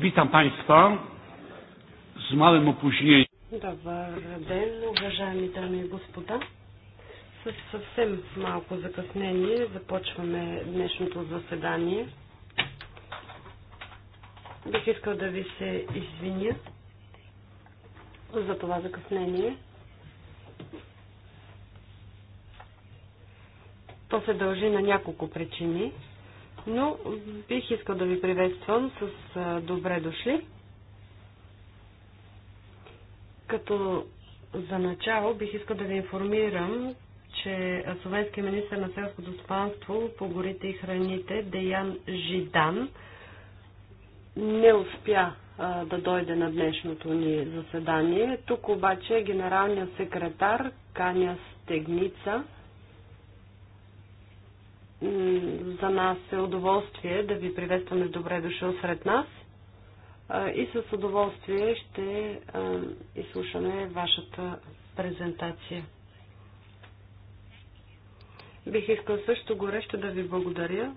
Witam Państwa z małym opóźnieniem. Добър ден, уважаеми дами и господа. С съвсем малко закъснение започваме днешното заседание. Бих искал да ви се извиня за това закъснение. То се дължи на няколко причини но бих искал да ви приветствам с добре дошли. Като за начало бих искал да ви информирам, че словенския министр на селското стопанство по горите и храните Деян Жидан не успя а, да дойде на днешното ни заседание. Тук обаче генералният секретар Каня Стегница – за нас е удоволствие да ви приветстваме добре дошъл сред нас и с удоволствие ще изслушаме вашата презентация. Бих искал също горещо да ви благодаря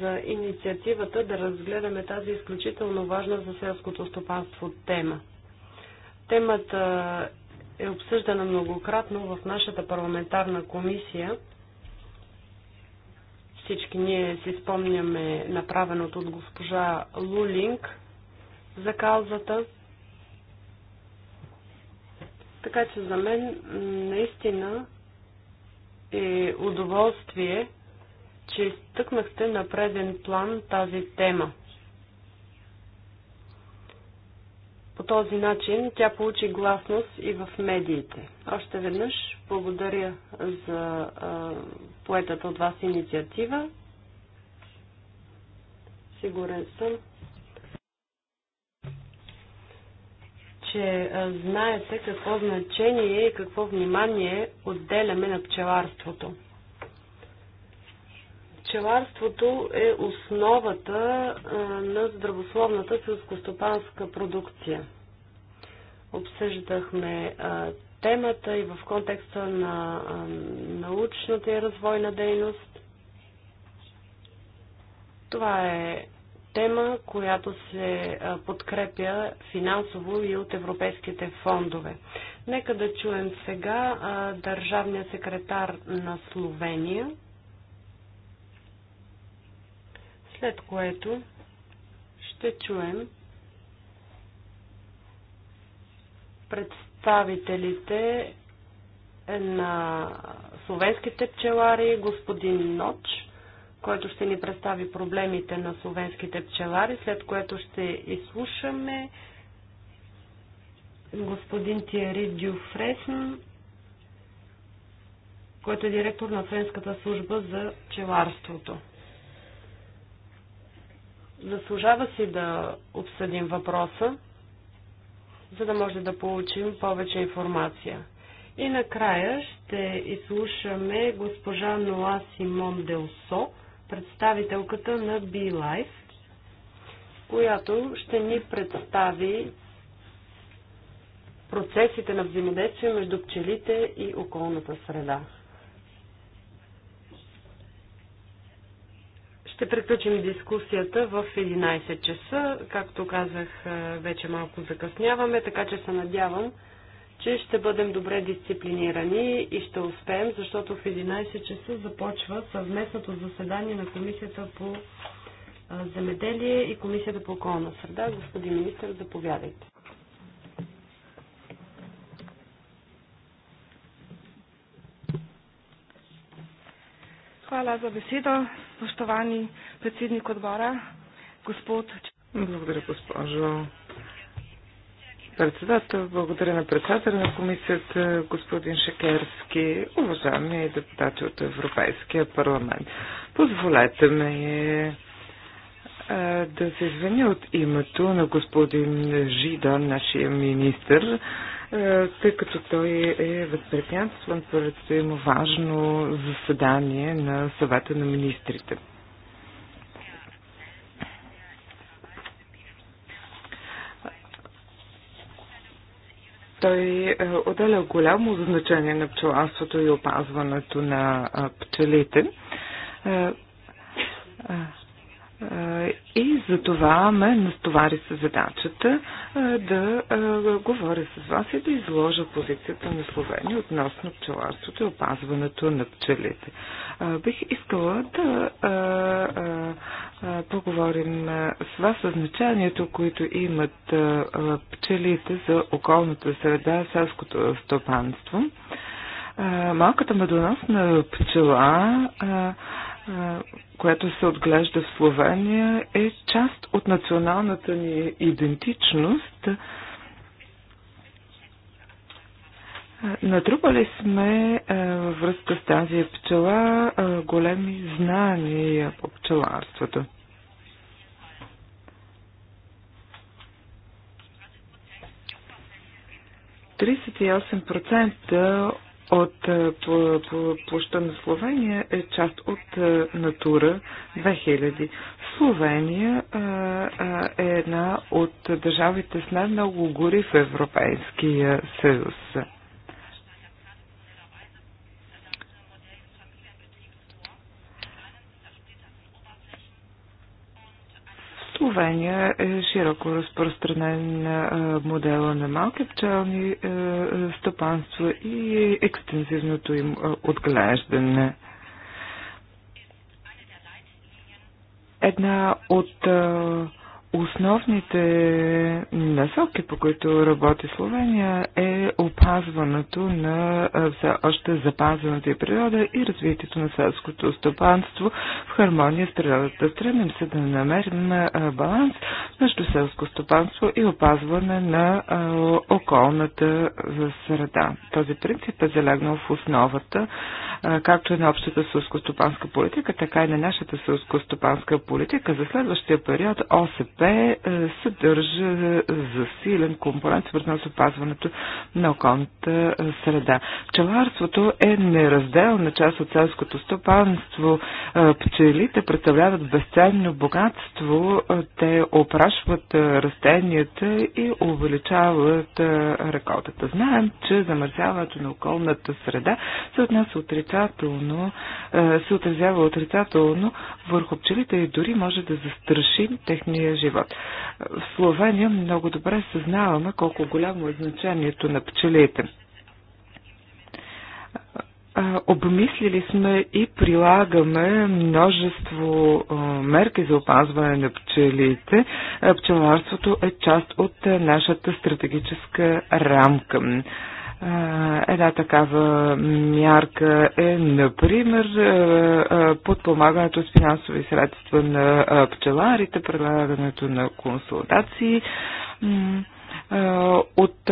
за инициативата да разгледаме тази изключително важна за селското стопанство тема. Темата е обсъждана многократно в нашата парламентарна комисия. Всички ние си спомняме направеното от госпожа Лулинг за каузата. Така че за мен наистина е удоволствие, че изтъкнахте на преден план тази тема. По този начин тя получи гласност и в медиите. Още веднъж благодаря за а, поетата от вас инициатива. Сигурен съм, че а, знаете какво значение и какво внимание отделяме на пчеларството пчеларството е основата на здравословната селскостопанска продукция. Обсъждахме темата и в контекста на научната и развойна дейност. Това е тема, която се подкрепя финансово и от европейските фондове. Нека да чуем сега държавния секретар на Словения след което ще чуем представителите на словенските пчелари, господин Ноч, който ще ни представи проблемите на словенските пчелари, след което ще изслушаме господин Тиери Дюфресн, който е директор на Френската служба за пчеларството. Заслужава си да обсъдим въпроса, за да може да получим повече информация. И накрая ще изслушаме госпожа Ноа Симон Делсо, представителката на BeLife, която ще ни представи процесите на взаимодействие между пчелите и околната среда. Ще приключим дискусията в 11 часа. Както казах, вече малко закъсняваме, така че се надявам, че ще бъдем добре дисциплинирани и ще успеем, защото в 11 часа започва съвместното заседание на Комисията по земеделие и Комисията по околна среда. Господин министр, заповядайте. Hvala za besedo spoštovani predsednik odbora, gospod. Благодаря, госпожо председател. Благодаря на председателя на комисията, господин Шекерски, уважаеми депутати от Европейския парламент. Позволете ми е, е, да се извиня от името на господин Жидан, нашия министр, е, тъй като той е възпрепятстван, поради има важно заседание на съвета на министрите. Той е, отделя голямо значение на пчеларството и опазването на е, пчелите. И за това ме натовари с задачата да говоря с вас и да изложа позицията на Словения относно пчеларството и опазването на пчелите. Бих искала да поговорим с вас за значението, които имат пчелите за околната среда, селското стопанство. Малката медоносна пчела която се отглежда в Словения, е част от националната ни идентичност. Натрупали сме във връзка с тази пчела големи знания по пчеларството. Тридесет от е, площа на Словения е част от е, Натура 2000. Словения е, е една от държавите с най-много гори в Европейския съюз. Словения е широко разпространен е, модела на малки пчелни е, стопанства и екстензивното им е, отглеждане. Една от Основните насоки, по които работи Словения, е опазването на все още запазената и природа и развитието на селското стопанство в хармония с природата. Стремим се да намерим баланс между селско стопанство и опазване на околната среда. Този принцип е залегнал в основата както и на общата селско-стопанска политика, така и на нашата селско-стопанска политика за следващия период ОСП ОСП е, съдържа засилен компонент свързан с опазването на околната е, среда. Пчеларството е неразделна част от селското стопанство. Е, пчелите представляват безценно богатство. Те опрашват растенията и увеличават реколтата. Знаем, че замърсяването на околната среда се отнася отрицателно, се отразява отрицателно върху пчелите и дори може да застраши техния живот такива. В Словения много добре съзнаваме колко голямо е значението на пчелите. Обмислили сме и прилагаме множество мерки за опазване на пчелите. Пчеларството е част от нашата стратегическа рамка. Една такава мярка е, например, подпомагането с финансови средства на пчеларите, предлагането на консултации от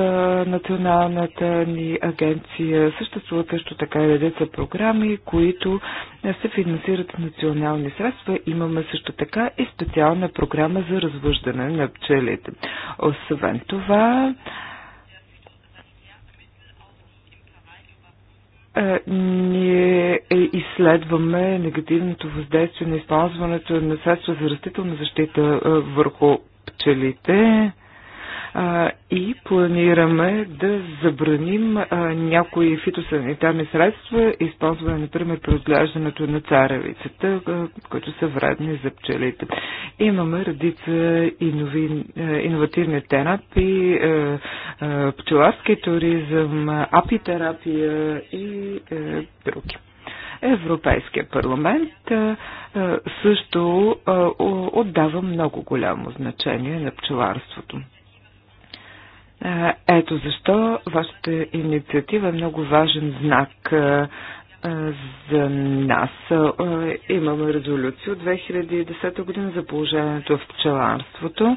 Националната ни агенция. Съществуват също така и редица програми, които се финансират национални средства. Имаме също така и специална програма за развъждане на пчелите. Освен това, Е, ние е, изследваме негативното въздействие на използването на средства за растителна защита е, върху пчелите а, и планираме да забраним а, някои фитосанитарни средства, използване, например, при отглеждането на царевицата, които са вредни за пчелите. Имаме редица иновативни терапии, пчеларски туризъм, апитерапия и а, други. Европейския парламент също отдава много голямо значение на пчеларството. Ето защо вашата инициатива е много важен знак за нас. Имаме резолюция от 2010 година за положението в пчеларството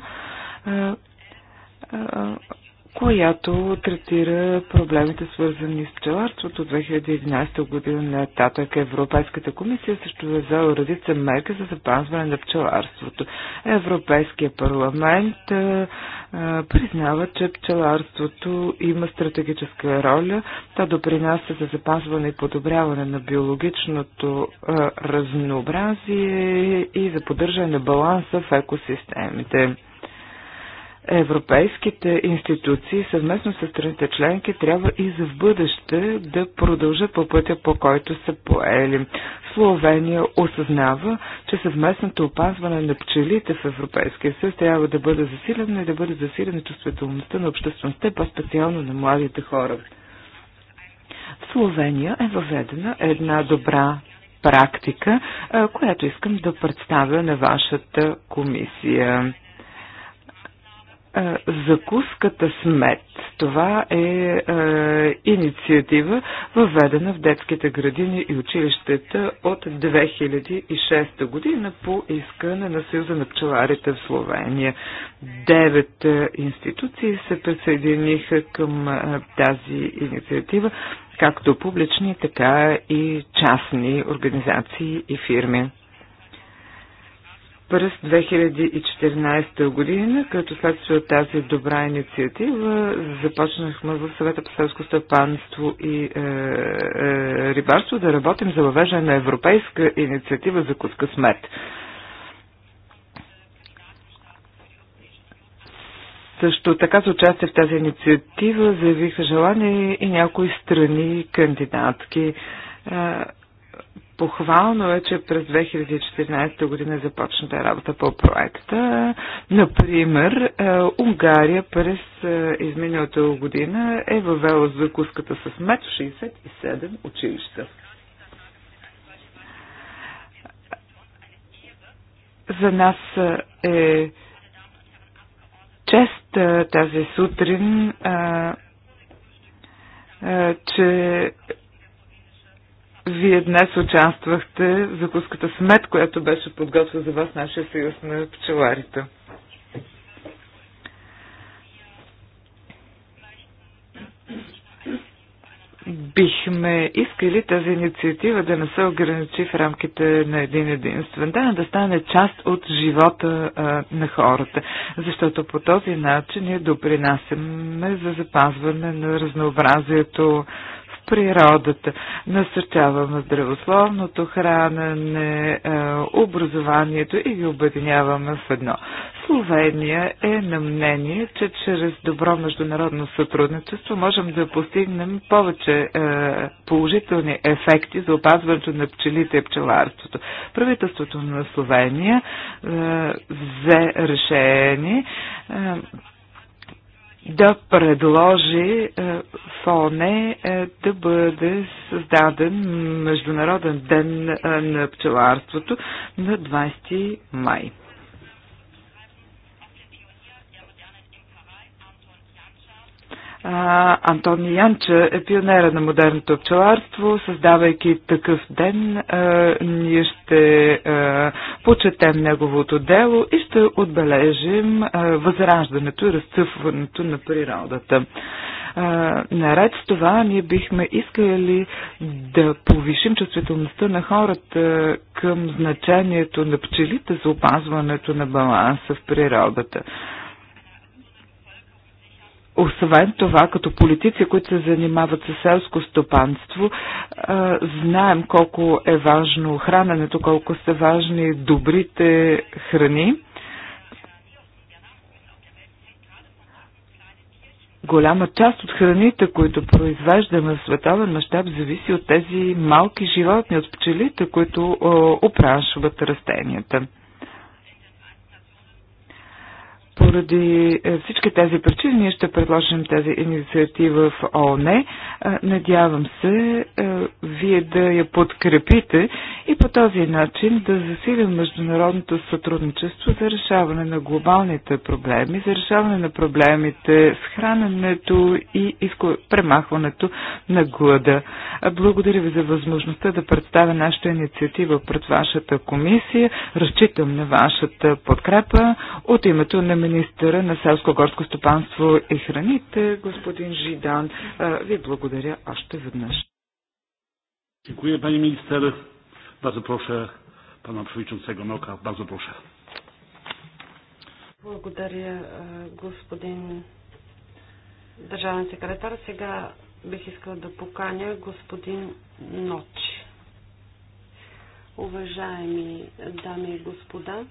която третира проблемите свързани с пчеларството. 2011 година нататък Европейската комисия също е взела редица мерки за запазване на пчеларството. Европейския парламент а, а, признава, че пчеларството има стратегическа роля. Та допринася за запазване и подобряване на биологичното а, разнообразие и за поддържане на баланса в екосистемите. Европейските институции съвместно с страните членки трябва и за в бъдеще да продължат по пътя, по който са поели. Словения осъзнава, че съвместното опазване на пчелите в Европейския съюз трябва да бъде засилено и да бъде засилено чувствителността на обществеността, по-специално на младите хора. В Словения е въведена една добра практика, която искам да представя на вашата комисия. Закуската с мед. Това е, е инициатива, въведена в детските градини и училищата от 2006 година по искане на Съюза на пчеларите в Словения. Девет е, институции се присъединиха към е, тази инициатива, както публични, така и частни организации и фирми през 2014 година, като следствие от тази добра инициатива започнахме в съвета по селско стъпанство и е, е, рибарство да работим за въвеждане на европейска инициатива за куска смет. Също така за участие в тази инициатива заявиха желание и някои страни кандидатки. Е, Похвално е, че през 2014 година започната работа по проекта. Например, е, Унгария през е, изминалата година е въвела закуската с мед 67 училища. За нас е, е чест тази сутрин, че вие днес участвахте в закуската смет, която беше подготвен за вас нашия съюз на пчеларите. бихме искали тази инициатива да не се ограничи в рамките на един единствен ден, да стане част от живота а, на хората, защото по този начин ние допринасяме за запазване на разнообразието природата. Насърчаваме здравословното хранене, е, образованието и ги обединяваме в едно. Словения е на мнение, че чрез добро международно сътрудничество можем да постигнем повече е, положителни ефекти за опазването на пчелите и пчеларството. Правителството на Словения е, взе решение е, да предложи е, фоне е, да бъде създаден Международен ден е, на пчеларството на 20 май. Антони Янче е пионера на модерното пчеларство. Създавайки такъв ден, а, ние ще а, почетем неговото дело и ще отбележим а, възраждането и разцъфването на природата. А, наред с това, ние бихме искали да повишим чувствителността на хората към значението на пчелите за опазването на баланса в природата. Освен това, като политици, които се занимават с селско стопанство, знаем колко е важно храненето, колко са важни добрите храни. Голяма част от храните, които произвеждаме в световен мащаб, зависи от тези малки животни, от пчелите, които опрашват растенията. Поради е, всички тези причини ние ще предложим тази инициатива в ООН. Е, надявам се е, вие да я подкрепите и по този начин да засилим международното сътрудничество за решаване на глобалните проблеми, за решаване на проблемите с храненето и премахването на глада. Благодаря ви за възможността да представя нашата инициатива пред вашата комисия. Разчитам на вашата подкрепа от името на министъра на селско-горско стопанство и храните, господин Жидан. Ви благодаря още веднъж. Dziękuję Pani Minister. Bardzo proszę Pana Przewodniczącego Noka. Bardzo proszę. Благодаря, господин държавен секретар. Сега бих искал да поканя господин Ночи. Уважаеми дами и господа,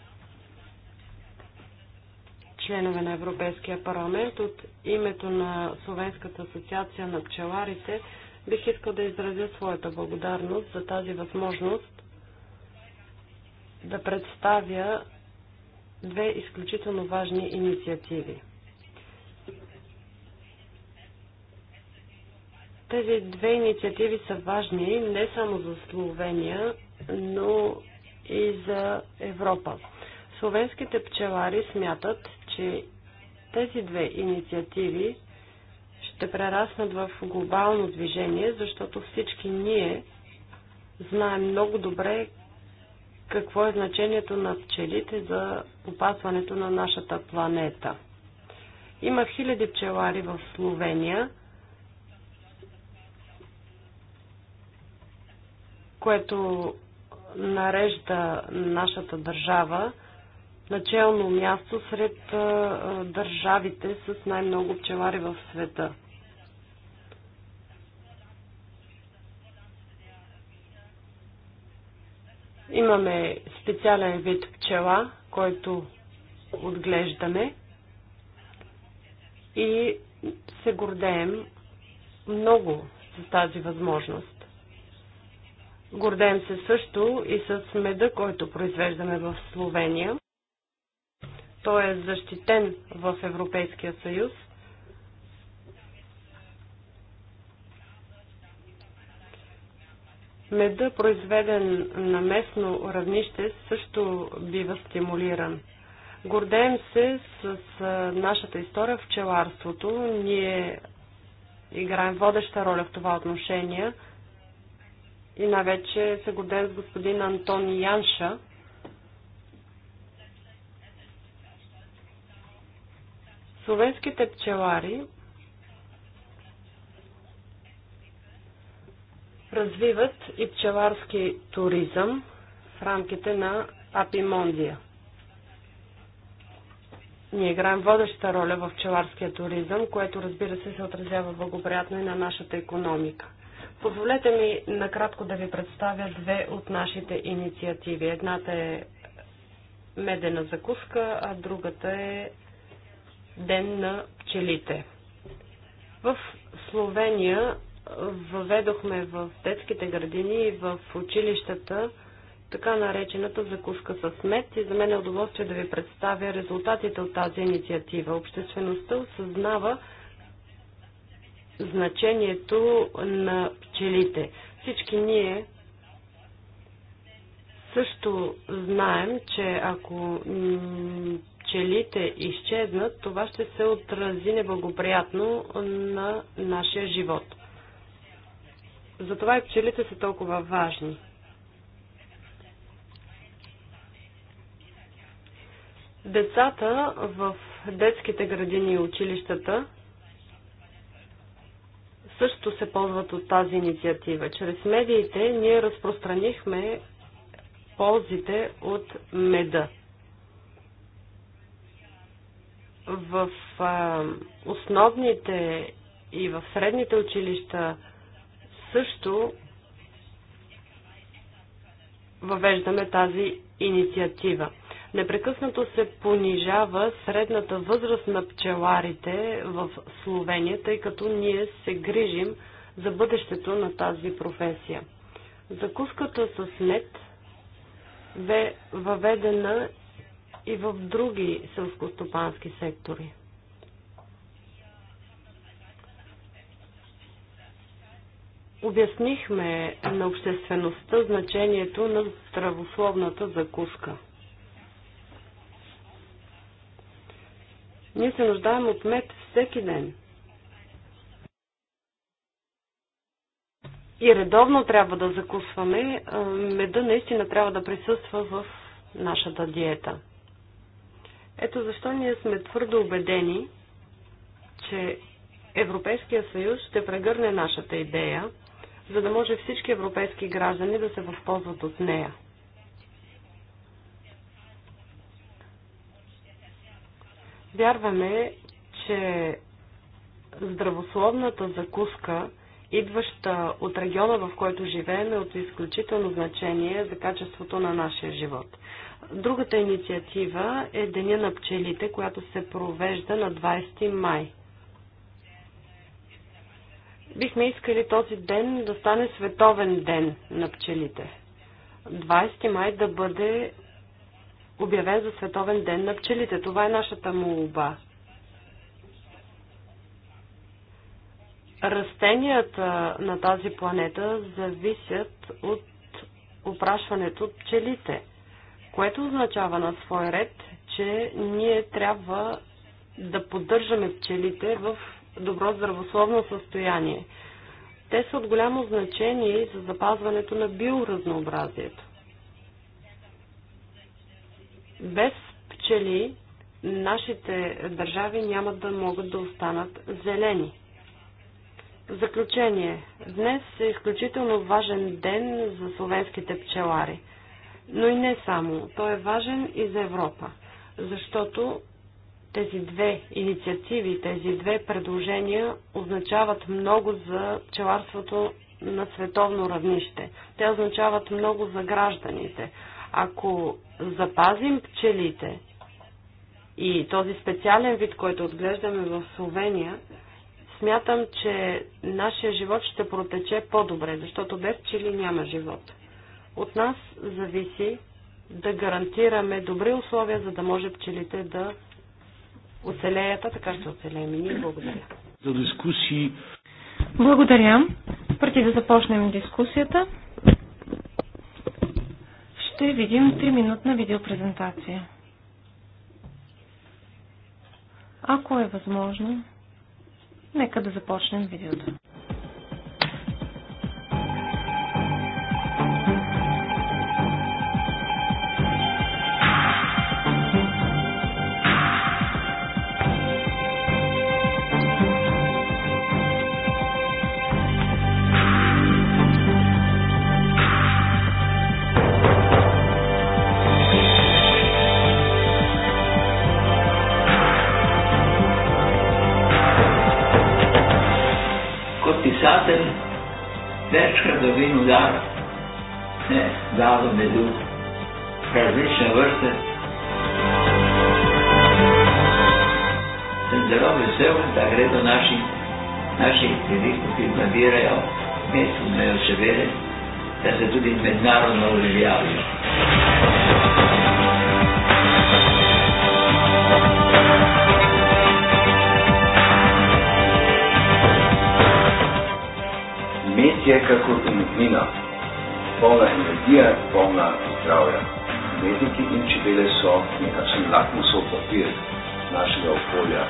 членове на Европейския парламент. От името на Словенската асоциация на пчеларите бих искал да изразя своята благодарност за тази възможност да представя две изключително важни инициативи. Тези две инициативи са важни не само за Словения, но и за Европа. Словенските пчелари смятат, че тези две инициативи ще прераснат в глобално движение, защото всички ние знаем много добре какво е значението на пчелите за опасването на нашата планета. Има хиляди пчелари в Словения, което нарежда нашата държава начално място сред държавите с най-много пчелари в света. Имаме специален вид пчела, който отглеждаме и се гордеем много с тази възможност. Гордеем се също и с меда, който произвеждаме в Словения. Той е защитен в Европейския съюз. Меда, произведен на местно равнище, също бива стимулиран. Гордеем се с нашата история в пчеларството. Ние играем водеща роля в това отношение и най-вече се гордеем с господин Антон Янша, Словенските пчелари развиват и пчеларски туризъм в рамките на Апимондия. Ние играем водеща роля в пчеларския туризъм, което разбира се се отразява благоприятно и на нашата економика. Позволете ми накратко да ви представя две от нашите инициативи. Едната е медена закуска, а другата е ден на пчелите. В Словения въведохме в детските градини и в училищата така наречената закуска с мед и за мен е удоволствие да ви представя резултатите от тази инициатива. Обществеността осъзнава значението на пчелите. Всички ние също знаем, че ако пчелите изчезнат, това ще се отрази неблагоприятно на нашия живот. Затова и пчелите са толкова важни. Децата в детските градини и училищата също се ползват от тази инициатива. Чрез медиите ние разпространихме ползите от меда в а, основните и в средните училища също въвеждаме тази инициатива. Непрекъснато се понижава средната възраст на пчеларите в Словения, тъй като ние се грижим за бъдещето на тази професия. Закуската с мед бе въведена и в други селскостопански сектори. Обяснихме на обществеността значението на здравословната закуска. Ние се нуждаем от мед всеки ден. И редовно трябва да закусваме. Меда наистина трябва да присъства в нашата диета. Ето защо ние сме твърдо убедени, че Европейския съюз ще прегърне нашата идея, за да може всички европейски граждани да се възползват от нея. Вярваме, че здравословната закуска, идваща от региона, в който живеем, е от изключително значение за качеството на нашия живот. Другата инициатива е Деня на пчелите, която се провежда на 20 май. Бихме искали този ден да стане световен ден на пчелите. 20 май да бъде обявен за световен ден на пчелите. Това е нашата молба. Растенията на тази планета зависят от опрашването от пчелите което означава на свой ред, че ние трябва да поддържаме пчелите в добро здравословно състояние. Те са от голямо значение за запазването на биоразнообразието. Без пчели нашите държави няма да могат да останат зелени. В заключение, днес е изключително важен ден за словенските пчелари – но и не само. Той е важен и за Европа, защото тези две инициативи, тези две предложения означават много за пчеларството на световно равнище. Те означават много за гражданите. Ако запазим пчелите и този специален вид, който отглеждаме в Словения, смятам, че нашия живот ще протече по-добре, защото без пчели няма живот. От нас зависи да гарантираме добри условия, за да може пчелите да оцелеят, а така ще оцелеем и ние. Благодаря. За дискусии. Благодаря. Преди да започнем дискусията, ще видим 3-минутна видеопрезентация. Ако е възможно, нека да започнем видеото. Храдовин удар даваме дух в различна върста. Съм здоров весел, да гредо наши, нашите дискути набираја место на Јошевере, да се туди меѓународно оживјаваја. житие како интмина, полна енергија, полна здравја. Медики in čebele so nekakšen lakmusov papir našega okolja,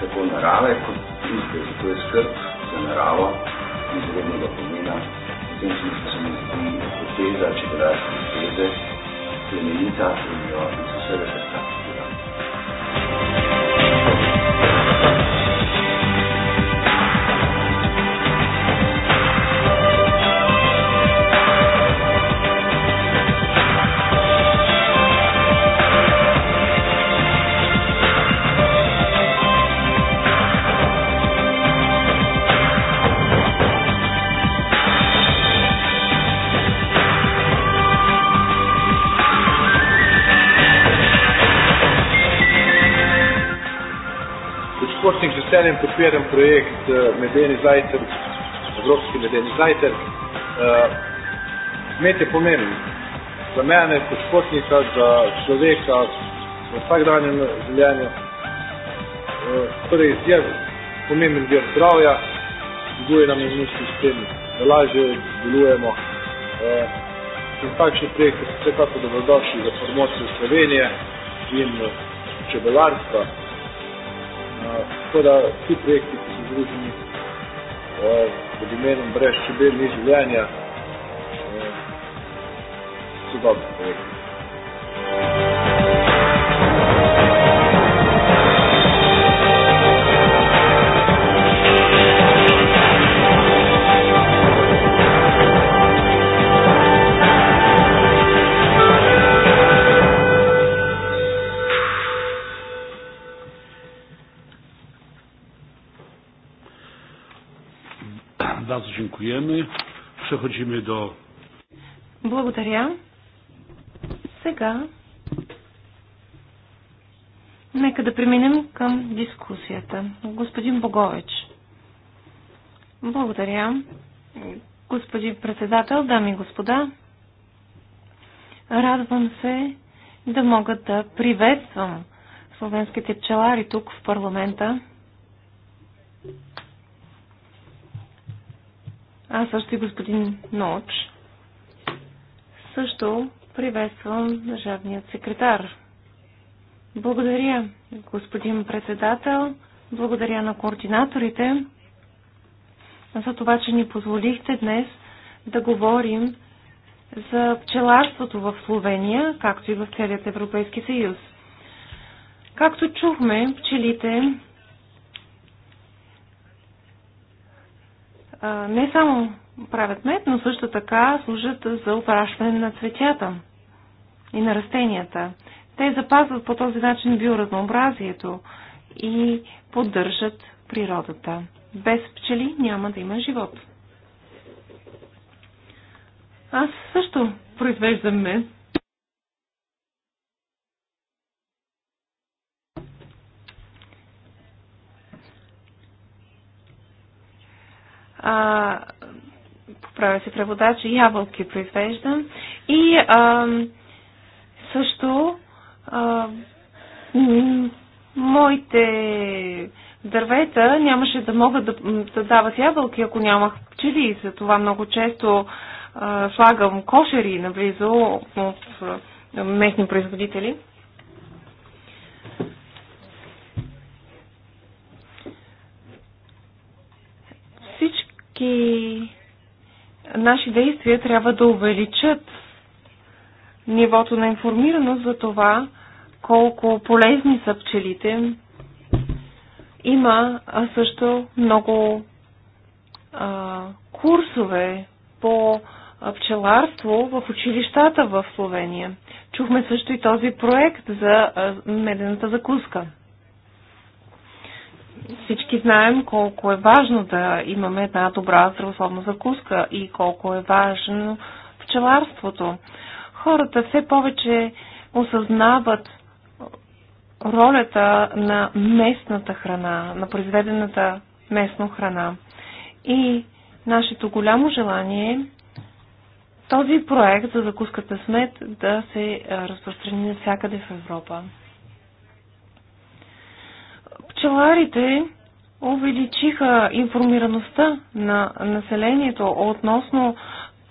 tako narave kot tiste, zato je skrb za naravo izrednega pomena. V tem smislu se mi zdi poteza čebelarske zveze plemenita in jo iz vsega srca Športnik z veseljem podpiram projekt Medeni zajtrk, Evropski medeni zajtrk. Med je pomembno. Za mene, kot športnika, za človeka v vsakdanjem življenju. Torej, je pomemben del zdravja, duje nam s tem, da lažje delujemo. In takšni projekti so vsekakor dobrodošli za promocijo Slovenije in čebelarstva. Така да, какви проекти са загружени обикновено мрежа, че били изживяния с подобни проекти. Dziękujemy. Przechodzimy do... Благодаря. Сега нека да преминем към дискусията. Господин Богович. Благодаря. Господин председател, дами и господа, радвам се да мога да приветствам словенските пчелари тук в парламента а също и господин Ноч. Също приветствам държавният секретар. Благодаря, господин председател. Благодаря на координаторите за това, че ни позволихте днес да говорим за пчеларството в Словения, както и в целият Европейски съюз. Както чухме, пчелите не само правят мед, но също така служат за опрашване на цветята и на растенията. Те запазват по този начин биоразнообразието и поддържат природата. Без пчели няма да има живот. Аз също произвеждам мед а, поправя се преводача, ябълки произвеждам. И а, също а, моите дървета нямаше да могат да, да дават ябълки, ако нямах пчели. За това много често а, слагам кошери наблизо от местни производители. всички наши действия трябва да увеличат нивото на информираност за това, колко полезни са пчелите. Има също много а, курсове по пчеларство в училищата в Словения. Чухме също и този проект за медената закуска всички знаем колко е важно да имаме една добра здравословна закуска и колко е важно пчеларството. Хората все повече осъзнават ролята на местната храна, на произведената местно храна. И нашето голямо желание е този проект за закуската смет да се разпространи навсякъде в Европа пчеларите увеличиха информираността на населението относно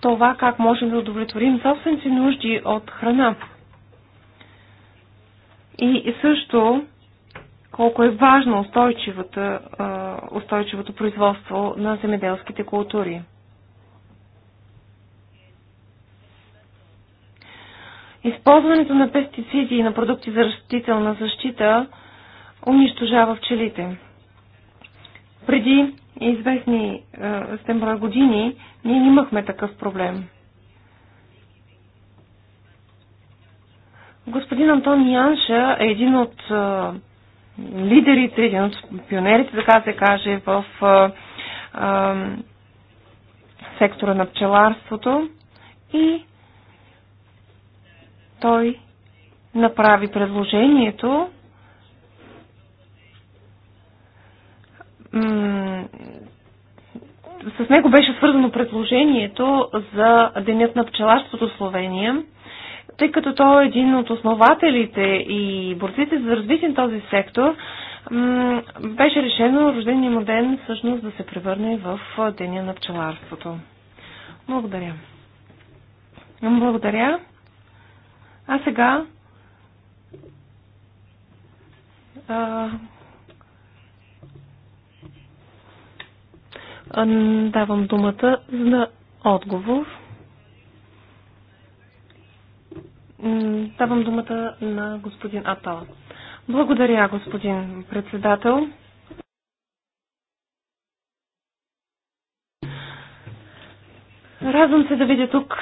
това как можем да удовлетворим собствените нужди от храна. И също колко е важно устойчивото, устойчивото производство на земеделските култури. Използването на пестициди и на продукти за растителна защита – унищожава пчелите. Преди известни е, стембра години ние имахме такъв проблем. Господин Антон Янша е един от е, лидерите, един от пионерите, така се каже, в е, е, сектора на пчеларството и той направи предложението с него беше свързано предложението за Денят на пчеларството в Словения, тъй като той е един от основателите и борците за развитие на този сектор, беше решено рождения му ден всъщност да се превърне в Деня на пчеларството. Благодаря. Благодаря. А сега Давам думата за отговор. Давам думата на господин Атала. Благодаря, господин председател. Радвам се да видя тук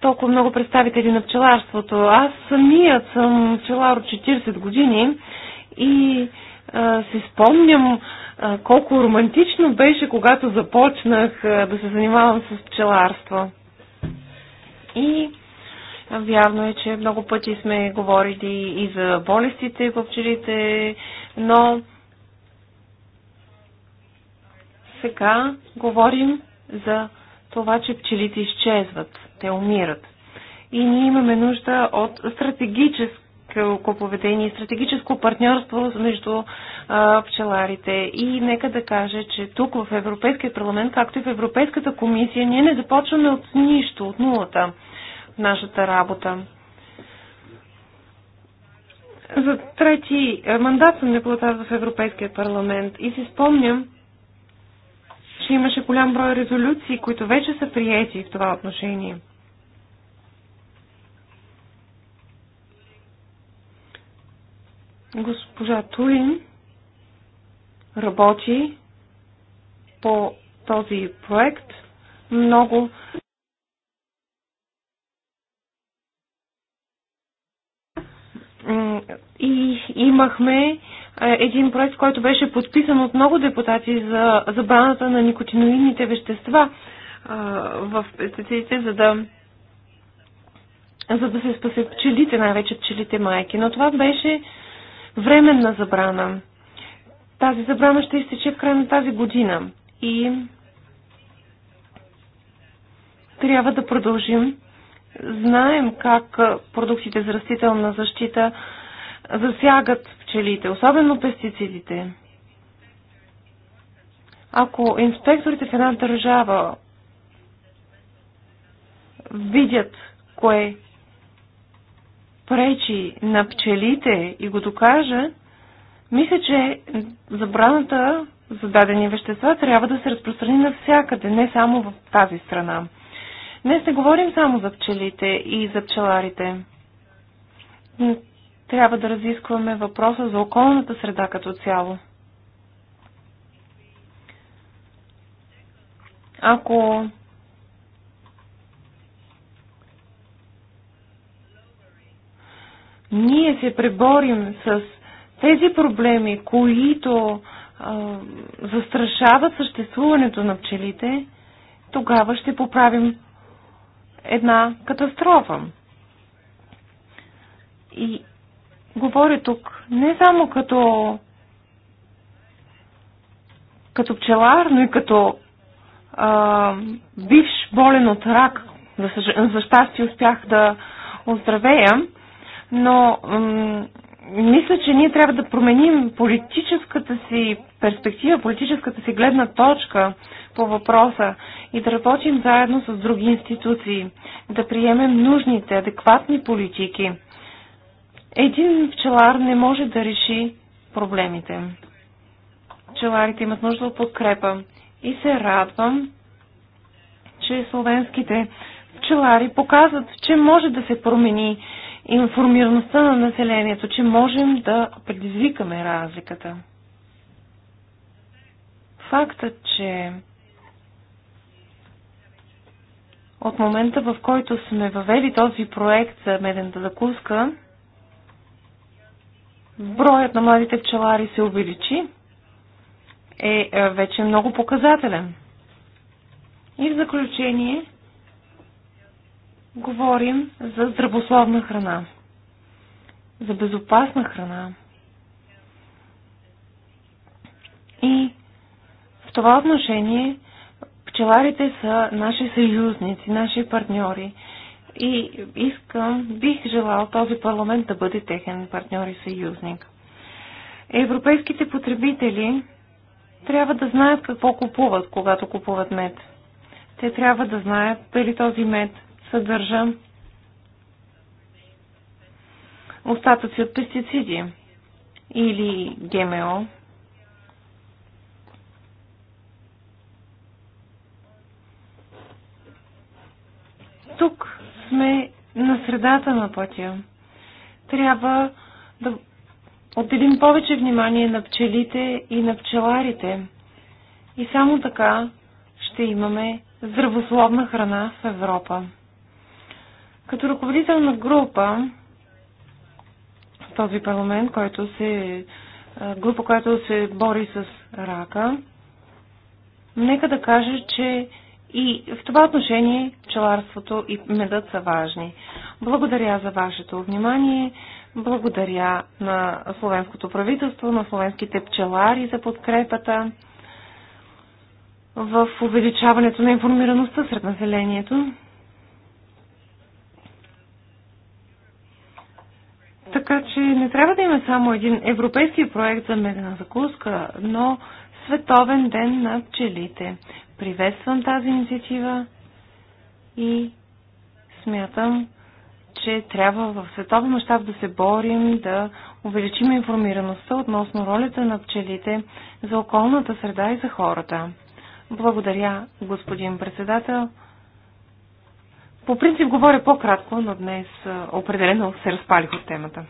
толкова много представители на пчеларството. Аз самият съм пчелар от 40 години и а, си спомням а, колко романтично беше, когато започнах а, да се занимавам с пчеларство. И вярно е, че много пъти сме говорили и за болестите по пчелите, но сега говорим за това, че пчелите изчезват, те умират. И ние имаме нужда от стратегическа селско поведение и стратегическо партньорство между а, пчеларите. И нека да кажа, че тук в Европейския парламент, както и в Европейската комисия, ние не започваме от нищо, от нулата в нашата работа. За трети мандат съм депутат в Европейския парламент и си спомням, че имаше голям брой резолюции, които вече са приети в това отношение – Госпожа Турин работи по този проект много и имахме е, един проект, който беше подписан от много депутати за забраната на никотиноидните вещества е, в пестициите, за да, за да се спасят пчелите, най-вече пчелите майки. Но това беше временна забрана. Тази забрана ще изтече в края на тази година и трябва да продължим. Знаем как продуктите за растителна защита засягат пчелите, особено пестицидите. Ако инспекторите в една държава видят кое пречи на пчелите и го докаже, мисля, че забраната за дадени вещества трябва да се разпространи навсякъде, не само в тази страна. Днес не говорим само за пчелите и за пчеларите. Трябва да разискваме въпроса за околната среда като цяло. Ако ние се преборим с тези проблеми, които а, застрашават съществуването на пчелите, тогава ще поправим една катастрофа. И говоря тук не само като, като пчелар, но и като а, бивш болен от рак. За, за щастие успях да оздравея но мисля, че ние трябва да променим политическата си перспектива, политическата си гледна точка по въпроса и да работим заедно с други институции, да приемем нужните, адекватни политики. Един пчелар не може да реши проблемите. Пчеларите имат нужда от подкрепа и се радвам, че словенските пчелари показват, че може да се промени информираността на населението, че можем да предизвикаме разликата. Фактът, че от момента, в който сме въвели този проект за медената закуска, броят на младите пчелари се увеличи, е, е вече много показателен. И в заключение, говорим за здравословна храна, за безопасна храна. И в това отношение пчеларите са наши съюзници, наши партньори. И искам, бих желал този парламент да бъде техен партньор и съюзник. Европейските потребители трябва да знаят какво купуват, когато купуват мед. Те трябва да знаят дали този мед съдържа остатъци от пестициди или ГМО. Тук сме на средата на пътя. Трябва да отделим повече внимание на пчелите и на пчеларите. И само така ще имаме здравословна храна в Европа. Като ръководител на група в този парламент, който се, група, която се бори с рака, нека да кажа, че и в това отношение пчеларството и медът са важни. Благодаря за вашето внимание. Благодаря на словенското правителство, на словенските пчелари за подкрепата в увеличаването на информираността сред населението. Така че не трябва да има само един европейски проект за медена закуска, но Световен ден на пчелите. Приветствам тази инициатива и смятам, че трябва в световен мащаб да се борим, да увеличим информираността относно ролята на пчелите за околната среда и за хората. Благодаря, господин председател. По принцип говоря по-кратко, но днес определено се разпалих от темата.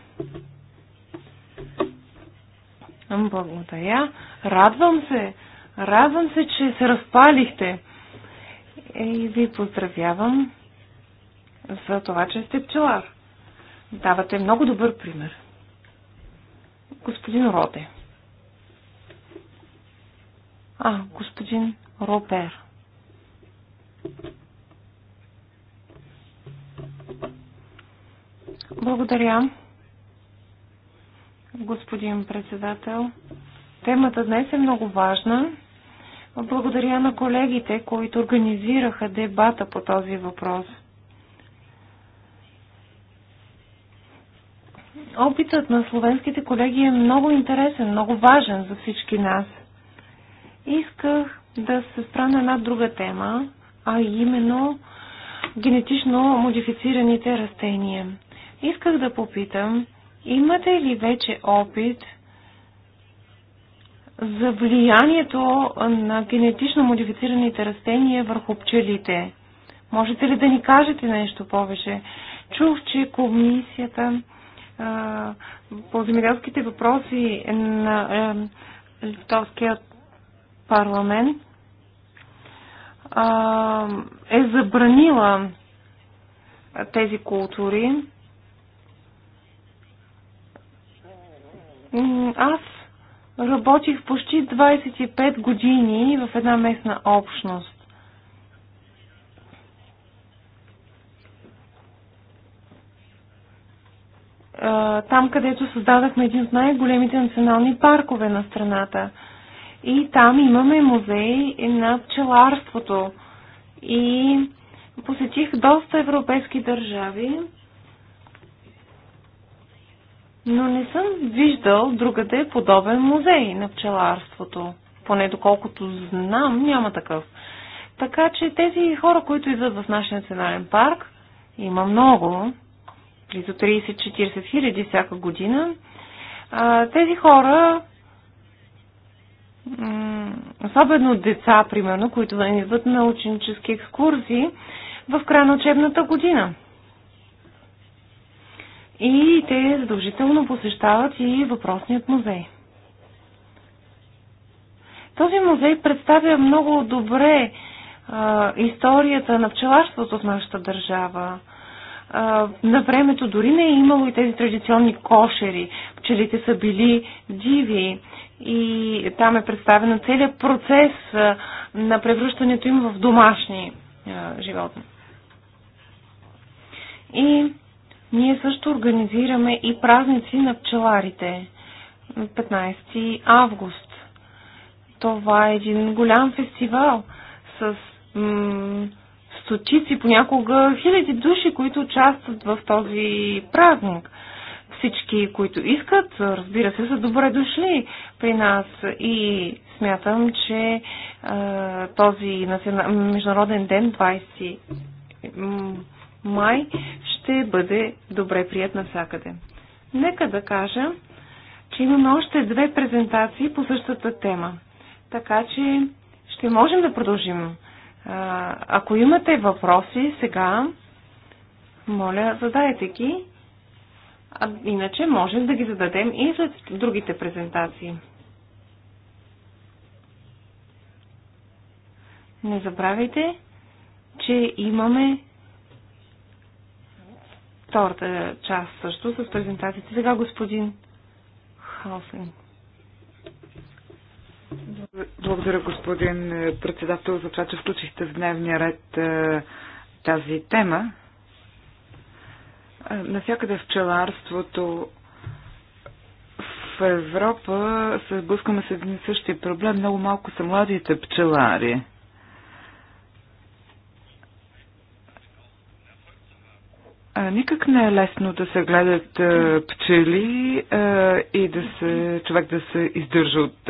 Благодаря. Радвам се. Радвам се, че се разпалихте. Е, и ви поздравявам за това, че сте пчелар. Давате много добър пример. Господин Роде. А, господин Робер. Благодаря, господин председател. Темата днес е много важна. Благодаря на колегите, които организираха дебата по този въпрос. Опитът на словенските колеги е много интересен, много важен за всички нас. Исках да се спра на една друга тема, а именно генетично модифицираните растения. Исках да попитам, имате ли вече опит за влиянието на генетично модифицираните растения върху пчелите? Можете ли да ни кажете нещо повече? Чух, че комисията а, по земеделските въпроси на а, Литовския парламент а, е забранила тези култури Аз работих почти 25 години в една местна общност. Там, където създадахме един от най-големите национални паркове на страната. И там имаме музей на пчеларството. И посетих доста европейски държави но не съм виждал другаде подобен музей на пчеларството. Поне доколкото знам, няма такъв. Така че тези хора, които идват в нашия национален парк, има много, близо 30-40 хиляди всяка година, а, тези хора, особено деца, примерно, които идват на ученически екскурзии в края на учебната година – и те задължително посещават и въпросният музей. Този музей представя много добре а, историята на пчеларството в нашата държава. А, на времето дори не е имало и тези традиционни кошери. Пчелите са били диви и там е представен целият процес а, на превръщането им в домашни а, животни. И ние също организираме и празници на пчеларите. 15 август. Това е един голям фестивал с стотици, понякога хиляди души, които участват в този празник. Всички, които искат, разбира се, са добре дошли при нас и смятам, че е, този международен ден 20 май ще бъде добре прият навсякъде. Нека да кажа, че имаме още две презентации по същата тема. Така че ще можем да продължим. Ако имате въпроси сега, моля, задайте ги. А иначе можем да ги зададем и след другите презентации. Не забравяйте, че имаме втората част също с презентацията. Сега господин Халфен. Благодаря, господин е, председател, за това, че включихте в дневния ред е, тази тема. Е, навсякъде в пчеларството в Европа се сблъскаме с един същи проблем. Много малко са младите пчелари. Никак не е лесно да се гледат пчели и да се, човек да се издържа от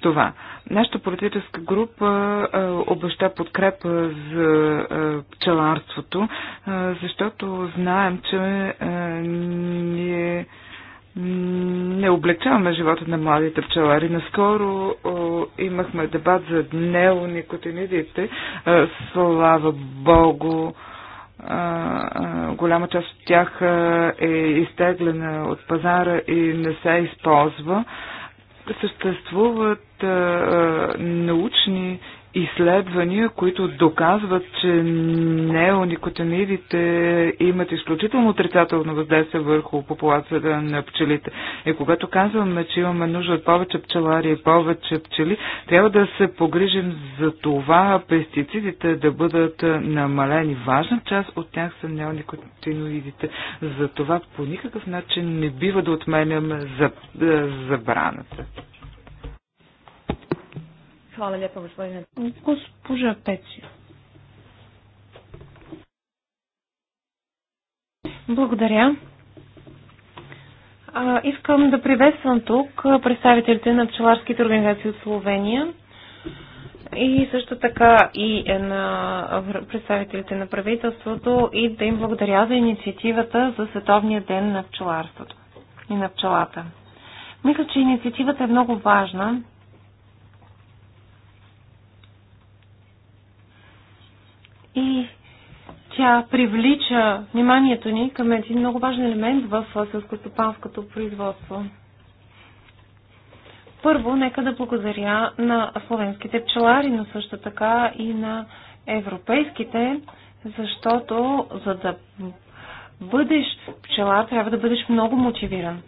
това. Нашата политическа група обеща подкрепа за пчеларството, защото знаем, че ние не облегчаваме живота на младите пчелари. Наскоро о, имахме дебат за неоникотинидите. Слава Богу, голяма част от тях е изтеглена от пазара и не се използва. Съществуват научни изследвания, които доказват, че неоникотинидите имат изключително отрицателно въздействие върху популацията на пчелите. И когато казваме, че имаме нужда от повече пчелари и повече пчели, трябва да се погрижим за това пестицидите да бъдат намалени. Важна част от тях са неоникотиноидите. За това по никакъв начин не бива да отменяме забраната. Hvala lijepo gospodine. Gospođa Peci. Благодаря. А, искам да приветствам тук представителите на пчеларските организации от Словения и също така и на представителите на правителството и да им благодаря за инициативата за Световния ден на пчеларството и на пчелата. Мисля, че инициативата е много важна, и тя привлича вниманието ни към един много важен елемент в селскостопанското производство. Първо, нека да благодаря на словенските пчелари, но също така и на европейските, защото за да бъдеш пчелар, трябва да бъдеш много мотивиран.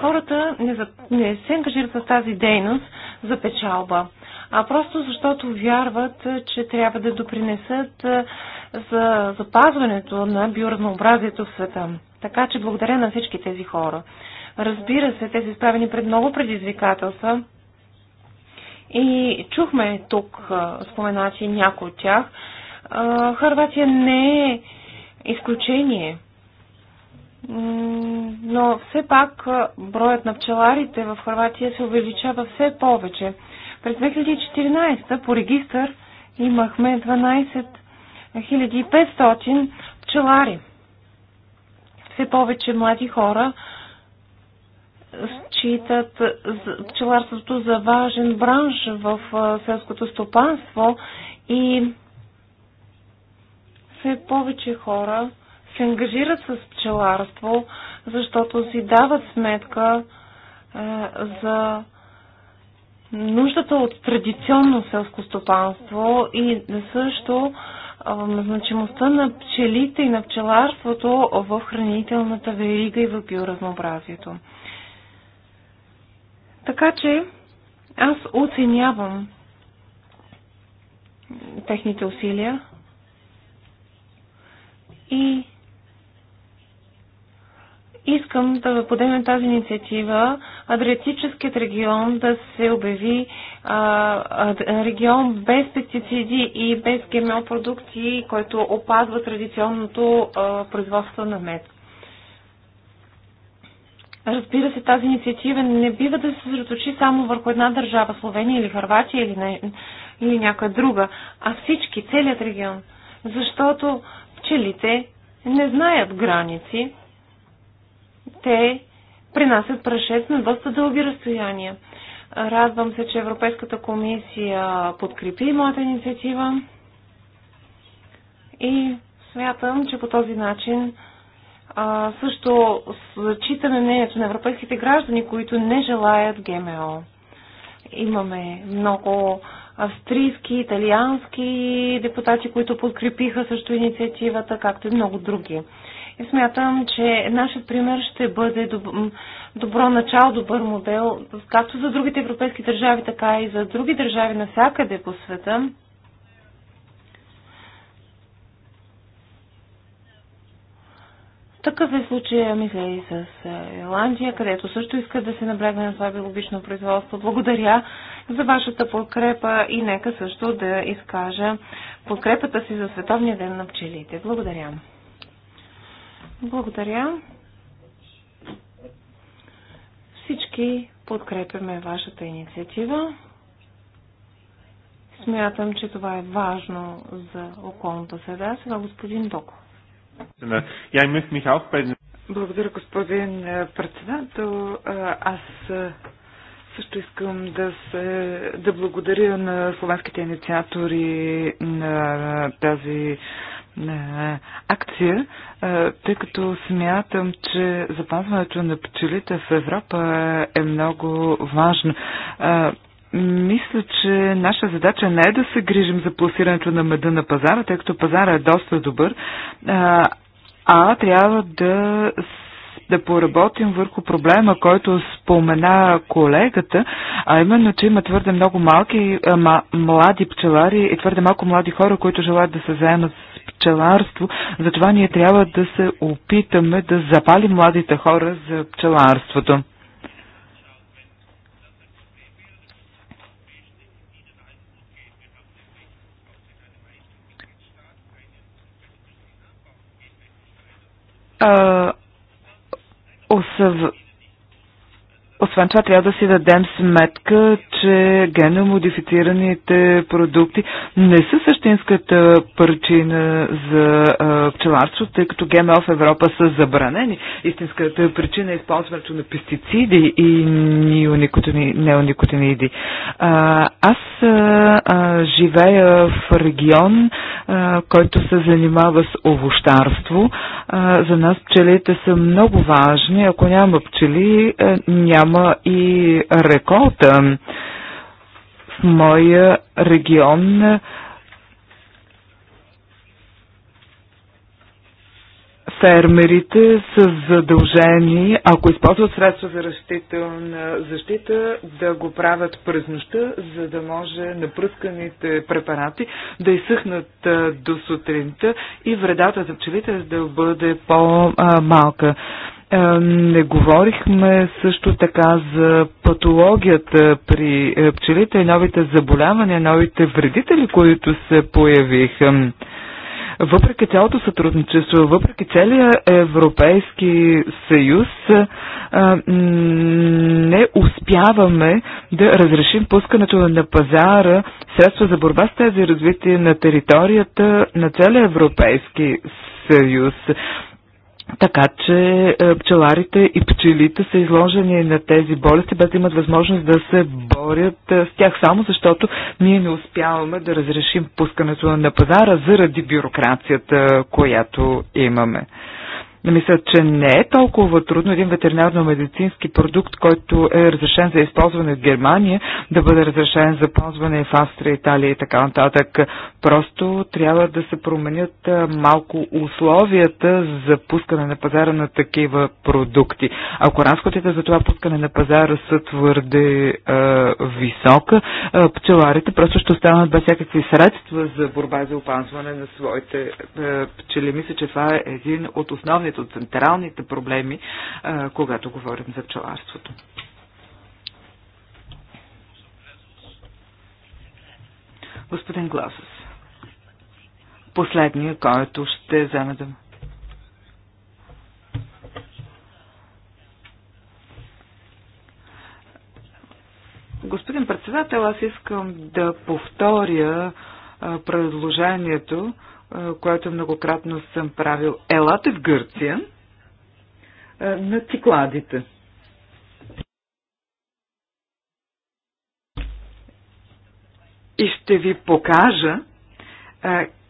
Хората не, за, не се ангажират с тази дейност за печалба а просто защото вярват, че трябва да допринесат за запазването на биоразнообразието в света. Така че благодаря на всички тези хора. Разбира се, те са изправени пред много предизвикателства и чухме тук споменати някои от тях. Харватия не е изключение. Но все пак броят на пчеларите в Харватия се увеличава все повече. През 2014 по регистър имахме 12 500 пчелари. Все повече млади хора считат пчеларството за важен бранш в селското стопанство и все повече хора се ангажират с пчеларство, защото си дават сметка за нуждата от традиционно селско стопанство и също значимостта на пчелите и на пчеларството в хранителната верига и в биоразнообразието. Така че аз оценявам техните усилия и Искам да подемем тази инициатива Адриатическият регион да се обяви а, регион без пестициди и без ГМО продукти, който опазва традиционното а, производство на мед. Разбира се, тази инициатива не бива да се съсредоточи само върху една държава, Словения или Харватия или, не, или някоя друга, а всички, целият регион. Защото пчелите не знаят граници те принасят прашец на доста дълги разстояния. Радвам се, че Европейската комисия подкрепи моята инициатива и смятам, че по този начин а, също зачитаме мнението на европейските граждани, които не желаят ГМО. Имаме много австрийски, италиански депутати, които подкрепиха също инициативата, както и много други. И смятам, че нашият пример ще бъде добро начало, добър модел, както за другите европейски държави, така и за други държави навсякъде по света. Такъв е случая, мисля, и с е, Ирландия, където също искат да се наблегне на това биологично производство. Благодаря за вашата подкрепа и нека също да изкажа подкрепата си за Световния ден на пчелите. Благодаря. Благодаря. Всички подкрепяме вашата инициатива. Смятам, че това е важно за околната среда. Сега господин Доко. Благодаря, господин е, председател. Е, аз е, също искам да, се, да благодаря на словенските инициатори на тази на акция, тъй като смятам, че запазването на пчелите в Европа е много важно. Мисля, че наша задача не е да се грижим за пласирането на меда на пазара, тъй като пазара е доста добър, а трябва да да поработим върху проблема, който спомена колегата, а именно, че има твърде много малки, млади пчелари и твърде малко млади хора, които желаят да се заемат пчеларство. Затова ние трябва да се опитаме да запалим младите хора за пчеларството. А, осъв... Освен това, трябва да си дадем сметка, че геномодифицираните продукти не са същинската причина за пчеларство, тъй като ГМО в Европа са забранени. Истинската причина е използването на пестициди и неоникотиниди. Аз живея в регион, който се занимава с овощарство. За нас пчелите са много важни. Ако няма пчели, няма има и реколта. В моя регион фермерите са задължени, ако използват средства за растителна защита, да го правят през нощта, за да може напръсканите препарати да изсъхнат до сутринта и вредата за пчелите да бъде по-малка. Не говорихме също така за патологията при е, пчелите и новите заболявания, новите вредители, които се появиха. Въпреки цялото сътрудничество, въпреки целия Европейски съюз, е, не успяваме да разрешим пускането на пазара средства за борба с тези развитие на територията на целия Европейски съюз така че е, пчеларите и пчелите са изложени на тези болести, без да имат възможност да се борят е, с тях, само защото ние не успяваме да разрешим пускането на пазара заради бюрокрацията, която имаме. Не мисля, че не е толкова трудно един ветеринарно-медицински продукт, който е разрешен за използване в Германия, да бъде разрешен за ползване в Австрия, Италия и така нататък. Просто трябва да се променят малко условията за пускане на пазара на такива продукти. Ако разходите за това пускане на пазара са твърде е, висока, е, пчеларите просто ще останат без всякакви средства за борба за опазване на своите е, пчели. Мисля, че това е един от основните един от централните проблеми, когато говорим за пчеларството. Господин Гласос. Последния, който ще вземе да... Господин председател, аз искам да повторя предложението, което многократно съм правил. Елате в Гърция на цикладите. И ще ви покажа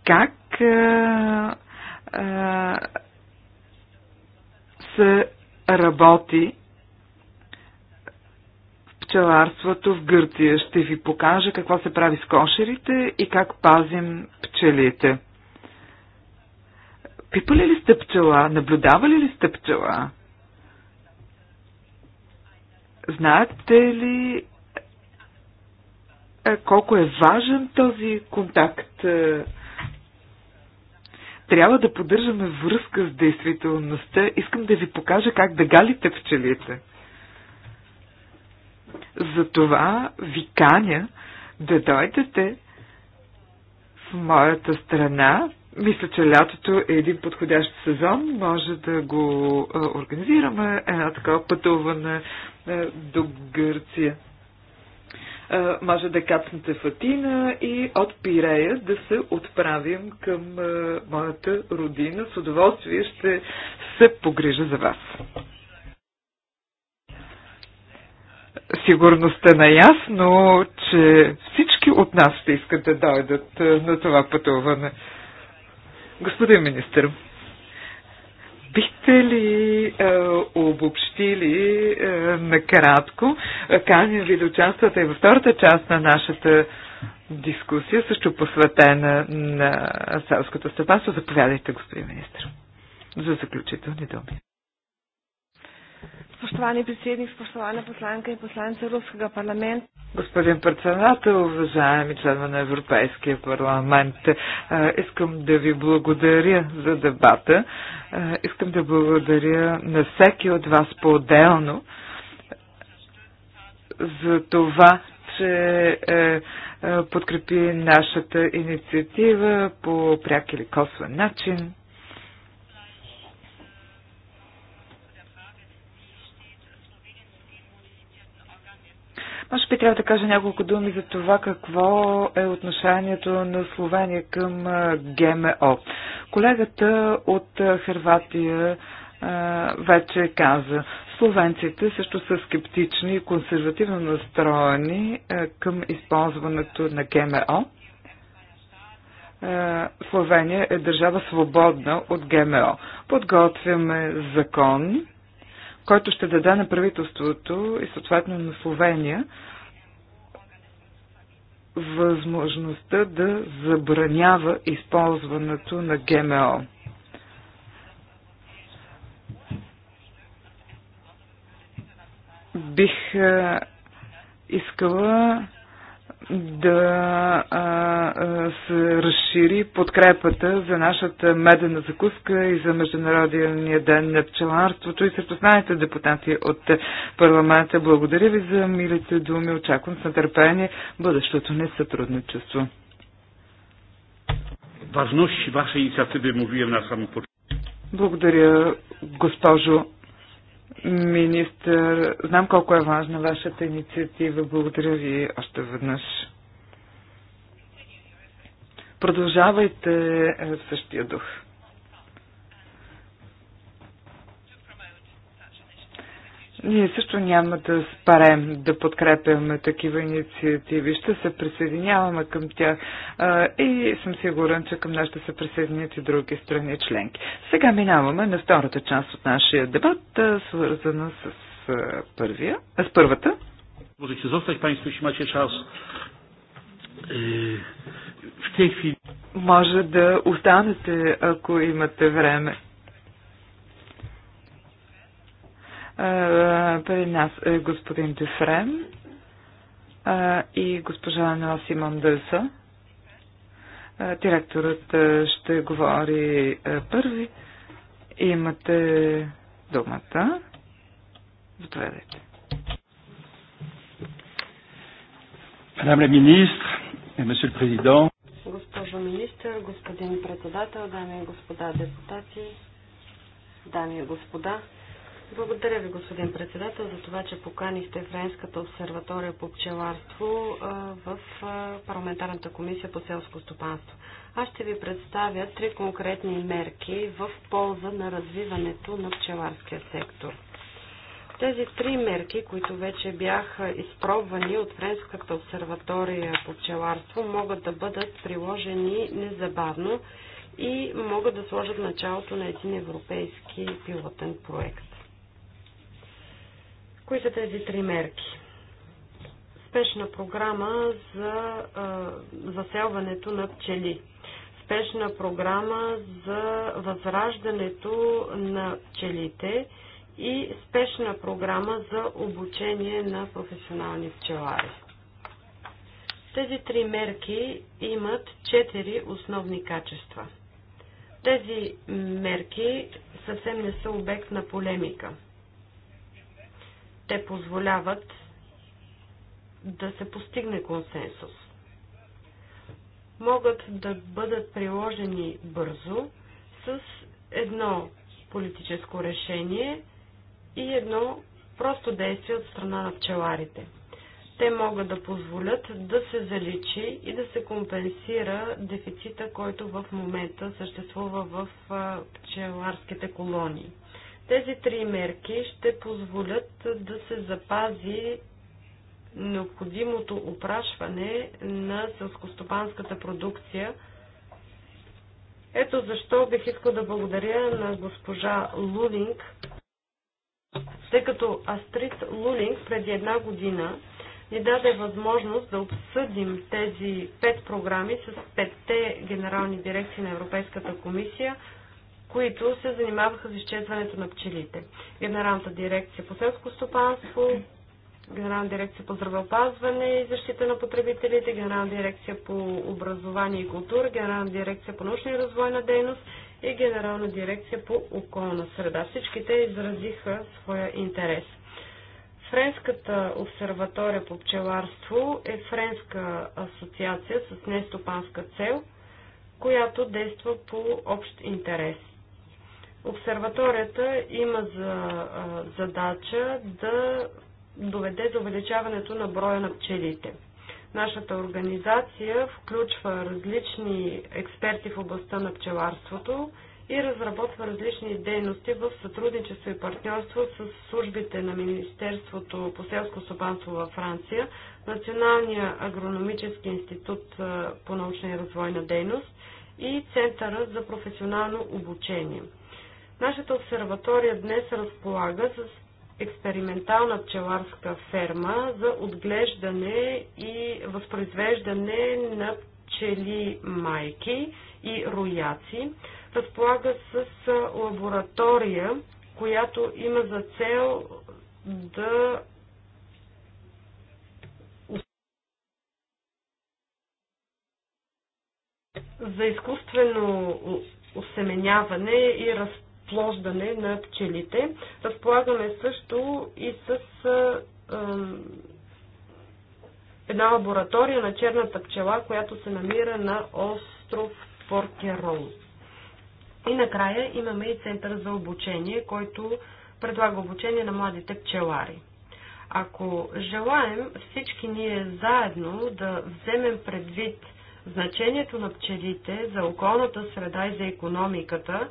как се работи пчеларството в Гърция. Ще ви покажа какво се прави с кошерите и как пазим пчелите. Пипали ли сте пчела? Наблюдавали ли сте пчела? Знаете ли е, колко е важен този контакт? Е, трябва да поддържаме връзка с действителността. Искам да ви покажа как да галите пчелите. Затова ви каня да дойдете в моята страна, мисля, че лятото е един подходящ сезон. Може да го организираме едно такова пътуване е, до Гърция. Може да кацнете в Атина и от Пирея да се отправим към моята родина. С удоволствие ще се погрижа за вас. сигурно сте наясно, че всички от нас ще искат да дойдат на това пътуване. Господин министр, бихте ли е, обобщили е, накратко? Е, каня ви да участвате и във втората част на нашата дискусия, също посветена на селското стъпанство. Заповядайте, господин министр, за заключителни думи. Spoštovani predsednik, spoštovane poslanke in poslance Evropskega parlamenta. Господин председател, уважаеми членове на Европейския парламент, eh, искам да ви благодаря за дебата. Eh, искам да благодаря на всеки от вас по-отделно за това, че е, подкрепи нашата инициатива по пряк или косвен начин. Може би трябва да кажа няколко думи за това какво е отношението на Словения към ГМО. Колегата от Харватия вече каза, словенците също са скептични и консервативно настроени към използването на ГМО. Словения е държава свободна от ГМО. Подготвяме закон който ще даде на правителството и съответно на Словения възможността да забранява използването на ГМО. Бих е, искала да се разшири подкрепата за нашата медена закуска и за Международния ден на пчеларството и сред останалите депутати от парламента. Благодаря ви за милите думи. Очаквам с нетърпение бъдещото не сътрудничество. Важност ваша инициатива, мовия на само Благодаря, госпожо Министър, знам колко е важна вашата инициатива. Благодаря ви още веднъж. Продължавайте е, в същия дух. Ние също няма да спарем да подкрепяме такива инициативи. Ще се присъединяваме към тях а, и съм сигурен, че към нас ще се присъединят и други страни членки. Сега минаваме на втората част от нашия дебат, свързана с, а, първия, а, с първата. Можете zostać Państwo, jeśli macie czas. Може да останете, ако имате време. При нас е господин Дюфрен и госпожа Симон Мандълса. Директорът ще говори първи. Имате думата. Заповядайте. Madame министр, ministre президент. Госпожо министър, господин председател, дами и господа депутати, дами и господа, благодаря ви, господин председател, за това, че поканихте Френската обсерватория по пчеларство в парламентарната комисия по селско стопанство. Аз ще ви представя три конкретни мерки в полза на развиването на пчеларския сектор. Тези три мерки, които вече бяха изпробвани от Френската обсерватория по пчеларство, могат да бъдат приложени незабавно и могат да сложат началото на един европейски пилотен проект. Кои са тези три мерки? Спешна програма за а, заселването на пчели. Спешна програма за възраждането на пчелите и спешна програма за обучение на професионални пчелари. Тези три мерки имат четири основни качества. Тези мерки съвсем не са обект на полемика – те позволяват да се постигне консенсус. Могат да бъдат приложени бързо с едно политическо решение и едно просто действие от страна на пчеларите. Те могат да позволят да се заличи и да се компенсира дефицита, който в момента съществува в пчеларските колонии. Тези три мерки ще позволят да се запази необходимото опрашване на сълскостопанската продукция. Ето защо бих искал да благодаря на госпожа Лулинг, тъй като Астрид Лулинг преди една година ни даде възможност да обсъдим тези пет програми с петте генерални дирекции на Европейската комисия – които се занимаваха с изчезването на пчелите. Генералната дирекция по селско стопанство, Генерална дирекция по здравеопазване и защита на потребителите, Генерална дирекция по образование и култура, Генерална дирекция по научна и развойна дейност и Генерална дирекция по околна среда. Всичките изразиха своя интерес. Френската обсерватория по пчеларство е френска асоциация с нестопанска цел, която действа по общ интерес. Обсерваторията има за задача да доведе до увеличаването на броя на пчелите. Нашата организация включва различни експерти в областта на пчеларството и разработва различни дейности в сътрудничество и партньорство с службите на Министерството по селско стопанство във Франция, Националния агрономически институт по научна и развойна дейност и Центъра за професионално обучение. Нашата обсерватория днес разполага с експериментална пчеларска ферма за отглеждане и възпроизвеждане на пчели майки и рояци. Разполага с лаборатория, която има за цел да за изкуствено осеменяване и разпределение разплождане на пчелите. Разполагаме също и с една лаборатория на черната пчела, която се намира на остров Поркерон. И накрая имаме и център за обучение, който предлага обучение на младите пчелари. Ако желаем всички ние заедно да вземем предвид значението на пчелите за околната среда и за економиката,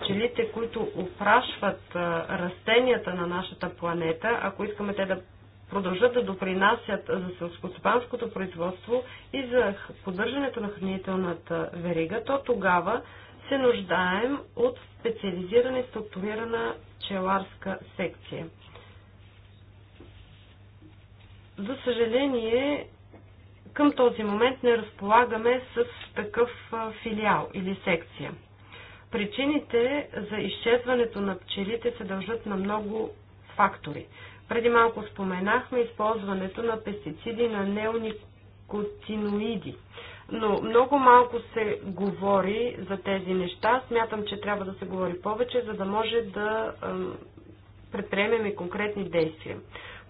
пчелите, които опрашват растенията на нашата планета, ако искаме те да продължат да допринасят за селскостопанското производство и за поддържането на хранителната верига, то тогава се нуждаем от специализирана и структурирана пчеларска секция. За съжаление, към този момент не разполагаме с такъв филиал или секция. Причините за изчезването на пчелите се дължат на много фактори. Преди малко споменахме използването на пестициди на неоникотиноиди. Но много малко се говори за тези неща. Смятам, че трябва да се говори повече, за да може да предприемем и конкретни действия.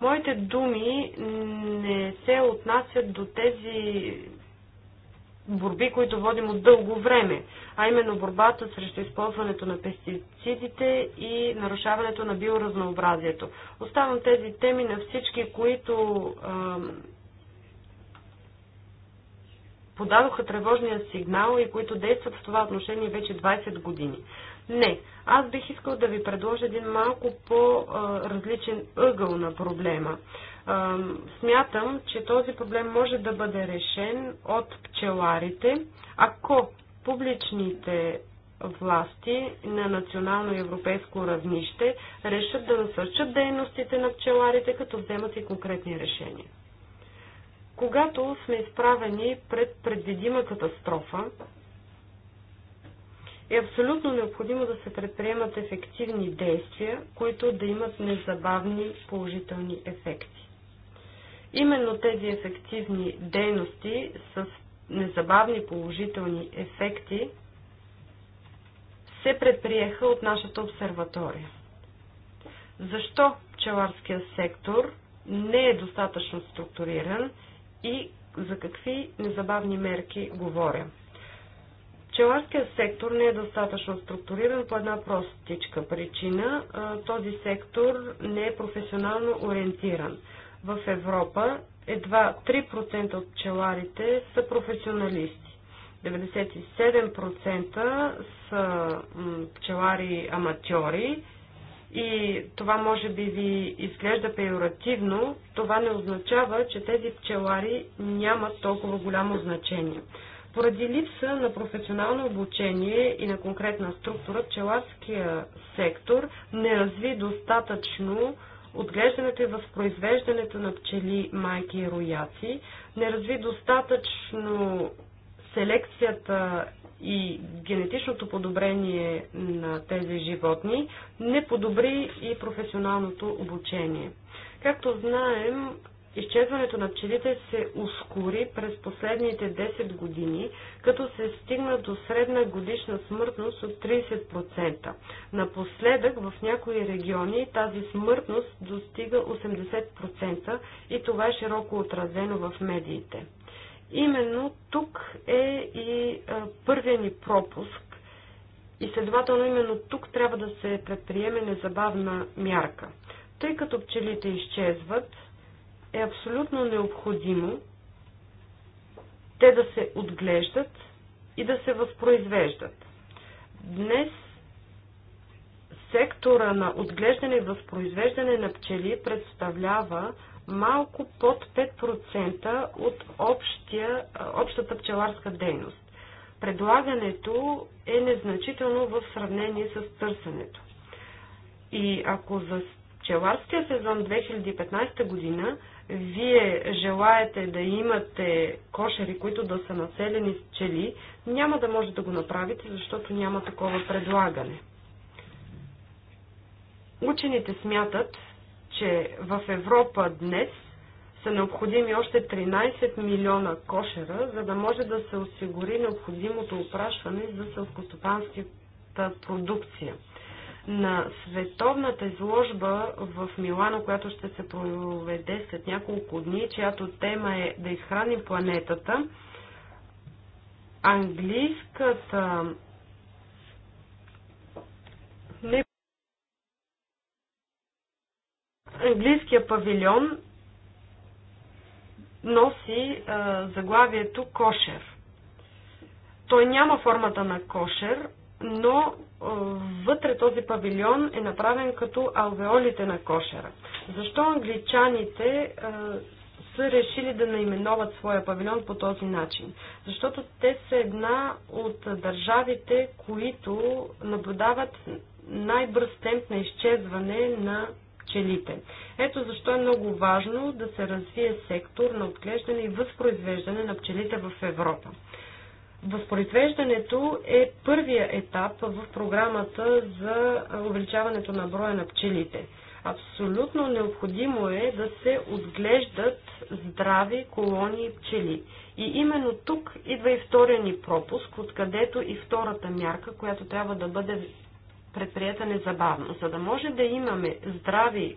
Моите думи не се отнасят до тези борби, които водим от дълго време, а именно борбата срещу използването на пестицидите и нарушаването на биоразнообразието. Оставам тези теми на всички, които подадоха тревожния сигнал и които действат в това отношение вече 20 години. Не, аз бих искал да ви предложа един малко по-различен ъгъл на проблема смятам, че този проблем може да бъде решен от пчеларите, ако публичните власти на национално и европейско равнище решат да насърчат дейностите на пчеларите, като вземат и конкретни решения. Когато сме изправени пред предвидима катастрофа, е абсолютно необходимо да се предприемат ефективни действия, които да имат незабавни положителни ефекти. Именно тези ефективни дейности с незабавни положителни ефекти се предприеха от нашата обсерватория. Защо пчеларския сектор не е достатъчно структуриран и за какви незабавни мерки говоря? Пчеларският сектор не е достатъчно структуриран по една простичка причина. Този сектор не е професионално ориентиран. В Европа едва 3% от пчеларите са професионалисти. 97% са пчелари аматьори и това може би ви изглежда пеоративно, това не означава, че тези пчелари нямат толкова голямо значение. Поради липса на професионално обучение и на конкретна структура, пчеларския сектор не разви достатъчно отглеждането и в произвеждането на пчели, майки и рояци, не разви достатъчно селекцията и генетичното подобрение на тези животни, не подобри и професионалното обучение. Както знаем, Изчезването на пчелите се ускори през последните 10 години, като се стигна до средна годишна смъртност от 30%. Напоследък в някои региони тази смъртност достига 80% и това е широко отразено в медиите. Именно тук е и е, първия ни пропуск и следователно именно тук трябва да се предприеме незабавна мярка. Тъй като пчелите изчезват, е абсолютно необходимо те да се отглеждат и да се възпроизвеждат. Днес сектора на отглеждане и възпроизвеждане на пчели представлява малко под 5% от общия, общата пчеларска дейност. Предлагането е незначително в сравнение с търсенето. И ако за пчеларския сезон 2015 година вие желаете да имате кошери, които да са населени с пчели, няма да може да го направите, защото няма такова предлагане. Учените смятат, че в Европа днес са необходими още 13 милиона кошера, за да може да се осигури необходимото опрашване за селскостопанската продукция – на световната изложба в Милано, която ще се проведе след няколко дни, чиято тема е да изхрани планетата. Английската английския павилион носи а, заглавието кошер. Той няма формата на кошер, но вътре този павилион е направен като алвеолите на кошера. Защо англичаните са решили да наименуват своя павилион по този начин. Защото те са една от държавите, които наблюдават най-бърз темп на изчезване на пчелите. Ето защо е много важно да се развие сектор на отглеждане и възпроизвеждане на пчелите в Европа. Възпроизвеждането е първия етап в програмата за увеличаването на броя на пчелите. Абсолютно необходимо е да се отглеждат здрави колонии пчели. И именно тук идва и втория ни пропуск, откъдето и втората мярка, която трябва да бъде предприята незабавно. За да може да имаме здрави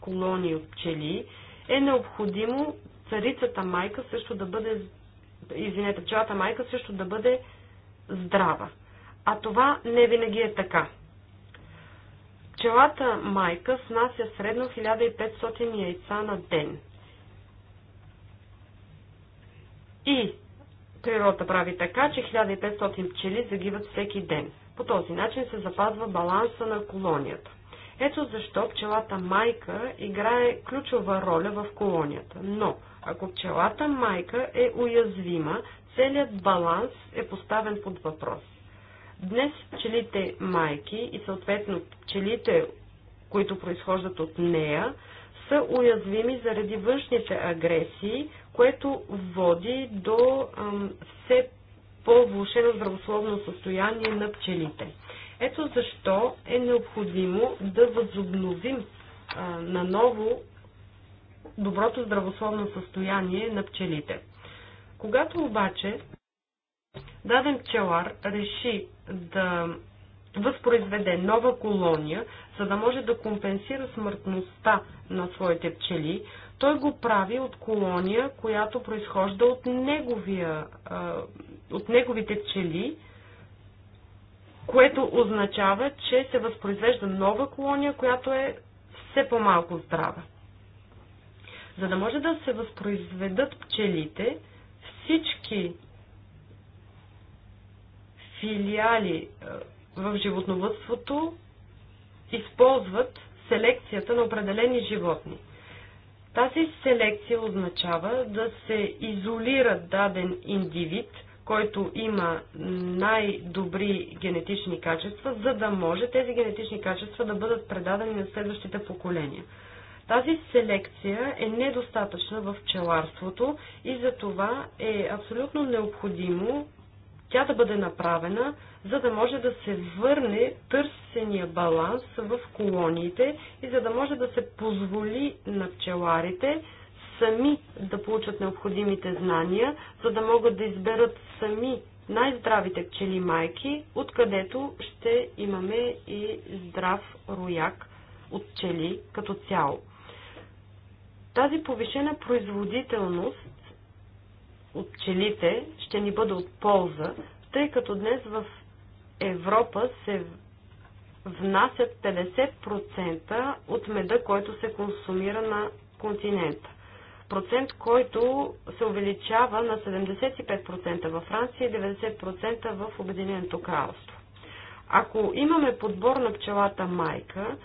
колонии от пчели, е необходимо царицата майка също да бъде извинете, пчелата майка също да бъде здрава. А това не винаги е така. Пчелата майка снася средно 1500 яйца на ден. И природа прави така, че 1500 пчели загиват всеки ден. По този начин се запазва баланса на колонията. Ето защо пчелата майка играе ключова роля в колонията. Но ако пчелата майка е уязвима, целият баланс е поставен под въпрос. Днес пчелите майки и съответно пчелите, които произхождат от нея, са уязвими заради външните агресии, което води до ам, все по-влушено здравословно състояние на пчелите. Ето защо е необходимо да възобновим а, наново доброто здравословно състояние на пчелите. Когато обаче даден пчелар реши да възпроизведе нова колония, за да може да компенсира смъртността на своите пчели, той го прави от колония, която произхожда от, неговия, от неговите пчели, което означава, че се възпроизвежда нова колония, която е все по-малко здрава. За да може да се възпроизведат пчелите, всички филиали е, в животновътството използват селекцията на определени животни. Тази селекция означава да се изолира даден индивид, който има най-добри генетични качества, за да може тези генетични качества да бъдат предадени на следващите поколения. Тази селекция е недостатъчна в пчеларството и за това е абсолютно необходимо тя да бъде направена, за да може да се върне търсения баланс в колониите и за да може да се позволи на пчеларите сами да получат необходимите знания, за да могат да изберат сами най-здравите пчели майки, откъдето ще имаме и здрав рояк от пчели като цяло. Тази повишена производителност от пчелите ще ни бъде от полза, тъй като днес в Европа се внасят 50% от меда, който се консумира на континента. Процент, който се увеличава на 75% във Франция и 90% в Обединеното кралство. Ако имаме подбор на пчелата майка,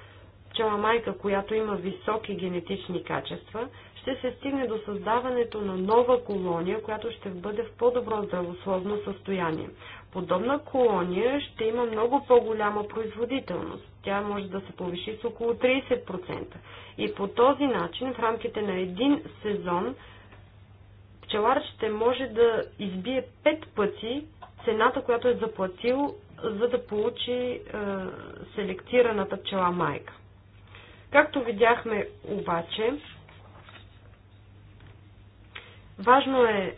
пчела майка, която има високи генетични качества, ще се стигне до създаването на нова колония, която ще бъде в по-добро здравословно състояние. Подобна колония ще има много по-голяма производителност. Тя може да се повиши с около 30%. И по този начин, в рамките на един сезон, пчелар ще може да избие 5 пъти цената, която е заплатил, за да получи е, селектираната пчела майка. Както видяхме обаче, важно е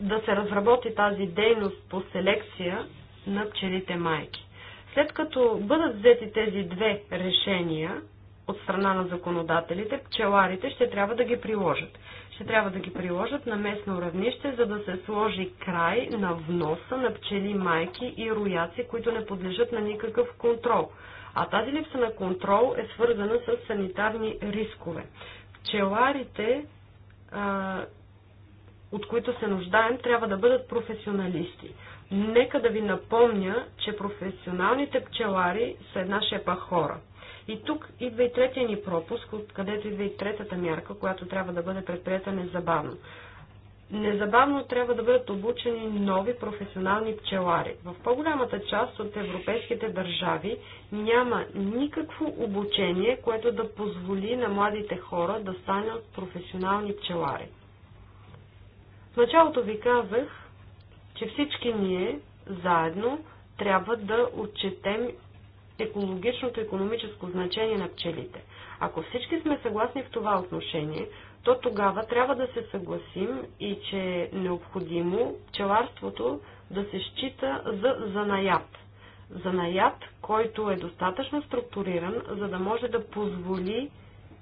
да се разработи тази дейност по селекция на пчелите майки. След като бъдат взети тези две решения от страна на законодателите, пчеларите ще трябва да ги приложат. Ще трябва да ги приложат на местно равнище, за да се сложи край на вноса на пчели майки и рояци, които не подлежат на никакъв контрол – а тази липса на контрол е свързана с санитарни рискове. Пчеларите, от които се нуждаем, трябва да бъдат професионалисти. Нека да ви напомня, че професионалните пчелари са една шепа хора. И тук идва и третия ни пропуск, откъдето идва и третата мярка, която трябва да бъде предприета незабавно. Незабавно трябва да бъдат обучени нови професионални пчелари. В по-голямата част от европейските държави няма никакво обучение, което да позволи на младите хора да станат професионални пчелари. В началото ви казах, че всички ние заедно трябва да отчетем екологичното и економическо значение на пчелите. Ако всички сме съгласни в това отношение, то тогава трябва да се съгласим и че е необходимо пчеларството да се счита за занаят. Занаят, който е достатъчно структуриран, за да може да позволи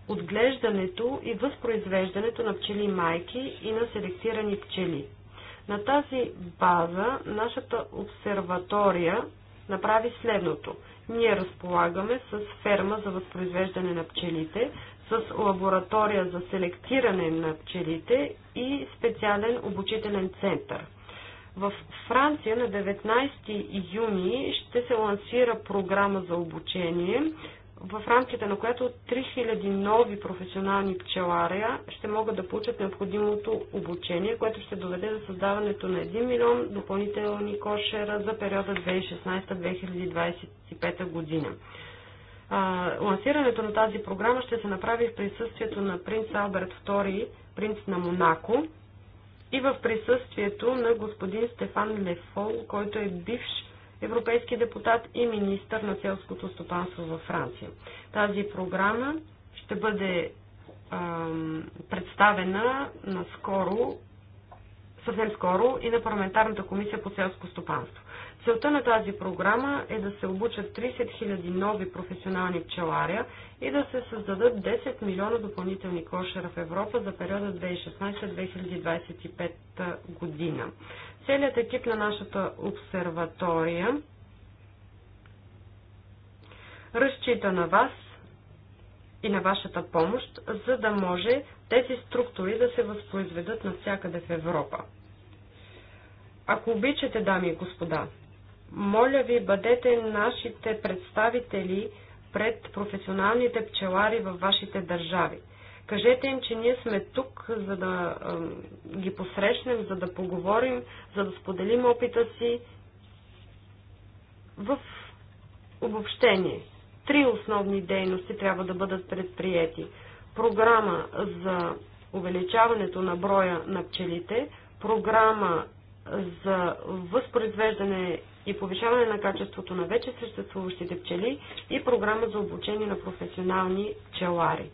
отглеждането и възпроизвеждането на пчели майки и на селектирани пчели. На тази база нашата обсерватория направи следното. Ние разполагаме с ферма за възпроизвеждане на пчелите, с лаборатория за селектиране на пчелите и специален обучителен център. В Франция на 19 юни ще се лансира програма за обучение, в рамките на която 3000 нови професионални пчелария ще могат да получат необходимото обучение, което ще доведе до създаването на 1 милион допълнителни кошера за периода 2016-2025 година лансирането на тази програма ще се направи в присъствието на принц Алберт II, принц на Монако, и в присъствието на господин Стефан Лефол, който е бивш европейски депутат и министър на селското стопанство във Франция. Тази програма ще бъде ам, представена наскоро, съвсем скоро и на парламентарната комисия по селско стопанство. Целта на тази програма е да се обучат 30 000 нови професионални пчеларя и да се създадат 10 милиона допълнителни кошера в Европа за периода 2016-2025 година. Целият екип на нашата обсерватория разчита на вас и на вашата помощ, за да може тези структури да се възпроизведат навсякъде в Европа. Ако обичате, дами и господа, моля ви, бъдете нашите представители пред професионалните пчелари във вашите държави. Кажете им, че ние сме тук, за да е, ги посрещнем, за да поговорим, за да споделим опита си в обобщение. Три основни дейности трябва да бъдат предприяти. Програма за увеличаването на броя на пчелите, програма за възпроизвеждане и повишаване на качеството на вече съществуващите пчели и програма за обучение на професионални пчелари.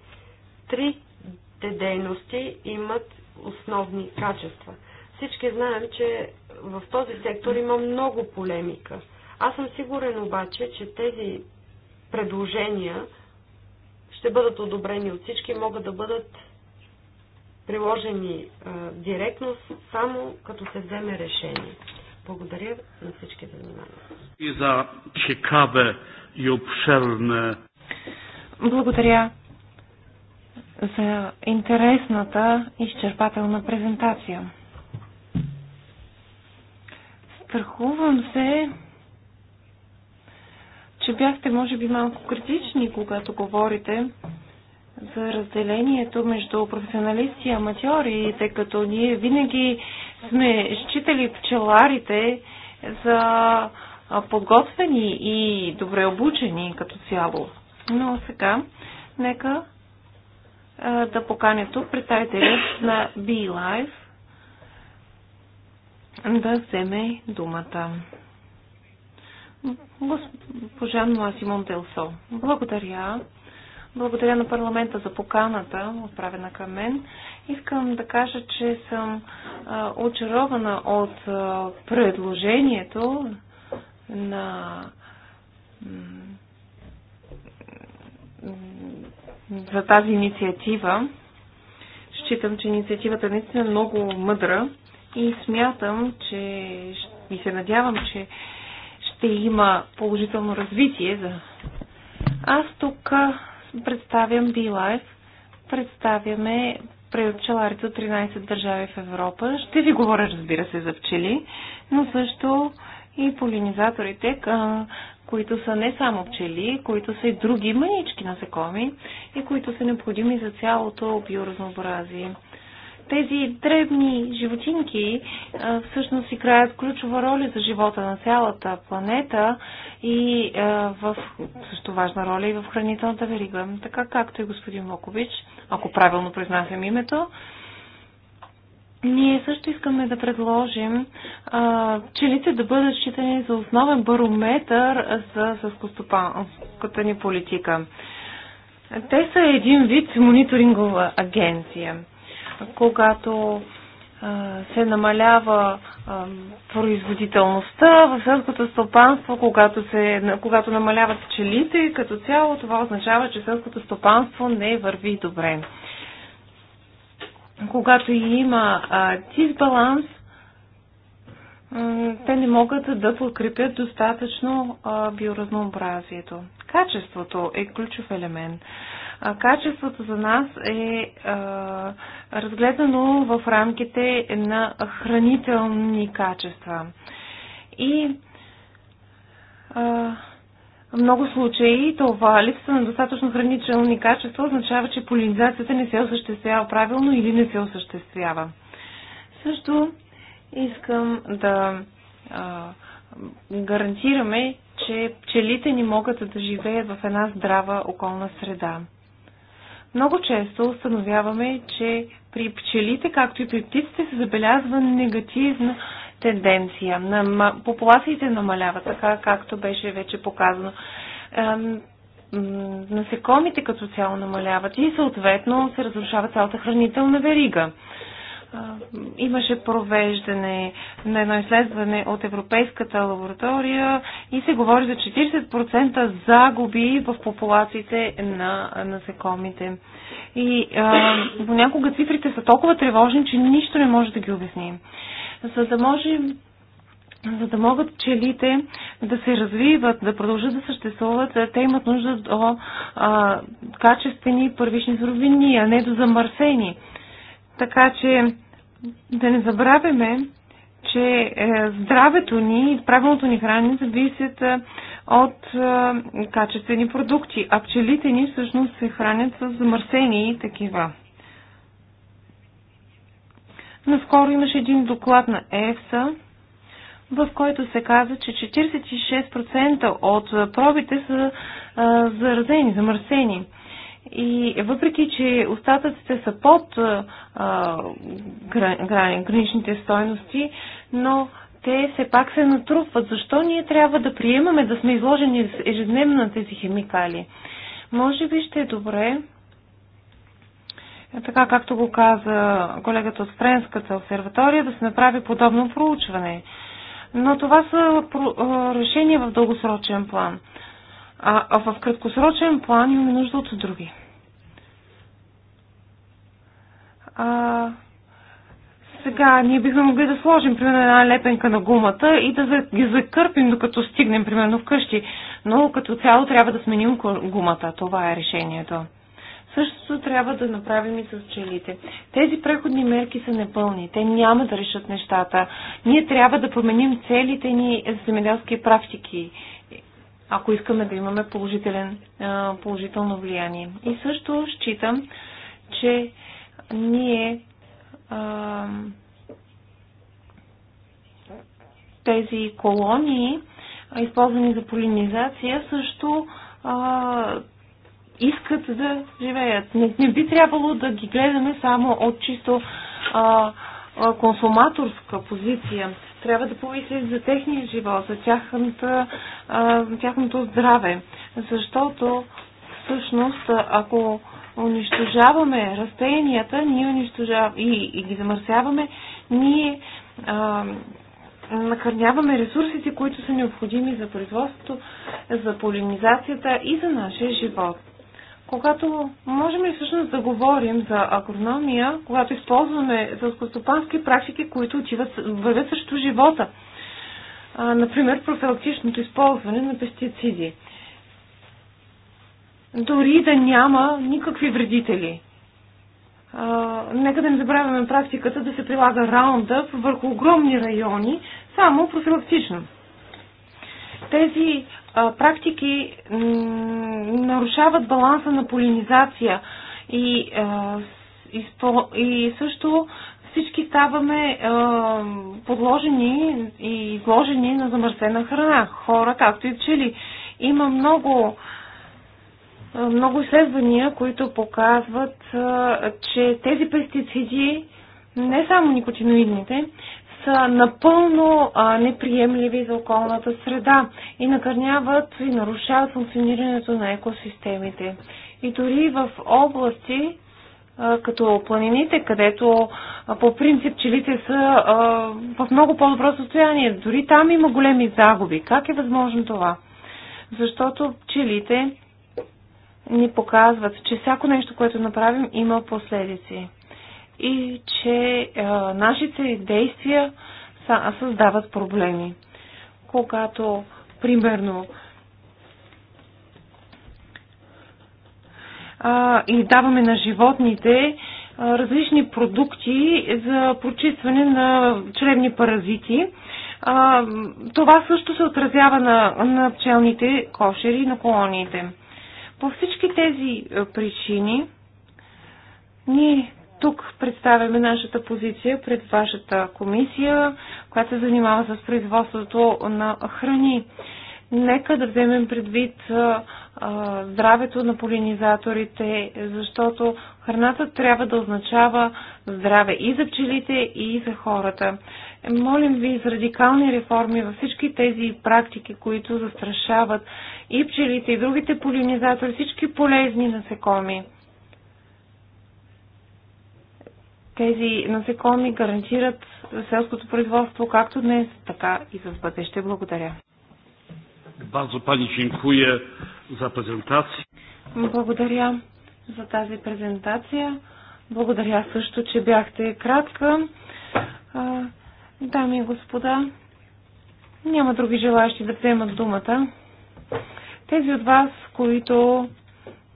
Трите дейности имат основни качества. Всички знаем, че в този сектор има много полемика. Аз съм сигурен обаче, че тези предложения ще бъдат одобрени от всички, могат да бъдат приложени а, директно, само като се вземе решение. Благодаря на всички за вниманието. И за чекаве и обширне. Благодаря за интересната изчерпателна презентация. Страхувам се, че бяхте може би малко критични, когато говорите за разделението между професионалисти и аматьори, тъй като ние винаги сме считали пчеларите за подготвени и добре обучени като цяло. Но сега нека да поканя тук представителят на BeLife да вземе думата. Госпожа Симон Телсо, Благодаря. Благодаря на парламента за поканата, отправена към мен. Искам да кажа, че съм очарована от предложението на за тази инициатива. Считам, че инициативата е наистина е много мъдра и смятам, че и се надявам, че ще има положително развитие. За... Аз тук представям BeLife. Представяме пчеларите от 13 държави в Европа. Ще ви говоря, разбира се, за пчели, но също и полинизаторите, които са не само пчели, които са и други манички насекоми и които са необходими за цялото биоразнообразие. Тези дребни животинки всъщност играят ключова роля за живота на цялата планета и в също важна роля и в хранителната верига. Така както и господин Мокович, ако правилно произнасям името, ние също искаме да предложим а, пчелите да бъдат считани за основен барометър за съскостопанската ни политика. Те са един вид мониторингова агенция когато се намалява производителността в селското стопанство, когато, се, когато намаляват пчелите като цяло, това означава, че селското стопанство не върви добре. Когато има дисбаланс, те не могат да подкрепят достатъчно биоразнообразието. Качеството е ключов елемент качеството за нас е разгледано в рамките на хранителни качества. И в много случаи това липса на достатъчно хранителни качества означава, че полинизацията не се осъществява правилно или не се осъществява. Също искам да а, гарантираме, че пчелите ни могат да живеят в една здрава околна среда. Много често установяваме, че при пчелите, както и при птиците, се забелязва негативна тенденция. на Популациите намаляват, така както беше вече показано. Насекомите като цяло намаляват и съответно се разрушава цялата хранителна верига имаше провеждане на едно изследване от Европейската лаборатория и се говори за 40% загуби в популациите на насекомите. И а, понякога цифрите са толкова тревожни, че нищо не може да ги обясним. За да може за да могат пчелите да се развиват, да продължат да съществуват, те имат нужда до а, качествени първични суровини, а не до замърсени. Така че да не забравяме, че е, здравето ни и правилното ни хранене зависят е, от е, качествени продукти, а пчелите ни всъщност се хранят с замърсени и такива. Наскоро имаше един доклад на ЕФСА, в който се каза, че 46% от пробите са заразени, замърсени. И въпреки, че остатъците са под а, граничните стойности, но те все пак се натрупват. Защо ние трябва да приемаме да сме изложени ежедневно на тези химикали? Може би ще е добре, е така както го каза колегата от Френската обсерватория, да се направи подобно проучване. Но това са решения в дългосрочен план. А, а в краткосрочен план имаме нужда от други. А, сега ние бихме могли да сложим, примерно, една лепенка на гумата и да ги закърпим, докато стигнем, примерно, вкъщи. Но като цяло трябва да сменим гумата. Това е решението. Същото трябва да направим и с челите. Тези преходни мерки са непълни. Те няма да решат нещата. Ние трябва да променим целите ни земеделски практики ако искаме да имаме положителен, положително влияние. И също считам, че ние тези колонии, използвани за полинизация, също искат да живеят. Не, не би трябвало да ги гледаме само от чисто а, консуматорска позиция. Трябва да помислим за техния живот, за тяхната, тяхното здраве, защото всъщност, ако унищожаваме растенията, ние унищожаваме и, и ги замърсяваме, ние а, накърняваме ресурсите, които са необходими за производството, за полинизацията и за нашия живот когато можем ли всъщност да говорим за агрономия, когато използваме селскостопански практики, които отиват, вървят срещу живота. А, например, профилактичното използване на пестициди. Дори да няма никакви вредители. А, нека да не забравяме практиката да се прилага раунда върху огромни райони, само профилактично. Тези практики нарушават баланса на полинизация и, и също всички ставаме подложени и изложени на замърсена храна, хора, както и пчели. Има много много изследвания, които показват, че тези пестициди, не само никотиноидните, са напълно а, неприемливи за околната среда и накърняват и нарушават функционирането на екосистемите. И дори в области а, като планините, където а, по принцип пчелите са а, в много по-добро състояние, дори там има големи загуби. Как е възможно това? Защото пчелите ни показват, че всяко нещо, което направим, има последици и че а, нашите действия са, създават проблеми. Когато, примерно, а, и даваме на животните а, различни продукти за прочистване на чревни паразити, а, това също се отразява на, на пчелните кошери и на колониите. По всички тези причини ние тук представяме нашата позиция пред вашата комисия, която се занимава с производството на храни. Нека да вземем предвид здравето на полинизаторите, защото храната трябва да означава здраве и за пчелите, и за хората. Молим ви за радикални реформи във всички тези практики, които застрашават и пчелите, и другите полинизатори, всички полезни насекоми. тези насекоми гарантират селското производство както днес, така и за бъдеще. Благодаря. Bardzo Pani dziękuję Благодаря за тази презентация. Благодаря също, че бяхте кратка. Дами и господа, няма други желащи да вземат думата. Тези от вас, които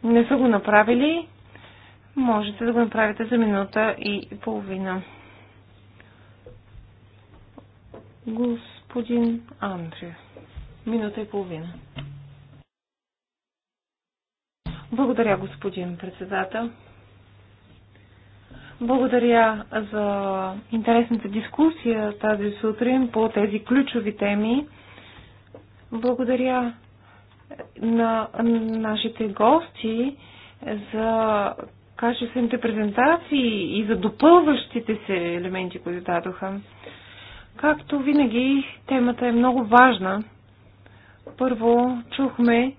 не са го направили, Можете да го направите за минута и половина. Господин Андрия. Минута и половина. Благодаря, господин председател. Благодаря за интересната дискусия тази сутрин по тези ключови теми. Благодаря на нашите гости за качествените презентации и за допълващите се елементи, които дадоха. Както винаги, темата е много важна. Първо чухме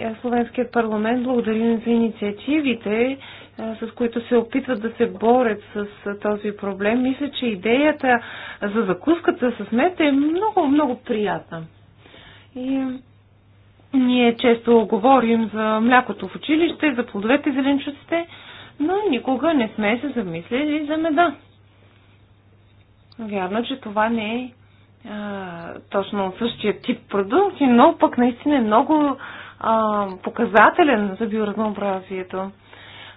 е, Словенският парламент благодарим за инициативите, е, с които се опитват да се борят с е, този проблем. Мисля, че идеята за закуската с мета е много, много приятна. И ние често говорим за млякото в училище, за плодовете и зеленчуците, но никога не сме се замислили за меда. Вярно, че това не е а, точно същия тип продукти, но пък наистина е много а, показателен за биоразнообразието.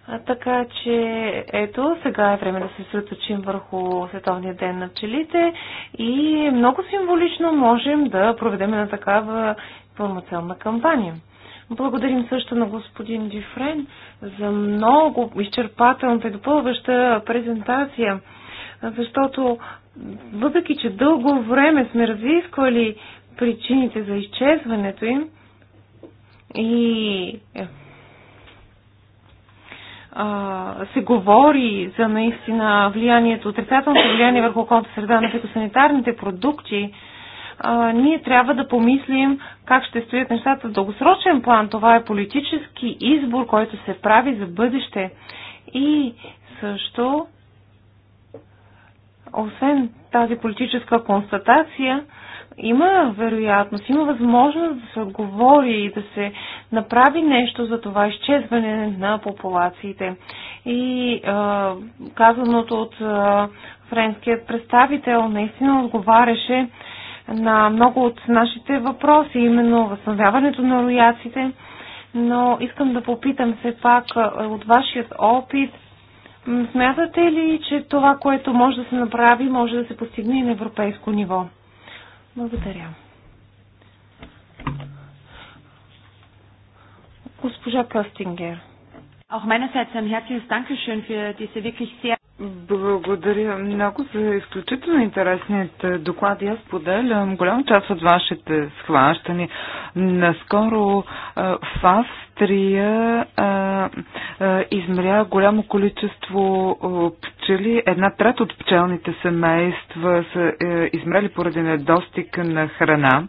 А, така че, ето, сега е време да се съточим върху Световния ден на пчелите и много символично можем да проведем на такава промоционна кампания. Благодарим също на господин Дюфрен за много изчерпателната и допълваща презентация, защото въпреки, че дълго време сме разисквали причините за изчезването им и е, а, се говори за наистина влиянието, отрицателното влияние върху околната среда на фитосанитарните продукти, а, ние трябва да помислим как ще стоят нещата в дългосрочен план. Това е политически избор, който се прави за бъдеще. И също, освен тази политическа констатация, има вероятност, има възможност да се отговори и да се направи нещо за това изчезване на популациите. И е, казаното от е, френският представител наистина отговаряше на много от нашите въпроси, именно възстановяването на рояците, но искам да попитам все пак е, от вашият опит, смятате ли, че това, което може да се направи, може да се постигне и на европейско ниво? Благодаря. Госпожа Къстингер. Auch meinerseits ein herzliches Dankeschön für diese wirklich sehr благодаря много за изключително е, доклад и Аз поделям голяма част от вашите схващани. Наскоро е, в Австрия е, измеря голямо количество пчели. Една трета от пчелните семейства са измрели поради недостиг на храна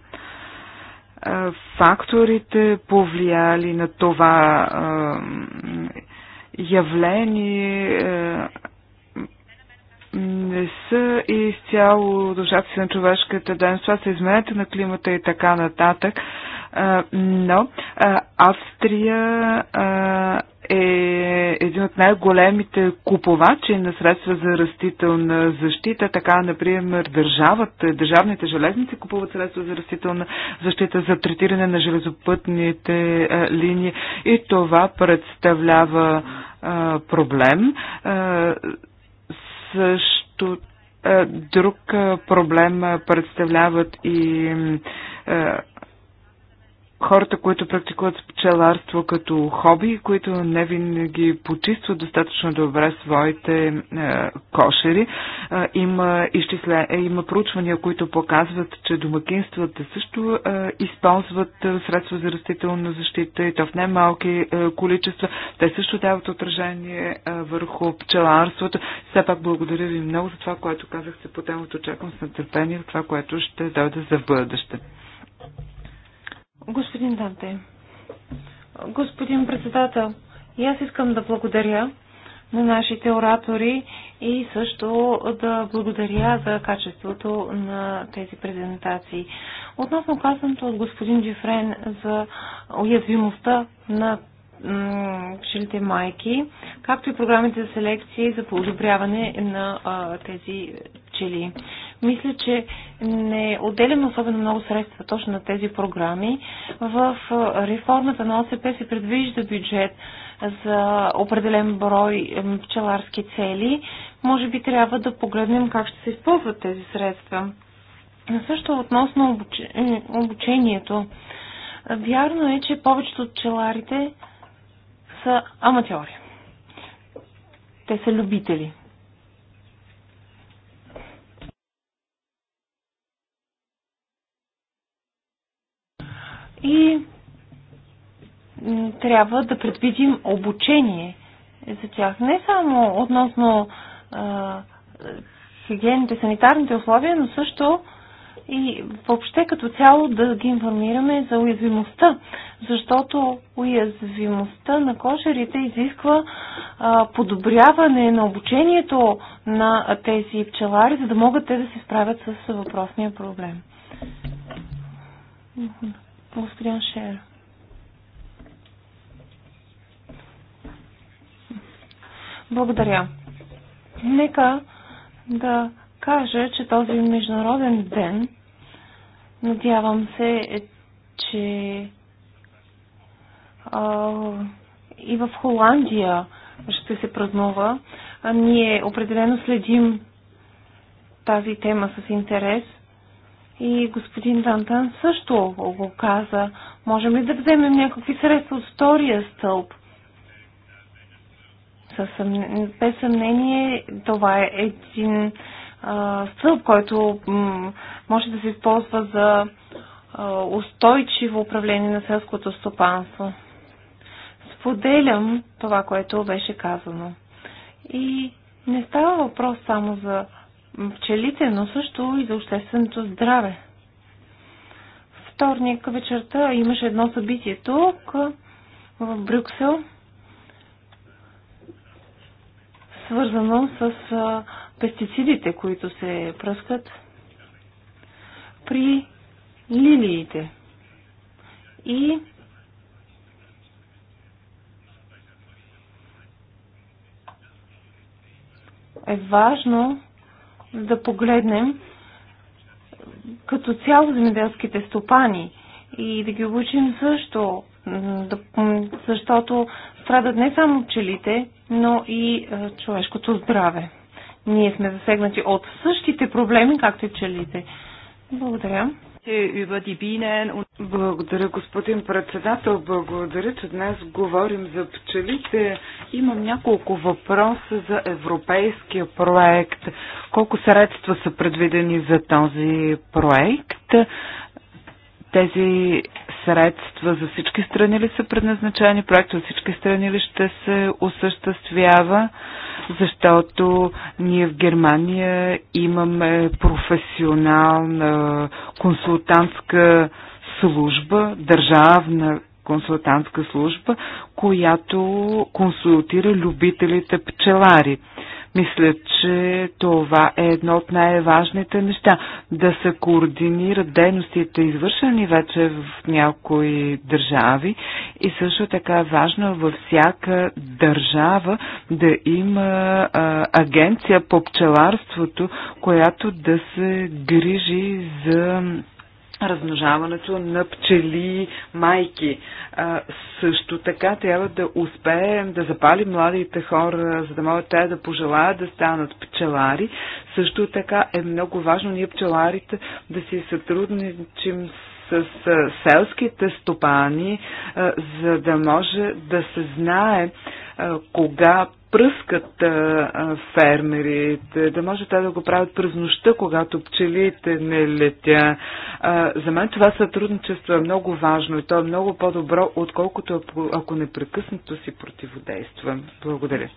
факторите повлияли на това явление не са изцяло душата си на човешката дейност. Това са измененията на климата и така нататък. Но Австрия е един от най-големите купувачи на средства за растителна защита. Така, например, държавата, държавните железници купуват средства за растителна защита за третиране на железопътните линии и това представлява проблем също е, друг е, проблем е, представляват и хората, които практикуват пчеларство като хоби, които не винаги почистват достатъчно добре своите е, кошери. Е, има, изчисле, е, има проучвания, които показват, че домакинствата също е, използват е, средства за растителна защита и то в най-малки е, количества. Те също дават отражение е, върху пчеларството. Все пак благодаря ви много за това, което казахте по темата. Очаквам с нетърпение това, което ще дойде за бъдеще. Господин Данте, господин председател, и аз искам да благодаря на нашите оратори и също да благодаря за качеството на тези презентации. Относно казаното от господин Дюфрен за уязвимостта на пчелите майки, както и програмите за селекция и за подобряване на а, тези пчели. Мисля, че не отделяме особено много средства точно на тези програми. В реформата на ОСП се предвижда бюджет за определен брой пчеларски цели. Може би трябва да погледнем как ще се използват тези средства. Също относно обучението. Вярно е, че повечето от пчеларите са аматьори. Те са любители. И трябва да предвидим обучение за тях. Не само относно а, хигиените, санитарните условия, но също и въобще като цяло да ги информираме за уязвимостта, защото уязвимостта на кошерите изисква а, подобряване на обучението на тези пчелари, за да могат те да се справят с въпросния проблем. Господин Шер. Благодаря. Нека да кажа, че този международен ден, надявам се, е, че а, и в Холандия ще се празнува. А ние определено следим тази тема с интерес – и господин Дантан също го каза. Можем ли да вземем някакви средства от втория стълб? Без съмнение, това е един а, стълб, който може да се използва за а, устойчиво управление на селското стопанство. Споделям това, което беше казано. И не става въпрос само за пчелите, но също и за общественото здраве. Вторник вечерта имаше едно събитие тук в Брюксел, свързано с пестицидите, които се пръскат при лилиите. И е важно да погледнем като цяло земеделските стопани и да ги обучим също, защото страдат не само пчелите, но и човешкото здраве. Ние сме засегнати от същите проблеми, както и пчелите. Благодаря. Благодаря, господин председател. Благодаря, че днес говорим за пчелите. Имам няколко въпроса за европейския проект. Колко средства са предвидени за този проект? Тези средства за всички страни ли са предназначени? Проектът за всички страни ли ще се осъществява? Защото ние в Германия имаме професионална консултантска служба, държавна консултантска служба, която консултира любителите пчелари. Мисля, че това е едно от най-важните неща да се координират дейностите, извършени вече в някои държави и също така е важно във всяка държава да има а, агенция по пчеларството, която да се грижи за размножаването на пчели майки. А, също така трябва да успеем да запалим младите хора, за да могат те да пожелаят да станат пчелари. Също така е много важно ние пчеларите да си сътрудничим с селските стопани, за да може да се знае кога пръскат фермерите, да може те да го правят през нощта, когато пчелите не летя. За мен това сътрудничество е много важно и то е много по-добро, отколкото ако непрекъснато си противодействам. Благодаря.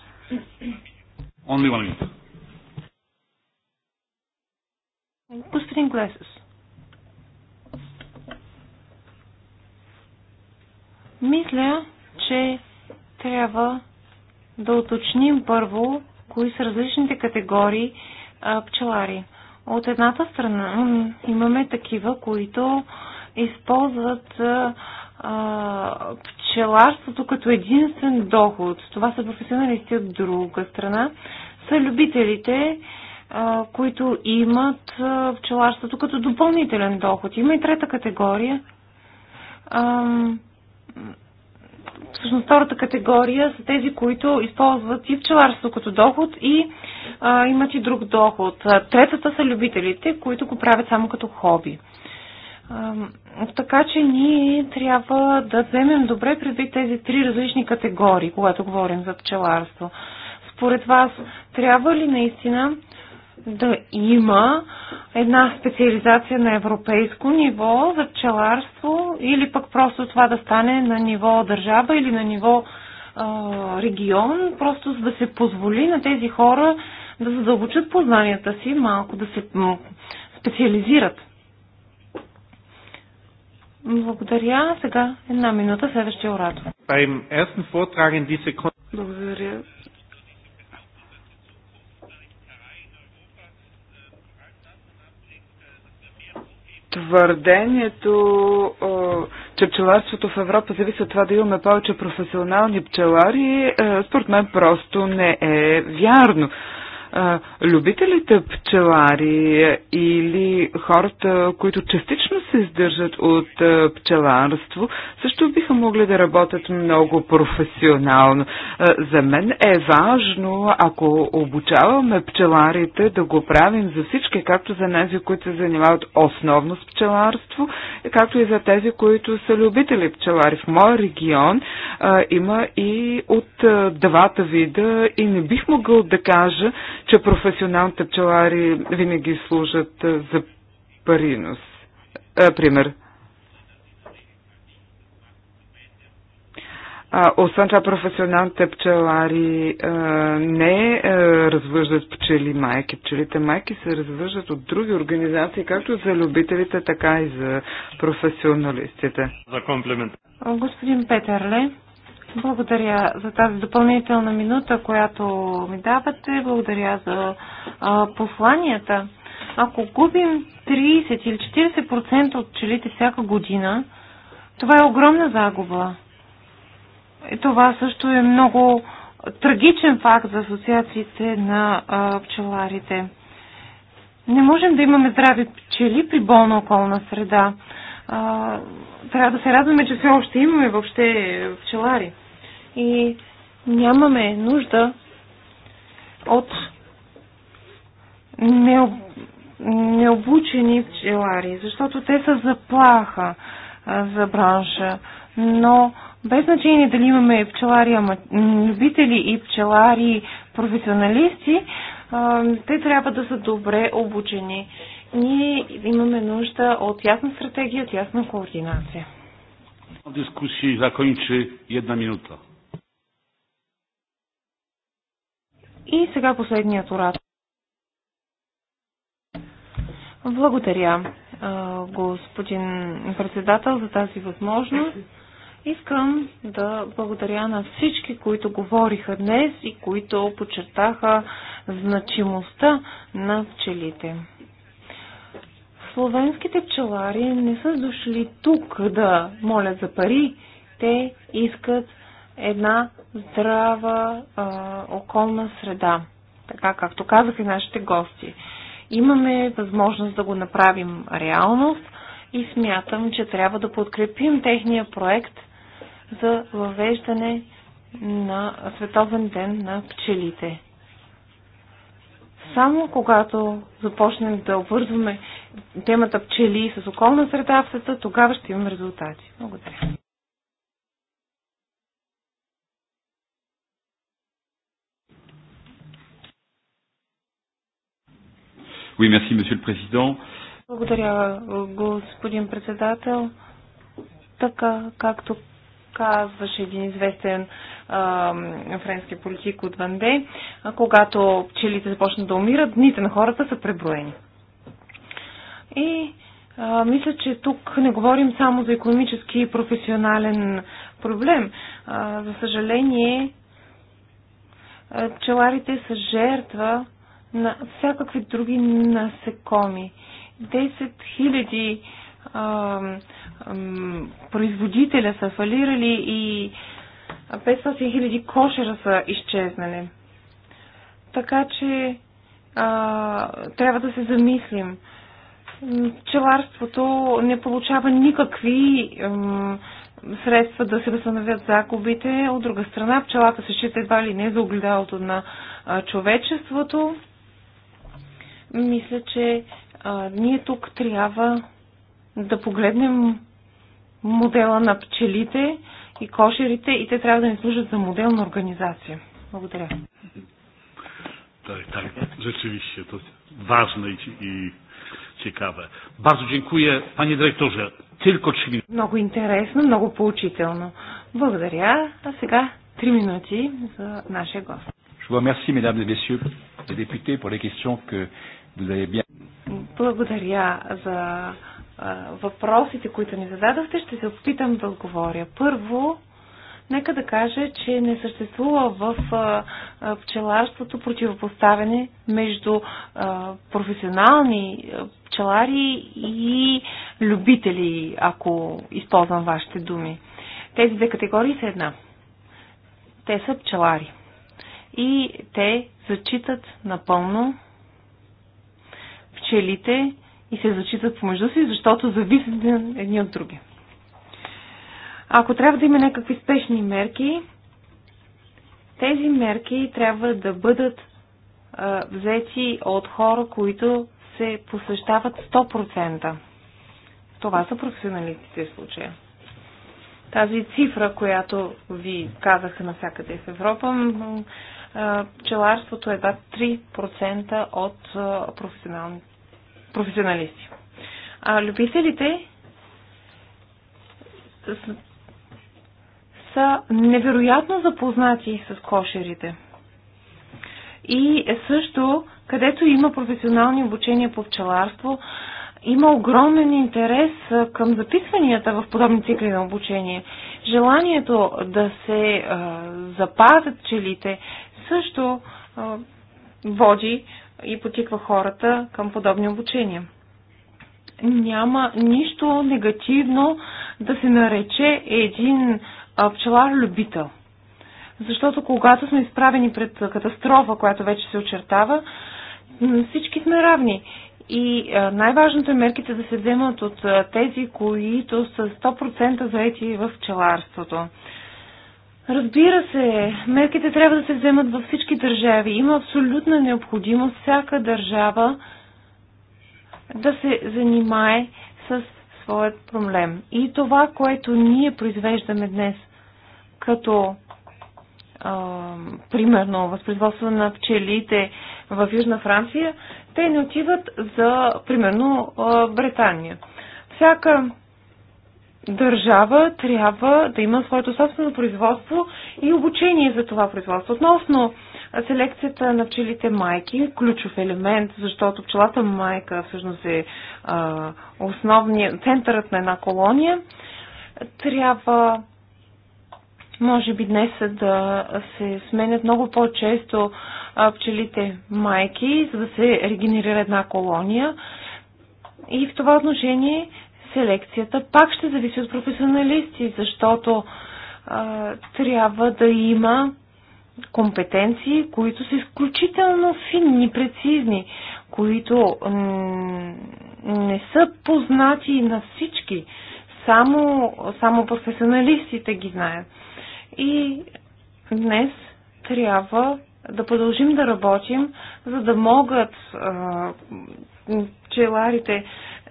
Only one minute. Господин Глесус. Мисля, че трябва да уточним първо кои са различните категории пчелари. От едната страна имаме такива, които използват пчеларството като единствен доход. Това са професионалисти от друга страна. Са любителите, които имат пчеларството като допълнителен доход. Има и трета категория всъщност втората категория са тези, които използват и пчеларство като доход и а, имат и друг доход. Третата са любителите, които го правят само като хоби. така че ние трябва да вземем добре предвид тези три различни категории, когато говорим за пчеларство. Според вас, трябва ли наистина да има една специализация на европейско ниво за пчеларство или пък просто това да стане на ниво държава или на ниво а, регион, просто за да се позволи на тези хора да задълбочат познанията си, малко да се специализират. Благодаря. Сега една минута, следващия оратор. Благодаря. твърдението, че пчеларството в Европа зависи от това да имаме повече професионални пчелари, според мен просто не е вярно любителите пчелари е, или хората, които частично се издържат от е, пчеларство, също биха могли да работят много професионално. Е, за мен е важно, ако обучаваме пчеларите, да го правим за всички, както за тези, които се занимават основно с пчеларство, както и за тези, които са любители пчелари. В моя регион има и от двата вида и не бих могъл да кажа, че професионалните пчелари винаги служат за паринос. А, пример. А, освен това, професионалните пчелари а, не а, развъждат пчели майки. Пчелите майки се развъждат от други организации, както за любителите, така и за професионалистите. За комплимент. Господин Петърле, благодаря за тази допълнителна минута, която ми давате. Благодаря за а, посланията. Ако губим 30 или 40% от пчелите всяка година, това е огромна загуба. И това също е много трагичен факт за асоциациите на а, пчеларите. Не можем да имаме здрави пчели при болна околна среда. А, трябва да се радваме, че все още имаме въобще пчелари и нямаме нужда от необучени пчелари, защото те са заплаха за бранша. Но без значение дали имаме пчелари любители и пчелари професионалисти, те трябва да са добре обучени. Ние имаме нужда от ясна стратегия, от ясна координация. Дискусии закончи една минута. И сега последният оратор. Благодаря, господин председател, за тази възможност. Искам да благодаря на всички, които говориха днес и които подчертаха значимостта на пчелите. Словенските пчелари не са дошли тук да молят за пари, те искат една здрава а, околна среда, така както казаха и нашите гости. Имаме възможност да го направим реалност и смятам, че трябва да подкрепим техния проект за въвеждане на Световен ден на пчелите. Само когато започнем да обвързваме темата пчели с околна среда в света, тогава ще имаме резултати. Благодаря. Oui, merci, monsieur le président. Благодаря, господин председател. Така, както казваше един известен а, френски политик от Ванде, когато пчелите започнат да умират, дните на хората са преброени. И а, мисля, че тук не говорим само за економически и професионален проблем. А, за съжаление, пчеларите са жертва на всякакви други насекоми. 10 000 производителя са фалирали и 500 хиляди кошера са изчезнали. Така че а, трябва да се замислим. Пчеларството не получава никакви ам, средства да се възстановят загубите. От друга страна, пчелата се счита едва ли не за огледалото на а, човечеството мисля, че а, ние тук трябва да погледнем модела на пчелите и кошерите и те трябва да ни служат за модел на организация. Благодаря. Tak, tak, rzeczywiście to ważne i, i ciekawe. Bardzo dziękuję, panie dyrektorze. Tylko trzy minuty. Mnogo interesno, mnogo pouczytelno. Благодаря. a teraz trzy minuty za нашия гост. Je vous remercie, mesdames et messieurs les députés, pour les questions que vous avez bien. Благодаря за въпросите, които ни зададохте. Ще се опитам да отговоря. Първо, нека да кажа, че не съществува в пчеларството противопоставяне между професионални пчелари и любители, ако използвам вашите думи. Тези две категории са една. Те са пчелари и те зачитат напълно пчелите и се зачитат помежду си, защото зависят едни от други. Ако трябва да има някакви спешни мерки, тези мерки трябва да бъдат а, взети от хора, които се посещават 100%. Това са професионалистите в случая. Тази цифра, която ви казаха навсякъде в Европа, пчеларството е едва 3% от професионалисти. А любителите са невероятно запознати с кошерите. И също, където има професионални обучения по пчеларство, има огромен интерес към записванията в подобни цикли на обучение. Желанието да се а, запазят пчелите, също води и потиква хората към подобни обучения. Няма нищо негативно да се нарече един пчелар-любител. Защото когато сме изправени пред катастрофа, която вече се очертава, всички сме равни. И най-важното е мерките да се вземат от тези, които са 100% заети в пчеларството. Разбира се, мерките трябва да се вземат във всички държави. Има абсолютна необходимост всяка държава да се занимае с своят проблем. И това, което ние произвеждаме днес, като а, примерно възпроизводство на пчелите в Южна Франция, те не отиват за, примерно, а, Британия. Всяка държава трябва да има своето собствено производство и обучение за това производство. Относно селекцията на пчелите майки е ключов елемент, защото пчелата майка всъщност е основният центърът на една колония. Трябва може би днес да се сменят много по-често пчелите майки, за да се регенерира една колония. И в това отношение селекцията пак ще зависи от професионалисти, защото а, трябва да има компетенции, които са изключително финни, прецизни, които не са познати на всички. Само, само професионалистите ги знаят. И днес трябва да продължим да работим, за да могат а, пчеларите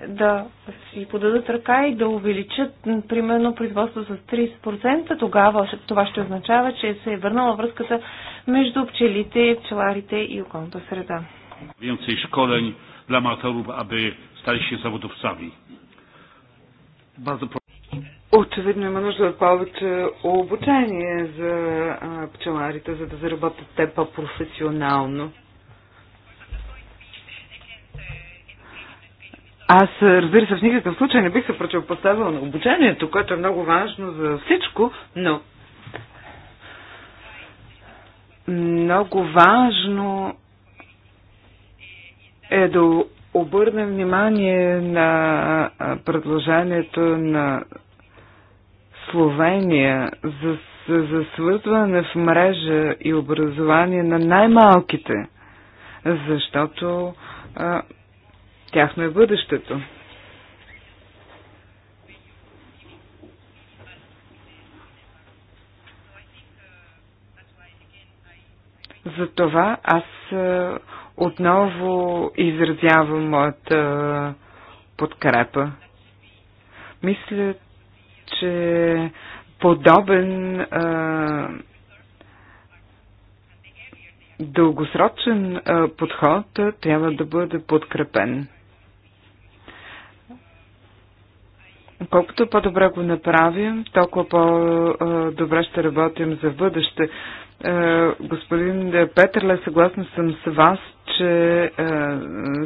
да си подадат ръка и да увеличат, примерно, производство с 30%, тогава това ще означава, че се е върнала връзката между пчелите, пчеларите и околната среда. Więcej szkoleń dla amatorów, aby stali się zawodowcami. Bardzo Очевидно има нужда от повече обучение за пчеларите, за да заработят те по-професионално. Аз, разбира се, в никакъв случай не бих се противопоставила на обучението, което е много важно за всичко, но много важно е да обърнем внимание на предложението на Словения за, за свързване в мрежа и образование на най-малките, защото а, Тяхно е бъдещето. Затова аз е, отново изразявам моята подкрепа. Мисля, че подобен а, е, дългосрочен а, е, подход трябва да бъде подкрепен. Колкото по-добре го направим, толкова по-добре ще работим за бъдеще. Е, господин Петърле, съгласна съм с вас, че е,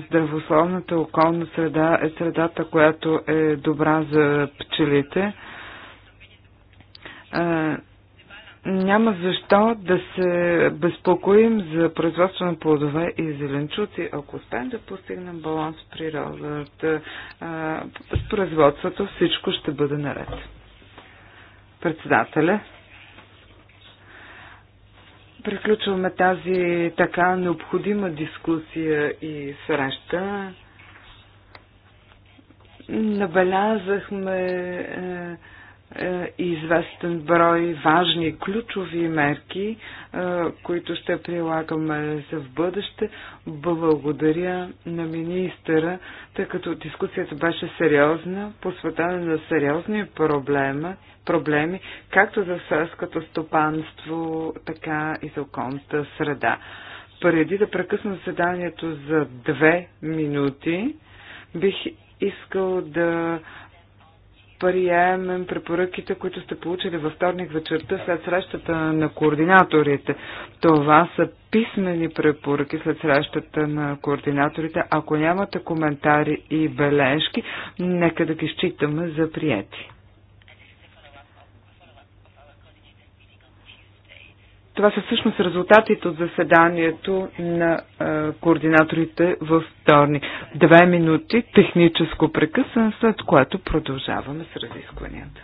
здравословната околна среда е средата, която е добра за пчелите е, няма защо да се безпокоим за производство на плодове и зеленчуци, ако успеем да постигнем баланс в природата, с производството всичко ще бъде наред. Председателя, приключваме тази така необходима дискусия и среща. Набелязахме е, е, известен брой важни ключови мерки, е, които ще прилагаме за в бъдеще. Благодаря на министъра, тъй като дискусията беше сериозна, посветена на сериозни проблема, проблеми, както за селското стопанство, така и за околната среда. Преди да прекъсна заседанието за две минути, бих искал да приемем препоръките, които сте получили във вторник вечерта след срещата на координаторите. Това са писмени препоръки след срещата на координаторите. Ако нямате коментари и бележки, нека да ги считаме за приети. Това са всъщност резултатите от заседанието на а, координаторите във вторник. Две минути техническо прекъсване, след което продължаваме с разискванията.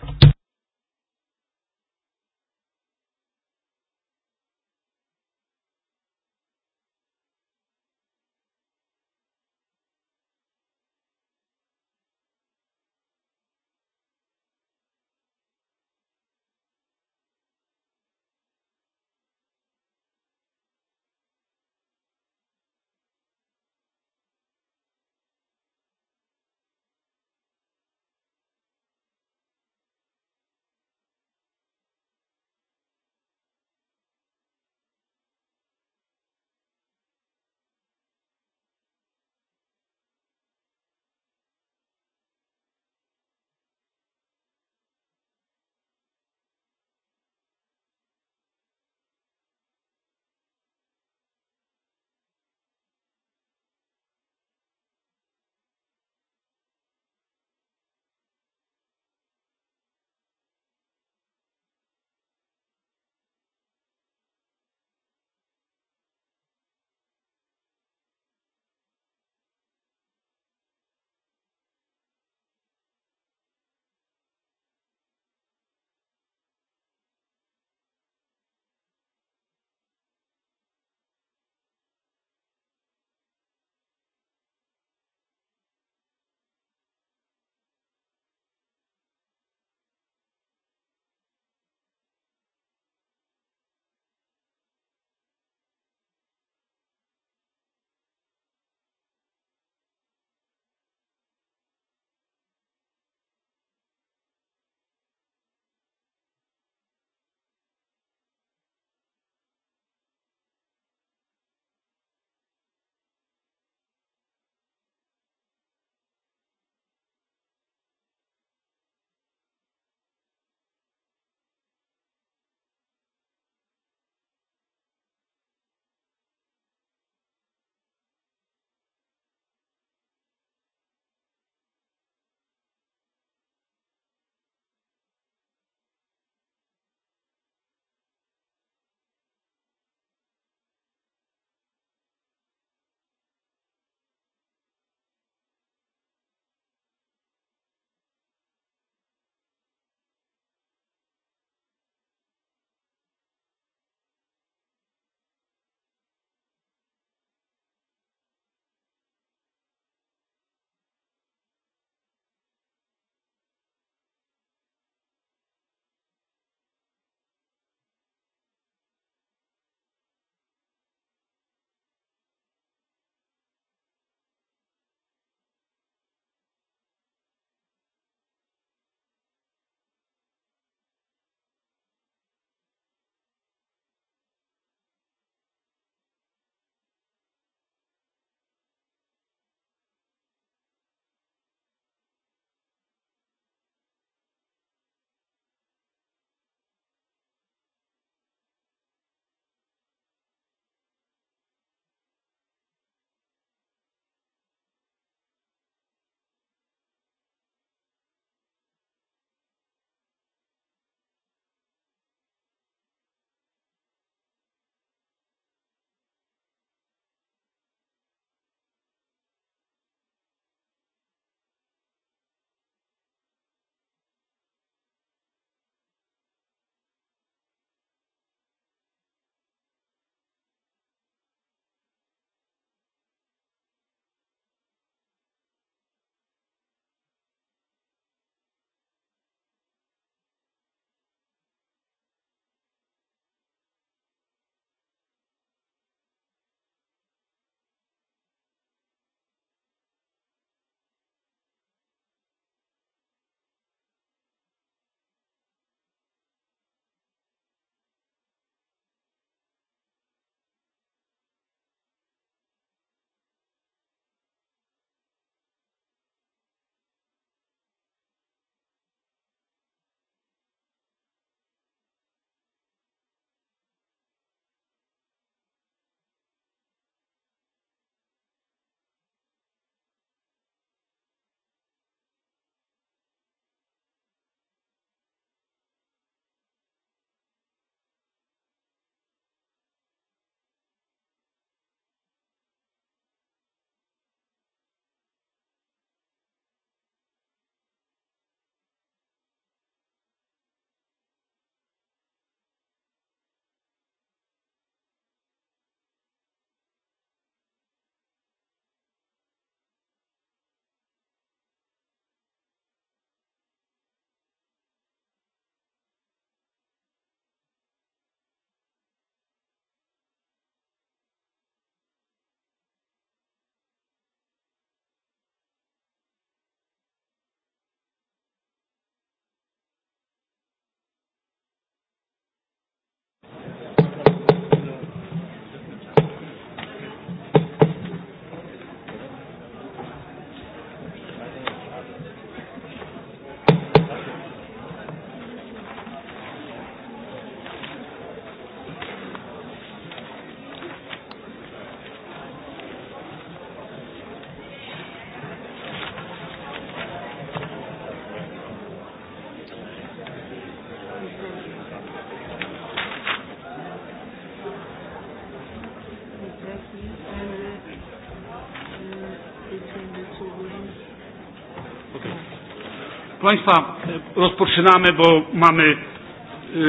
Proszę Państwa, rozpoczynamy, bo mamy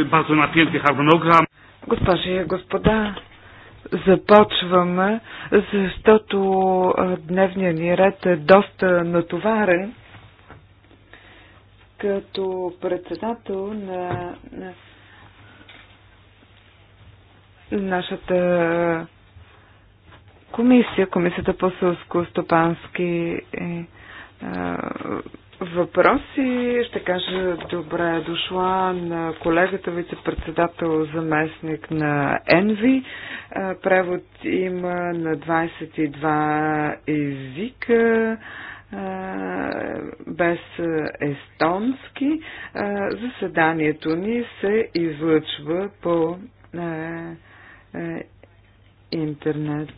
bardzo napięty harmonogram. Госпожи и господа, започваме, защото е, дневният ни ред е доста натоварен. Като председател на, на нашата комисия, комисията по сълско-стопански е, е, въпрос и ще кажа добре дошла на колегата вице-председател заместник на Енви. Превод има на 22 езика без естонски. Заседанието ни се излъчва по интернет.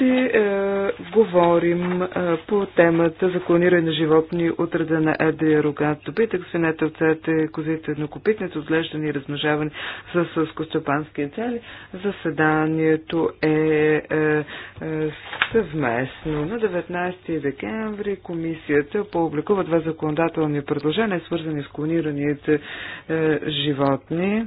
ще е, говорим е, по темата за клониране на животни от рода на едрия рогат добитък, свинете, овцете, козите, еднокопитните, отглеждане и размножаване с, с костопански цели. Заседанието е, е, е съвместно. На 19 декември комисията публикува два законодателни предложения, свързани с клонираните е, животни.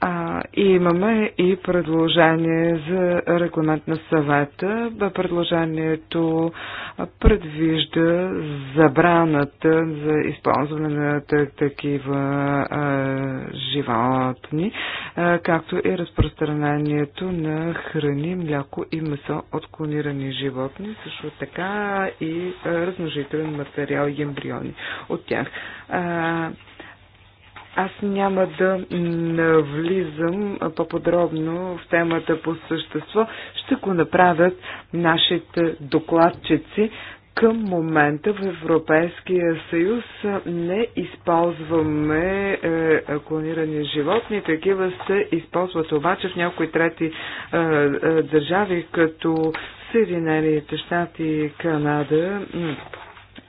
А, имаме и предложение за регламент на съвета. Предложението предвижда забраната за използване на такива а, животни, а, както и разпространението на храни, мляко и месо от клонирани животни, също така и а, размножителен материал и ембриони от тях. А, аз няма да навлизам по-подробно в темата по същество. Ще го направят нашите докладчици. Към момента в Европейския съюз не използваме е, клонирани животни. Такива се използват обаче в някои трети е, е, държави, като Съединените щати и Канада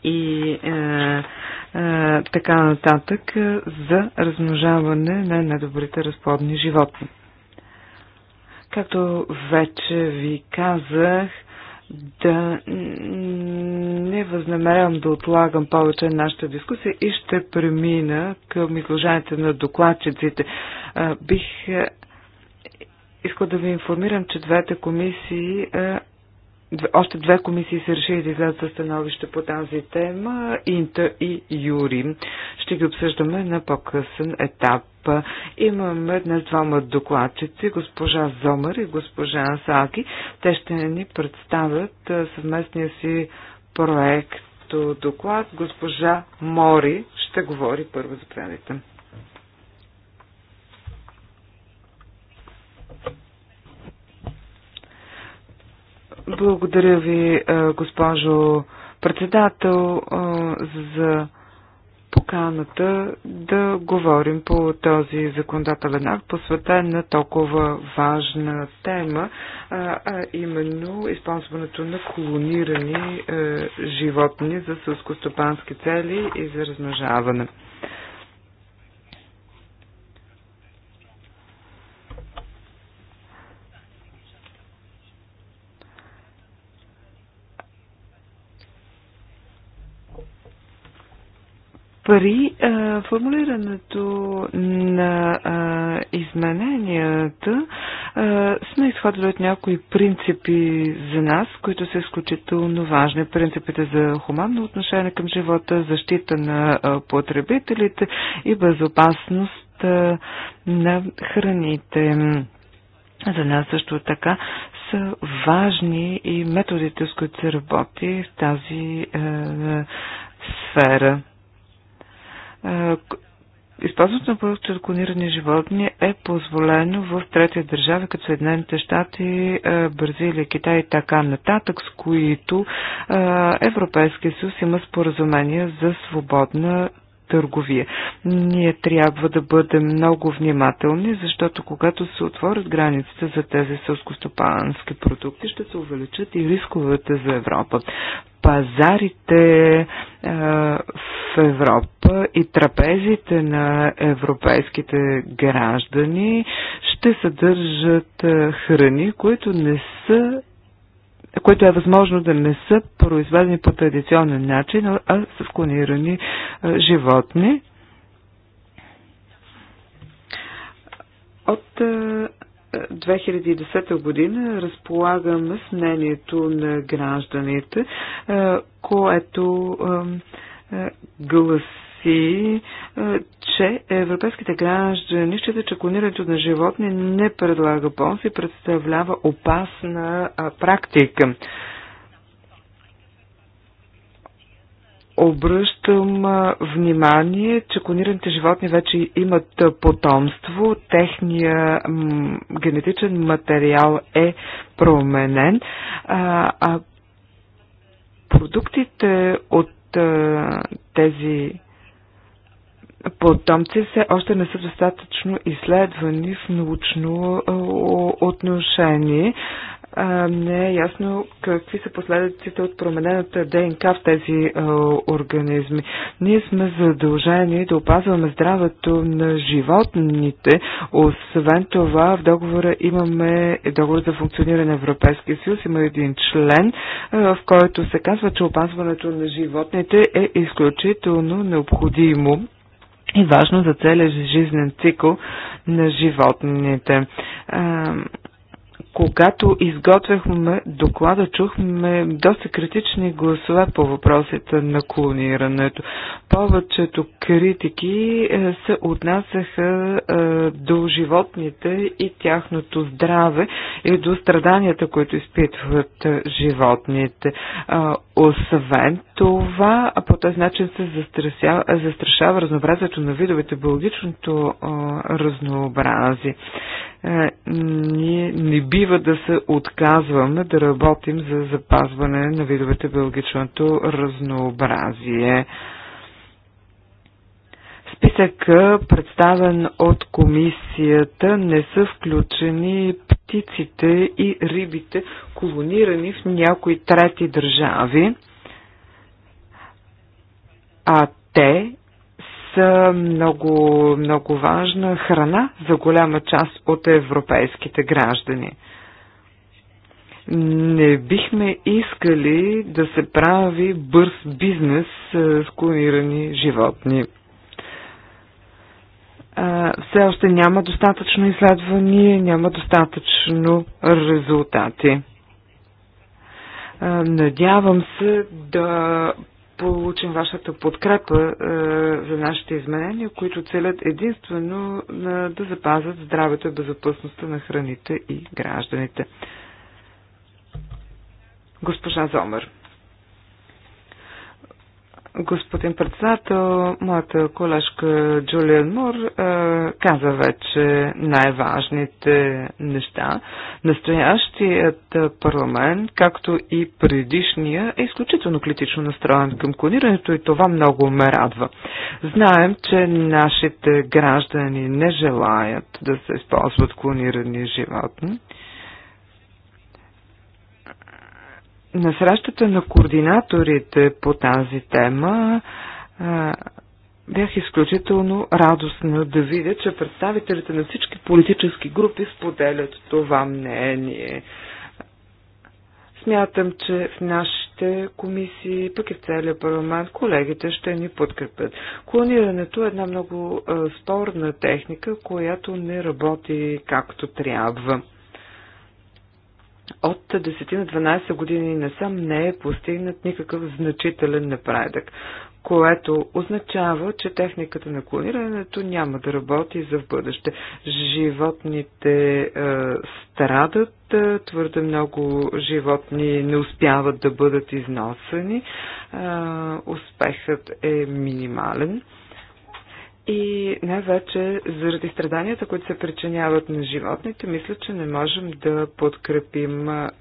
и е, е, така нататък за размножаване на недобрите разплодни животни. Както вече ви казах, да не възнамерявам да отлагам повече нашата дискусия и ще премина към изложението на докладчиците. Е, бих е, искал да ви информирам, че двете комисии е, още две комисии се решили да излязат със становище по тази тема, Инта и Юри. Ще ги обсъждаме на по-късен етап. Имаме днес двама докладчици, госпожа Зомър и госпожа Саки. Те ще ни представят съвместния си проект доклад. Госпожа Мори ще говори първо, за предите. Благодаря ви, госпожо председател, за поканата да говорим по този законодателен акт, посветен на толкова важна тема, а именно използването на колонирани животни за сълскостопански цели и за размножаване. При а, формулирането на а, измененията а, сме изходили от някои принципи за нас, които са изключително важни. Принципите за хуманно отношение към живота, защита на а, потребителите и безопасност а, на храните. За нас също така са важни и методите, с които се работи в тази сфера. Използването на продукти от клонирани животни е позволено в трети държави, като Съединените щати, Бразилия, Китай и така нататък, с които Европейския съюз има споразумение за свободна търговия. Ние трябва да бъдем много внимателни, защото когато се отворят границите за тези селскостопански продукти, ще се увеличат и рисковете за Европа. Пазарите е, в Европа и трапезите на европейските граждани ще съдържат е, храни, които не са които е възможно да не са произведени по традиционен начин, а са клонирани животни. От 2010 година разполагаме с мнението на гражданите, което глас си, е, че европейските граждани считат, че клонирането на животни не предлага бонус и представлява опасна практика. Обръщам внимание, че клонираните животни вече имат потомство, техния генетичен материал е променен, а продуктите от тези потомци все още не са достатъчно изследвани в научно отношение. Не е ясно какви са последиците от променената ДНК в тези организми. Ние сме задължени да опазваме здравето на животните. Освен това, в договора имаме договор за функциониране на Европейския съюз. Има един член, в който се казва, че опазването на животните е изключително необходимо и е важно за целия жизнен цикъл на животните. Когато изготвяхме доклада, чухме доста критични гласове по въпросите на клонирането. Повечето критики е, се отнасяха е, до животните и тяхното здраве и до страданията, които изпитват е, животните. Освен това, по този начин се застрашава, застрашава разнообразието на видовете, биологичното разнообразие. Е, ние не бива да се отказваме да работим за запазване на видовете биологичното разнообразие. Списък, е, представен от комисията, не са включени птиците и рибите, колонирани в някои трети държави, а те са много, много важна храна за голяма част от европейските граждани. Не бихме искали да се прави бърз бизнес с клонирани животни. Все още няма достатъчно изследвания, няма достатъчно резултати. Надявам се да получим вашата подкрепа е, за нашите изменения, които целят единствено на, да запазят здравето и безопасността на храните и гражданите. Госпожа Зомер. Господин председател, моята колежка Джулиан Мур е, каза вече най-важните неща. Настоящият парламент, както и предишния, е изключително критично настроен към клонирането и това много ме радва. Знаем, че нашите граждани не желаят да се използват клонирани животни. на срещата на координаторите по тази тема а, бях изключително радостна да видя, че представителите на всички политически групи споделят това мнение. Смятам, че в нашите комисии, пък и в целия парламент, колегите ще ни подкрепят. Клонирането е една много а, спорна техника, която не работи както трябва от 10 на 12 години насам не е постигнат никакъв значителен напредък, което означава, че техниката на клонирането няма да работи за в бъдеще. Животните е, страдат, е, твърде много животни не успяват да бъдат износени, е, успехът е минимален. И най-вече заради страданията, които се причиняват на животните, мисля, че не можем да подкрепим а,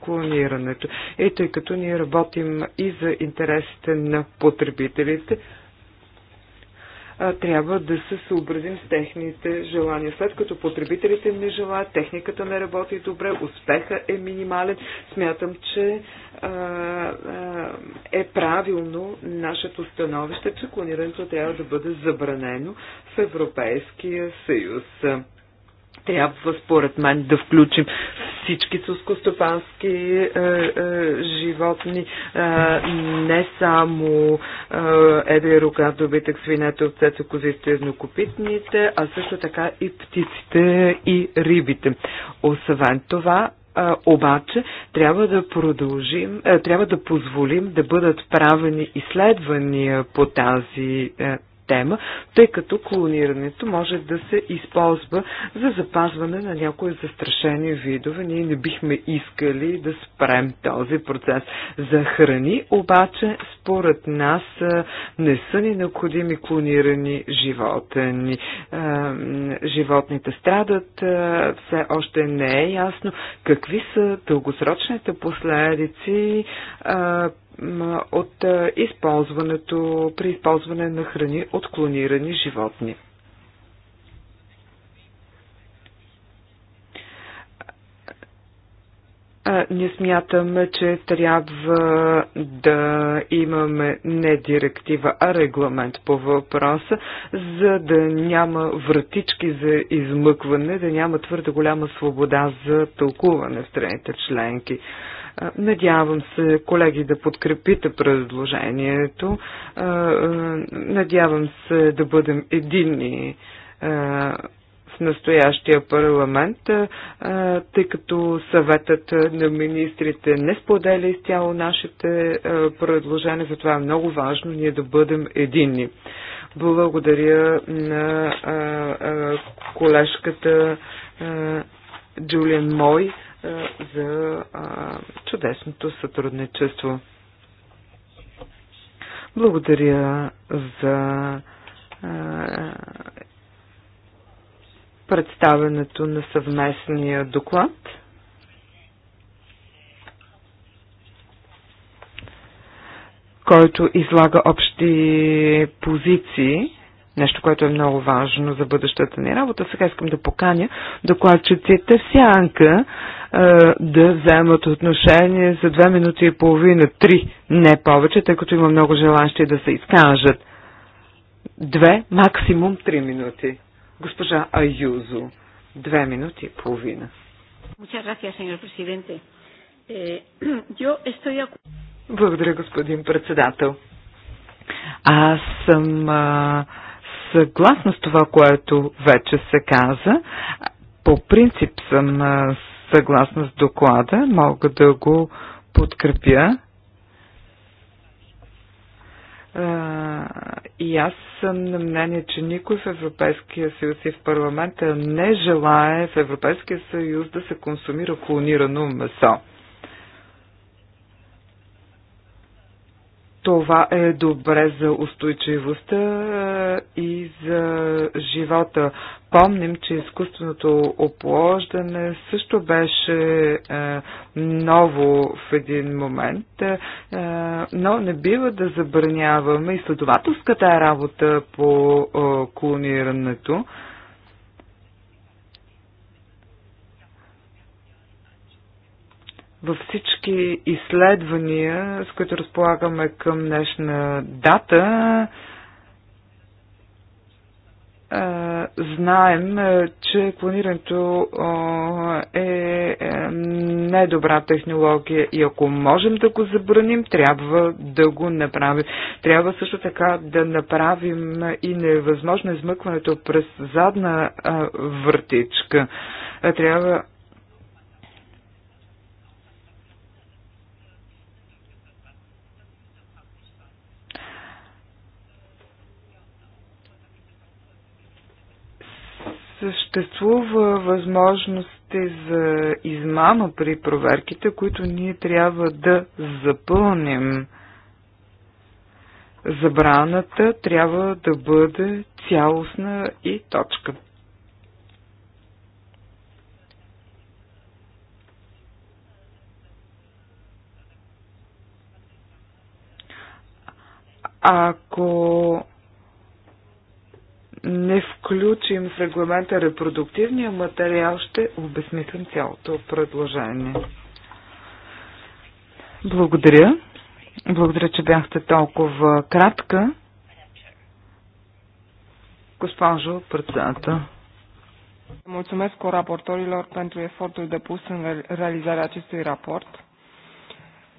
клонирането. И тъй като ние работим и за интересите на потребителите, а, трябва да се съобразим с техните желания. След като потребителите не желаят, техниката не работи добре, успеха е минимален, смятам, че е правилно нашето становище, че клонирането трябва да бъде забранено в Европейския съюз. Трябва, според мен, да включим всички сускостопански е, е, животни, е, не само е, едрия рука, добитък, свинете, овцете, козите, еднокопитните, а също така и птиците и рибите. Освен това, а, обаче трябва да продължим, а, трябва да позволим да бъдат правени изследвания по тази а, тема, тъй като клонирането може да се използва за запазване на някои застрашени видове. Ние не бихме искали да спрем този процес. За храни обаче, според нас, не са ни необходими клонирани животни. Животните страдат, все още не е ясно какви са дългосрочните последици от е, използването, при използване на храни от клонирани животни. Не смятаме, че трябва да имаме не директива, а регламент по въпроса, за да няма вратички за измъкване, да няма твърде голяма свобода за тълкуване в страните членки. Надявам се, колеги, да подкрепите предложението. Надявам се да бъдем единни в настоящия парламент, тъй като съветът на министрите не споделя изцяло нашите предложения, затова е много важно ние да бъдем единни. Благодаря на колежката Джулиан Мой за чудесното сътрудничество. Благодаря за представенето на съвместния доклад. който излага общи позиции, нещо, което е много важно за бъдещата ни работа. Сега искам да поканя докладчиците в сянка да вземат отношение за две минути и половина, три, не повече, тъй като има много желащи да се изкажат. Две, максимум три минути. Госпожа Аюзо, две минути и половина. Eh, Благодаря, господин председател. Аз съм а, съгласна с това, което вече се каза. По принцип съм а, съгласна с доклада, мога да го подкрепя. И аз съм на мнение, че никой в Европейския съюз и в парламента не желае в Европейския съюз да се консумира клонирано месо. Това е добре за устойчивостта е, и за живота. Помним, че изкуственото оплождане също беше е, ново в един момент, е, е но не бива да забраняваме изследователската работа по е, клонирането. Е, във всички изследвания, с които разполагаме към днешна дата, знаем, че клонирането е, е недобра технология и ако можем да го забраним, трябва да го направим. Трябва също така да направим и невъзможно измъкването през задна вратичка. Трябва съществува възможности за измама при проверките, които ние трябва да запълним. Забраната трябва да бъде цялостна и точка. Ако не включим в регламента репродуктивния материал, ще обясмислим цялото предложение. Благодаря. Благодаря, че бяхте толкова кратка. Госпожо председател. Mulțumesc co-raportorilor pentru efortul depus în realizarea acestui raport.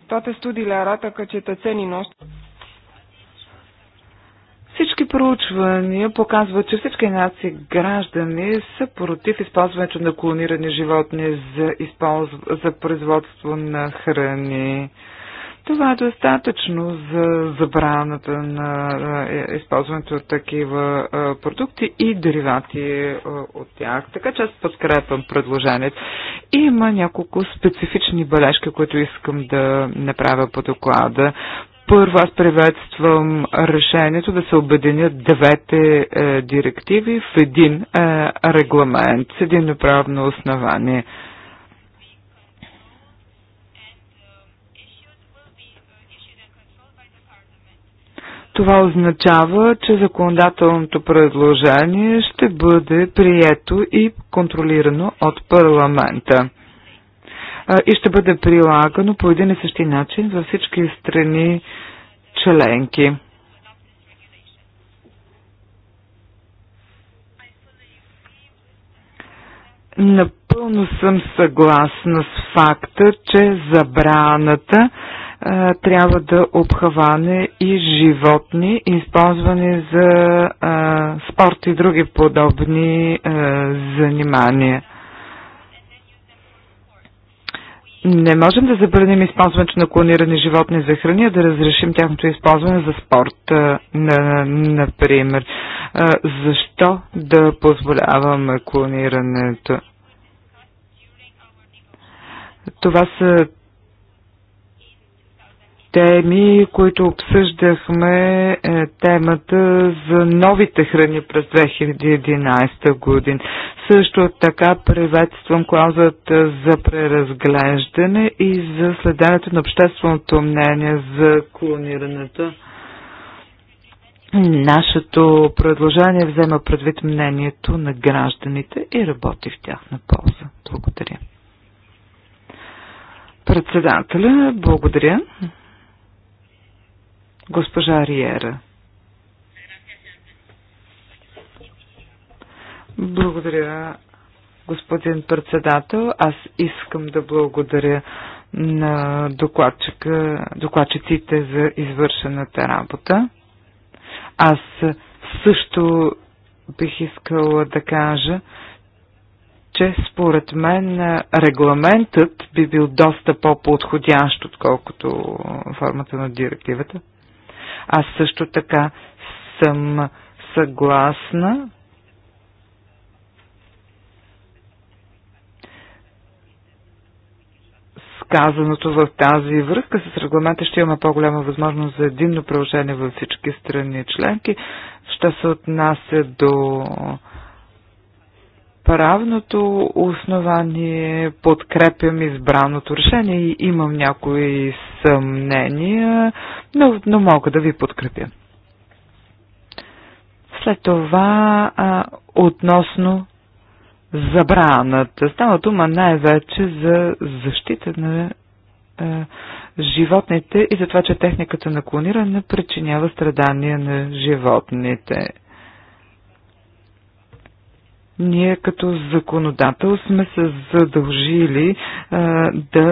Toate studiile arată că cetățenii noștri проучвания показват, че всички нации граждани са против използването на клонирани животни за, използв... за производство на храни. Това е достатъчно за забраната на е, използването на такива е, продукти и деривати е, от тях. Така че аз подкрепям предложението. Има няколко специфични бележки, които искам да направя по доклада. Първо аз приветствам решението да се обединят двете е, директиви в един е, регламент, с един направно основание. Това означава, че законодателното предложение ще бъде прието и контролирано от парламента и ще бъде прилагано по един и същи начин за всички страни членки. Напълно съм съгласна с факта, че забраната а, трябва да обхване и животни, използвани за а, спорт и други подобни а, занимания. Не можем да забраним използването на клонирани животни за храни, а да разрешим тяхното използване за спорт, например. Защо да позволяваме клонирането? Това са теми, които обсъждахме е, темата за новите храни през 2011 годин. Също така приветствам клаузата за преразглеждане и за следането на общественото мнение за клонирането. Нашето предложение взема предвид мнението на гражданите и работи в тяхна полза. Благодаря. Председателя, благодаря. Госпожа Риера. Благодаря, господин председател. Аз искам да благодаря на докладчиците за извършената работа. Аз също бих искала да кажа, че според мен регламентът би бил доста по-подходящ, отколкото формата на директивата. Аз също така съм съгласна казаното в тази връзка с регламента ще имаме по-голяма възможност за единно приложение във всички страни членки. Ще се отнася до правното основание подкрепям избраното решение и имам някои съмнения, но, но мога да ви подкрепя. След това а, относно забраната. Става дума най-вече за защита на а, животните и за това, че техниката на клониране причинява страдания на животните. Ние като законодател сме се задължили а, да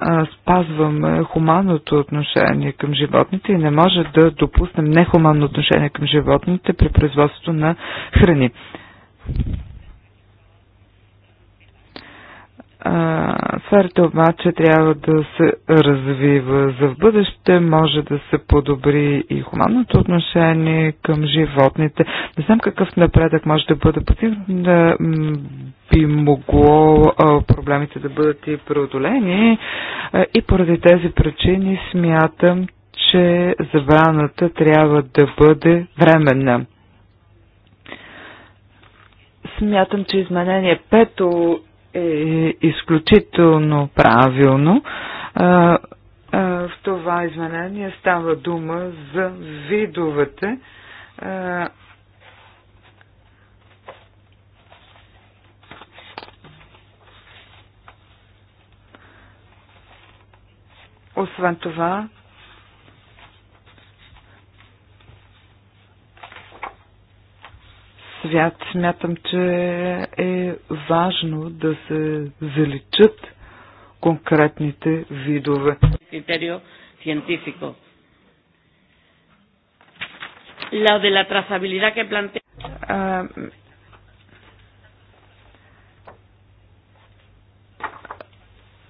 а, спазваме хуманното отношение към животните и не може да допуснем нехуманно отношение към животните при производството на храни. Сферата е обаче трябва да се развива за в бъдеще, може да се подобри и хуманното отношение към животните. Не знам какъв напредък може да бъде постигнат, да би могло проблемите да бъдат и преодолени и поради тези причини смятам, че забраната трябва да бъде временна. Смятам, че изменение пето е изключително правилно. А, а, в това изменение става дума за видовете. А, Освен това, свят. Смятам, че е важно да се заличат конкретните видове. Критерио científico. Lo de la trazabilidad que plantea.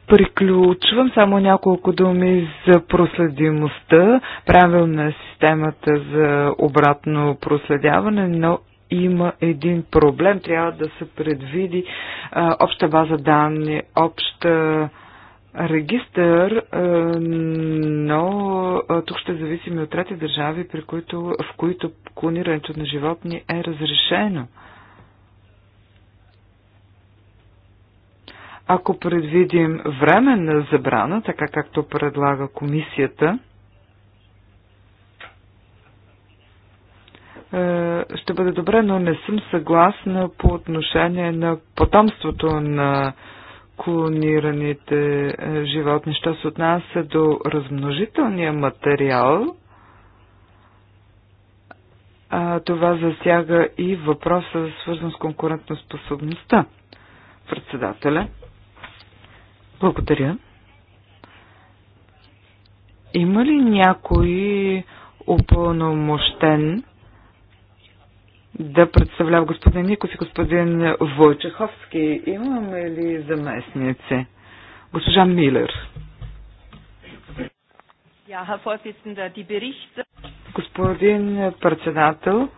Приключвам само няколко думи за проследимостта. Правилна е системата за обратно проследяване, но има един проблем. Трябва да се предвиди а, обща база данни, обща регистър, но тук ще зависим и от трети държави, при които, в които клонирането на животни е разрешено. Ако предвидим време на забрана, така както предлага комисията, Е, ще бъде добре, но не съм съгласна по отношение на потомството на клонираните е, животни. Що се отнася до размножителния материал, а, това засяга и въпроса, свързан с конкурентоспособността. Председателя. Благодаря. Има ли някой упълномощен да представлява господин Ников и господин Войчеховски. Имаме ли заместници? Госпожа Милер. Господин председател,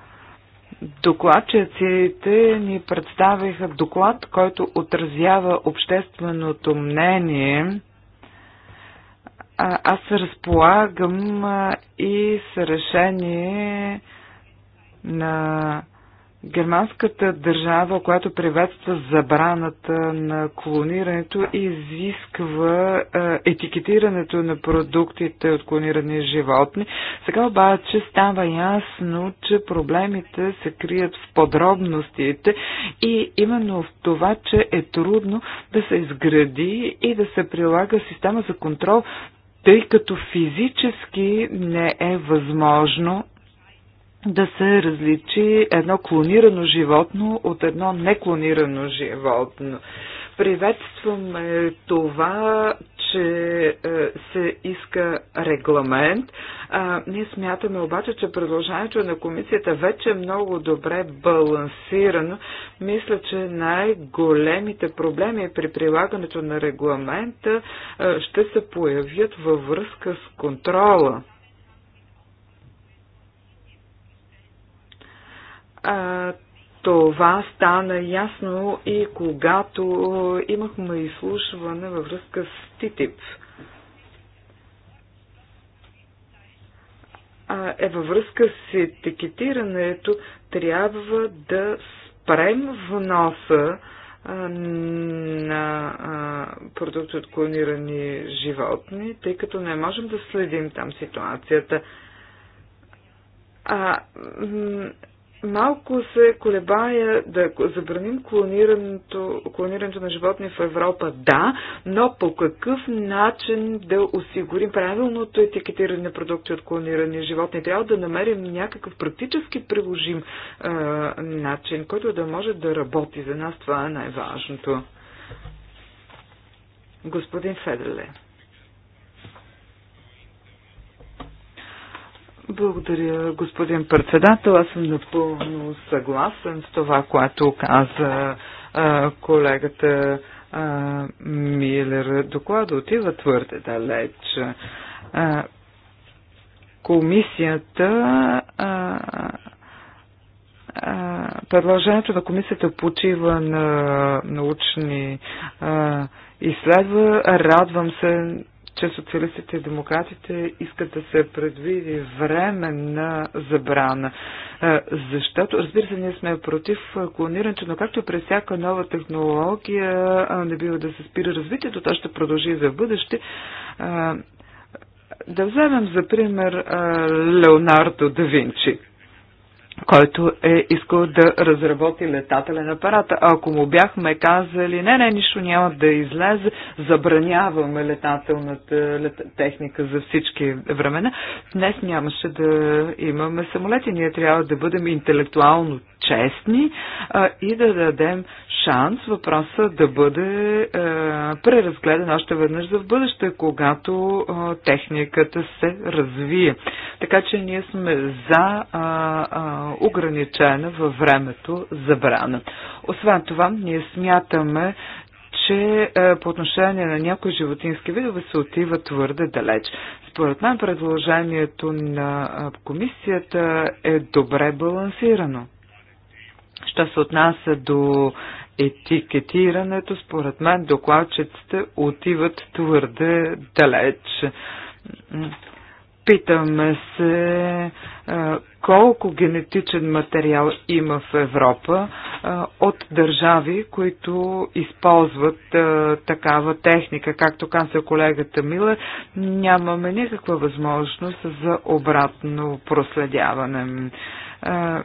докладчиците ни представиха доклад, който отразява общественото мнение. Аз разполагам и с решение на германската държава, която приветства забраната на клонирането и изисква е, етикетирането на продуктите от клонирани животни. Сега обаче става ясно, че проблемите се крият в подробностите и именно в това, че е трудно да се изгради и да се прилага система за контрол, тъй като физически не е възможно да се различи едно клонирано животно от едно неклонирано животно. Приветстваме това, че е, се иска регламент. А, ние смятаме обаче, че предложението на комисията вече е много добре балансирано. Мисля, че най-големите проблеми при прилагането на регламента е, ще се появят във връзка с контрола. А, това стана ясно и когато имахме изслушване във връзка с ТИТИП. Е във връзка с етикетирането трябва да спрем вноса на продукти от клонирани животни, тъй като не можем да следим там ситуацията. А, малко се колебая да забраним клонирането, клонирането на животни в Европа, да, но по какъв начин да осигурим правилното етикетиране на продукти от клонирани животни? Трябва да намерим някакъв практически приложим е, начин, който да може да работи. За нас това е най-важното. Господин Федерле. Благодаря, господин председател. Аз съм напълно съгласен с това, което каза а, колегата а, Милер. Докладът отива твърде далеч. А, комисията а, предложението на комисията почива на научни изследва. Радвам се че социалистите и демократите искат да се предвиди време на забрана. Е, защото, разбира се, ние сме против клонирането, но както при всяка нова технология не бива да се спира развитието, то ще продължи за бъдеще. Е, да вземем за пример е, Леонардо да Винчи който е искал да разработи летателен апарат. Ако му бяхме казали, не, не, нищо няма да излезе, забраняваме летателната лет... техника за всички времена, днес нямаше да имаме самолети. Ние трябва да бъдем интелектуално честни а, и да дадем шанс въпроса да бъде а, преразгледан още веднъж за в бъдеще, когато а, техниката се развие. Така че ние сме за а, а, ограничена във времето забрана. Освен това, ние смятаме, че е, по отношение на някои животински видове се отива твърде далеч. Според мен предложението на е, комисията е добре балансирано. Що се отнася до етикетирането, според мен докладчиците отиват твърде далеч. Питаме се колко генетичен материал има в Европа от държави, които използват такава техника. Както каза колегата Миле, нямаме никаква възможност за обратно проследяване.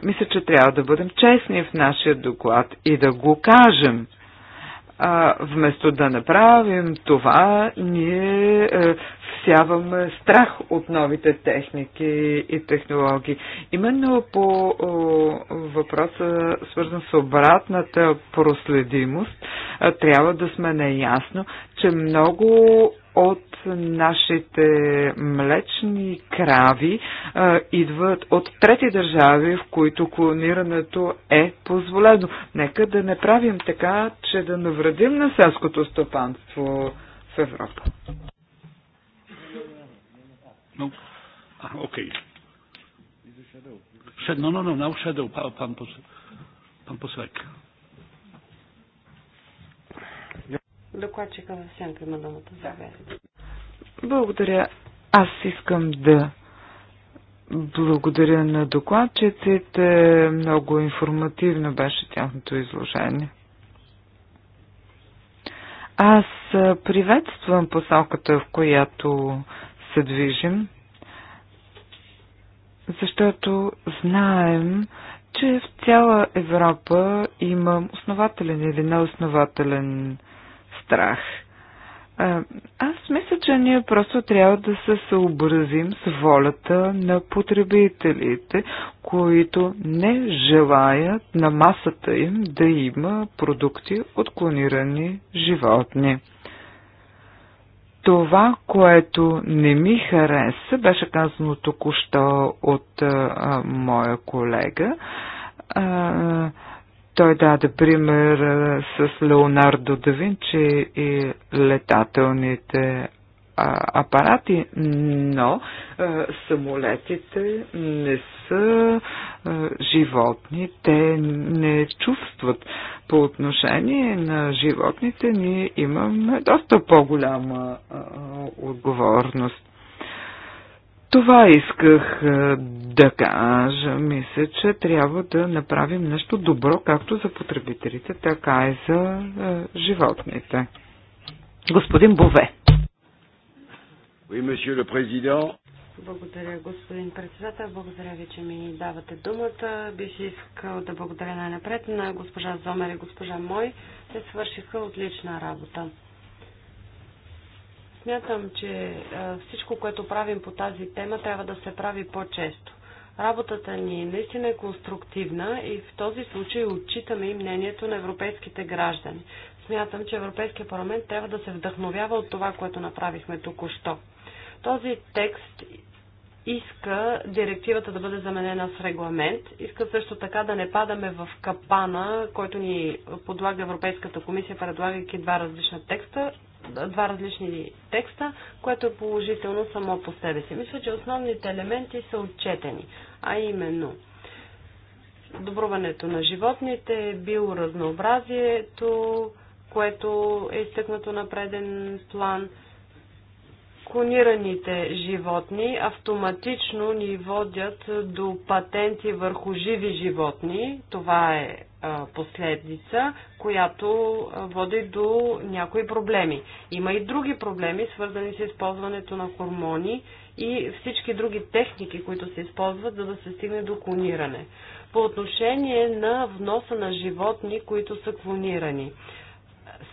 Мисля, че трябва да бъдем честни в нашия доклад и да го кажем. А, вместо да направим това, ние е, всяваме страх от новите техники и технологии. Именно по е, въпроса, свързан с обратната проследимост, е, трябва да сме наясно, че много от нашите млечни крави а, идват от трети държави, в които клонирането е позволено. Нека да не правим така, че да навредим на селското стопанство в Европа. No. Но okay. No, no, no, now shadow, pan, pan, pan, pan, pan, pan, Докладчика в сянка има думата. Да. Благодаря. Аз искам да благодаря на докладчиците. Много информативно беше тяхното изложение. Аз приветствам посоката, в която се движим, защото знаем, че в цяла Европа има основателен или неоснователен страх. Аз мисля, че ние просто трябва да се съобразим с волята на потребителите, които не желаят на масата им да има продукти от клонирани животни. Това, което не ми хареса, беше казано току-що от а, а, моя колега. А, той даде пример с Леонардо да Винчи и летателните апарати, но самолетите не са животни, те не чувстват. По отношение на животните ние имаме доста по-голяма отговорност. Това исках е, да кажа. Мисля, че трябва да направим нещо добро, както за потребителите, така и за е, животните. Господин Бове. Благодаря, господин председател. Благодаря ви, че ми давате думата. Бих искал да благодаря най-напред на госпожа Зомер и госпожа Мой. Те свършиха отлична работа. Смятам, че всичко, което правим по тази тема, трябва да се прави по-често. Работата ни наистина е конструктивна и в този случай отчитаме и мнението на европейските граждани. Смятам, че Европейския парламент трябва да се вдъхновява от това, което направихме току-що. Този текст иска директивата да бъде заменена с регламент, иска също така да не падаме в капана, който ни подлага Европейската комисия, предлагайки два различна текста, два различни текста, което е положително само по себе си. Мисля, че основните елементи са отчетени, а именно добруването на животните, биоразнообразието, което е изтъкнато на преден план – клонираните животни автоматично ни водят до патенти върху живи животни. Това е последица, която води до някои проблеми. Има и други проблеми, свързани с използването на хормони и всички други техники, които се използват, за да се стигне до клониране. По отношение на вноса на животни, които са клонирани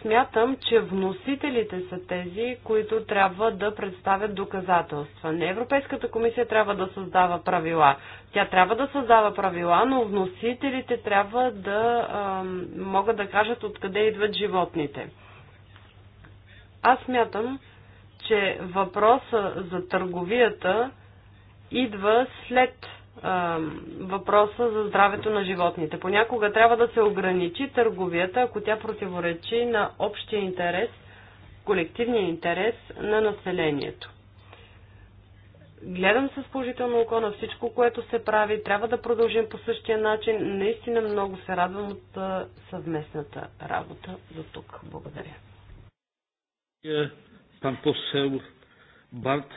смятам, че вносителите са тези, които трябва да представят доказателства. Не Европейската комисия трябва да създава правила. Тя трябва да създава правила, но вносителите трябва да а, могат да кажат откъде идват животните. Аз смятам, че въпроса за търговията идва след въпроса за здравето на животните. Понякога трябва да се ограничи търговията, ако тя противоречи на общия интерес, колективния интерес на населението. Гледам с положително око на всичко, което се прави. Трябва да продължим по същия начин. Наистина много се радвам от съвместната работа до тук. Благодаря. Е, Пантос Барт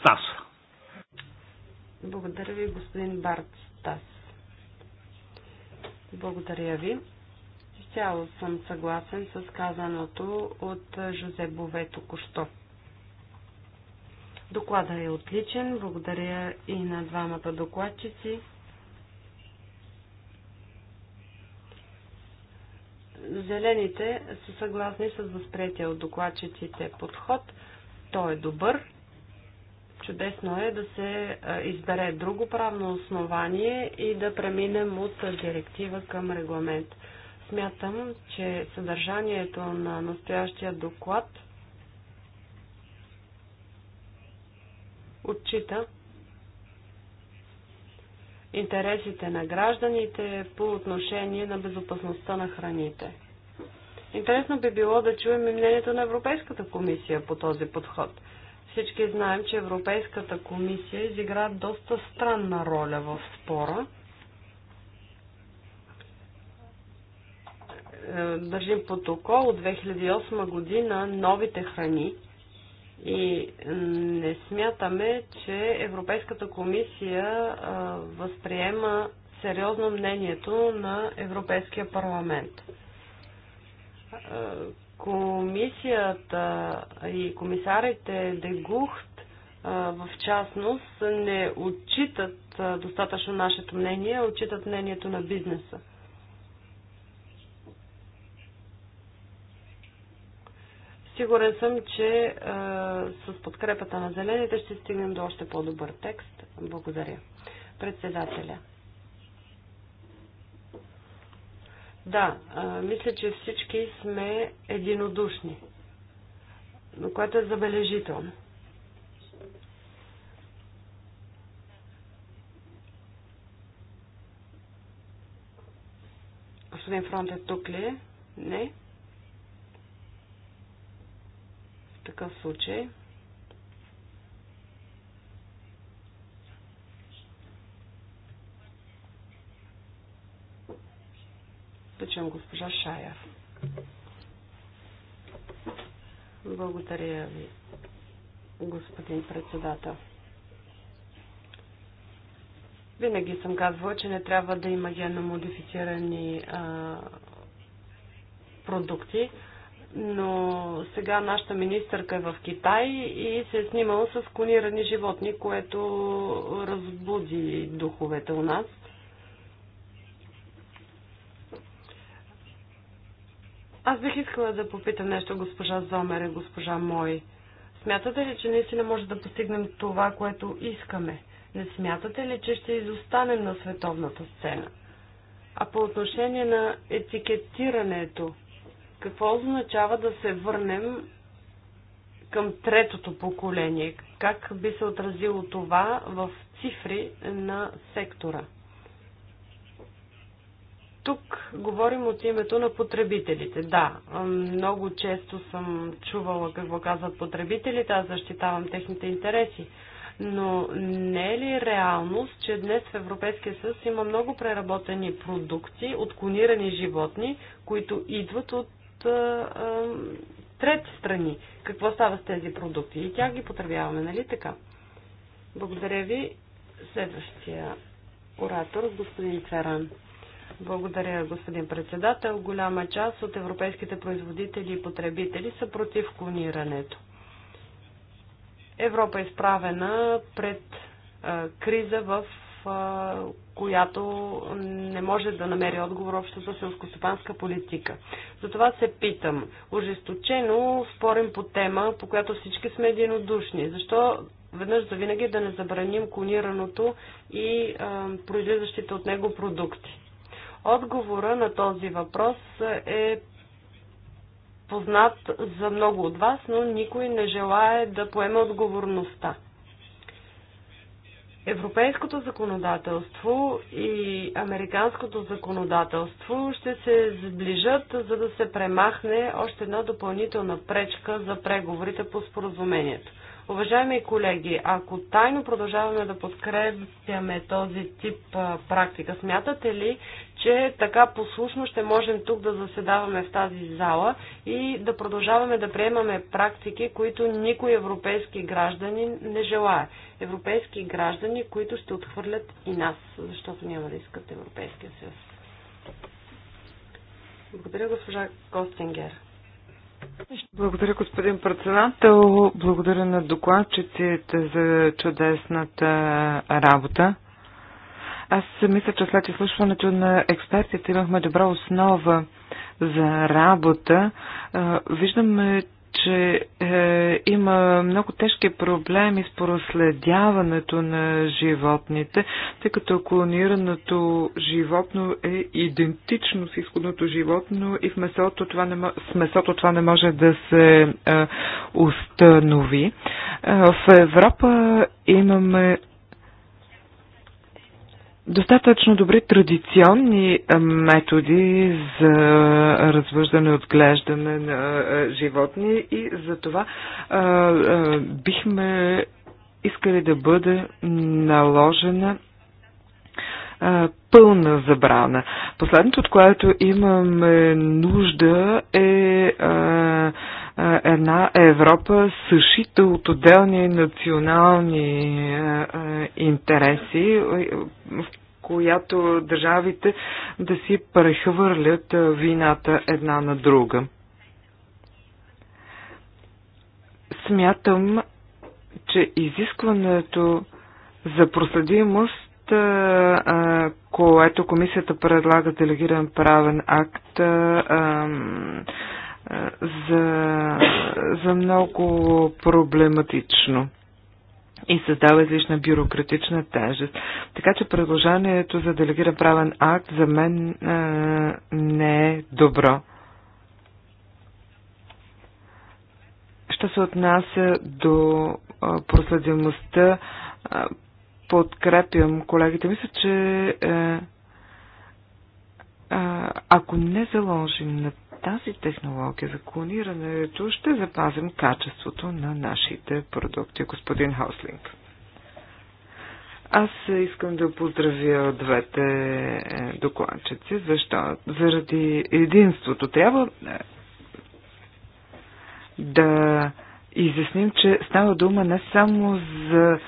Стаса. Благодаря ви, господин Барт Стас. Благодаря ви. Изцяло съм съгласен с казаното от Жозе Бове току-що. Докладът е отличен. Благодаря и на двамата докладчици. Зелените са съгласни с възприятия от докладчиците подход. Той е добър Чудесно е да се избере друго правно основание и да преминем от директива към регламент. Смятам, че съдържанието на настоящия доклад отчита интересите на гражданите по отношение на безопасността на храните. Интересно би било да чуем и мнението на Европейската комисия по този подход – всички знаем, че Европейската комисия изигра доста странна роля в спора. Е, държим протокол от 2008 година новите храни и не смятаме, че Европейската комисия е, възприема сериозно мнението на Европейския парламент е, Комисията и комисарите Дегухт в частност не отчитат достатъчно нашето мнение, отчитат мнението на бизнеса. Сигурен съм, че е, с подкрепата на зелените ще стигнем до още по-добър текст. Благодаря. Председателя. Да, мисля, че всички сме единодушни, Но което е забележително. Господин Фронт е тук ли е? Не. В такъв случай Тъчам госпожа Шая. Благодаря ви, господин председател. Винаги съм казвала, че не трябва да има генно модифицирани а, продукти, но сега нашата министърка е в Китай и се е снимала с клонирани животни, което разбуди духовете у нас – Аз бих искала да попитам нещо госпожа Зомер и госпожа Мой. Смятате ли, че наистина може да постигнем това, което искаме? Не смятате ли, че ще изостанем на световната сцена? А по отношение на етикетирането, какво означава да се върнем към третото поколение? Как би се отразило това в цифри на сектора? Тук говорим от името на потребителите. Да, много често съм чувала какво казват потребителите, аз защитавам техните интереси. Но не е ли реалност, че днес в Европейския съюз има много преработени продукти от клонирани животни, които идват от трети страни? Какво става с тези продукти? И тях ги потребяваме, нали така? Благодаря ви. Следващия оратор, господин Царан. Благодаря, господин председател. Голяма част от европейските производители и потребители са против клонирането. Европа е изправена пред а, криза, в а, която не може да намери отговор общата селскостопанска политика. Затова се питам, ожесточено спорим по тема, по която всички сме единодушни. Защо веднъж за винаги да не забраним клонираното и а, произлизащите от него продукти? Отговора на този въпрос е познат за много от вас, но никой не желае да поеме отговорността. Европейското законодателство и американското законодателство ще се сближат, за да се премахне още една допълнителна пречка за преговорите по споразумението. Уважаеми колеги, ако тайно продължаваме да подкрепяме този тип практика, смятате ли, че така послушно ще можем тук да заседаваме в тази зала и да продължаваме да приемаме практики, които никой европейски граждани не желая. Европейски граждани, които ще отхвърлят и нас, защото няма да искат Европейския съюз. Благодаря, госпожа Костингер. Благодаря, господин председател. Благодаря на докладчиците за чудесната работа. Аз мисля, че след изслушването на експертите имахме добра основа за работа. Виждаме, че е, има много тежки проблеми с проследяването на животните, тъй като клонираното животно е идентично с изходното животно и в месото това не, с месото това не може да се е, установи. Е, в Европа имаме достатъчно добри традиционни методи за развъждане отглеждане на животни и за това а, а, бихме искали да бъде наложена а, пълна забрана. Последното, от което имаме нужда е а, една Европа, съшита от отделни национални интереси, в която държавите да си прехвърлят вината една на друга. Смятам, че изискването за проследимост което комисията предлага делегиран правен акт, за, за много проблематично и създава излишна бюрократична тежест. Така че предложението за делегиран правен акт за мен а, не е добро. Що се отнася до а, проследимостта, а, подкрепям колегите. Мисля, че е, а, ако не заложим на тази технология за клонирането ще запазим качеството на нашите продукти, господин Хауслинг. Аз искам да поздравя двете е, докладчици, защо? Заради единството. Трябва е, да изясним, че става дума не само за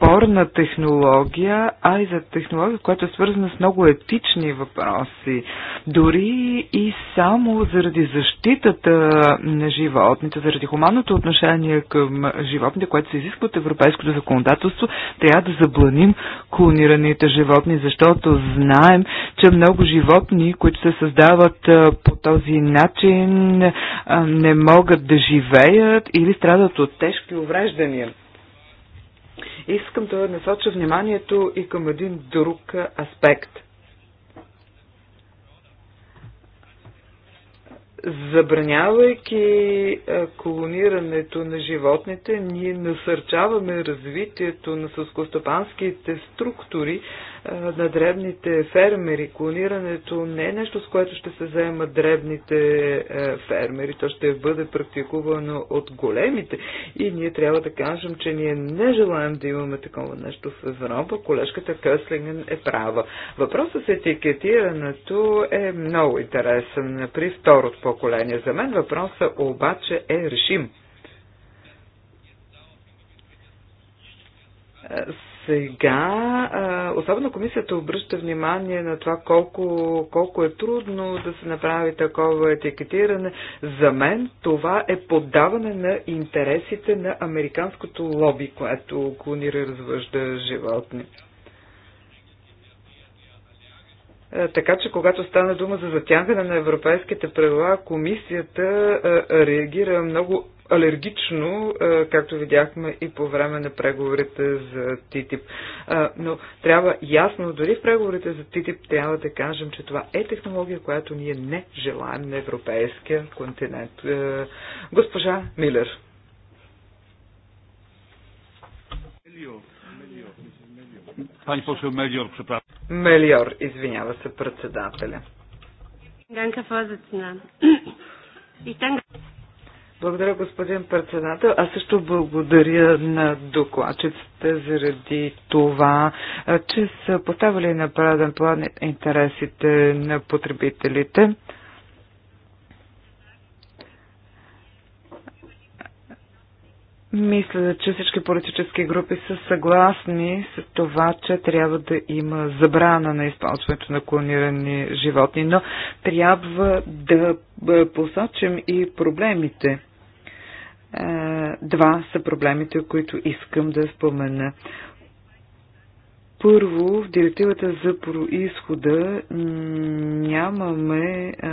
спорна технология, а и за технология, която е свързана с много етични въпроси. Дори и само заради защитата на животните, заради хуманното отношение към животните, което се изисква от европейското законодателство, трябва да забланим клонираните животни, защото знаем, че много животни, които се създават по този начин, не могат да живеят или страдат от тежки увреждания. Искам да насоча вниманието и към един друг аспект. Забранявайки колонирането на животните, ние насърчаваме развитието на сълскостопанските структури, на дребните фермери. Клонирането не е нещо, с което ще се заемат дребните фермери. То ще бъде практикувано от големите. И ние трябва да кажем, че ние не желаем да имаме такова нещо в Европа. Колежката Къслинген е права. Въпросът с етикетирането е много интересен при второто поколение. За мен въпросът обаче е решим сега, особено комисията обръща внимание на това колко, колко е трудно да се направи такова етикетиране. За мен това е поддаване на интересите на американското лоби, което клонира и развъжда животни. Така че, когато стана дума за затягане на европейските правила, комисията реагира много алергично, както видяхме и по време на преговорите за ТИТИП. Но трябва ясно, дори в преговорите за ТИТИП трябва да кажем, че това е технология, която ние не желаем на европейския континент. Госпожа Милер. Мелиор, извинява се председателя. Благодаря, господин председател. Аз също благодаря на докладчиците заради това, че са поставили на параден план интересите на потребителите. Мисля, че всички политически групи са съгласни с това, че трябва да има забрана на използването на клонирани животни, но трябва да посочим и проблемите. Е, два са проблемите, които искам да спомена. Първо, в директивата за происхода нямаме а,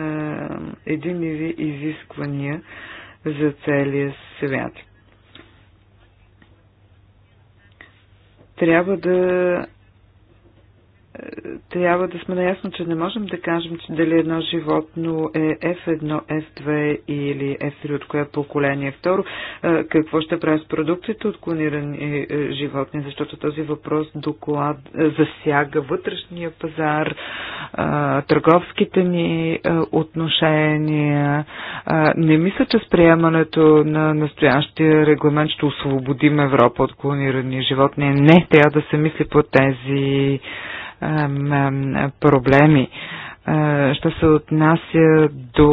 е, изисквания за целия свят. Трябва да трябва да сме наясно, че не можем да кажем, че дали едно животно е F1, F2 или F3 от кое поколение. Е второ, какво ще прави с продуктите от клонирани е, животни, защото този въпрос доклад е, засяга вътрешния пазар, търговските ни отношения. Не мисля, че с приемането на настоящия регламент ще освободим Европа от клонирани животни. Не, трябва да се мисли по тези проблеми. Що се отнася до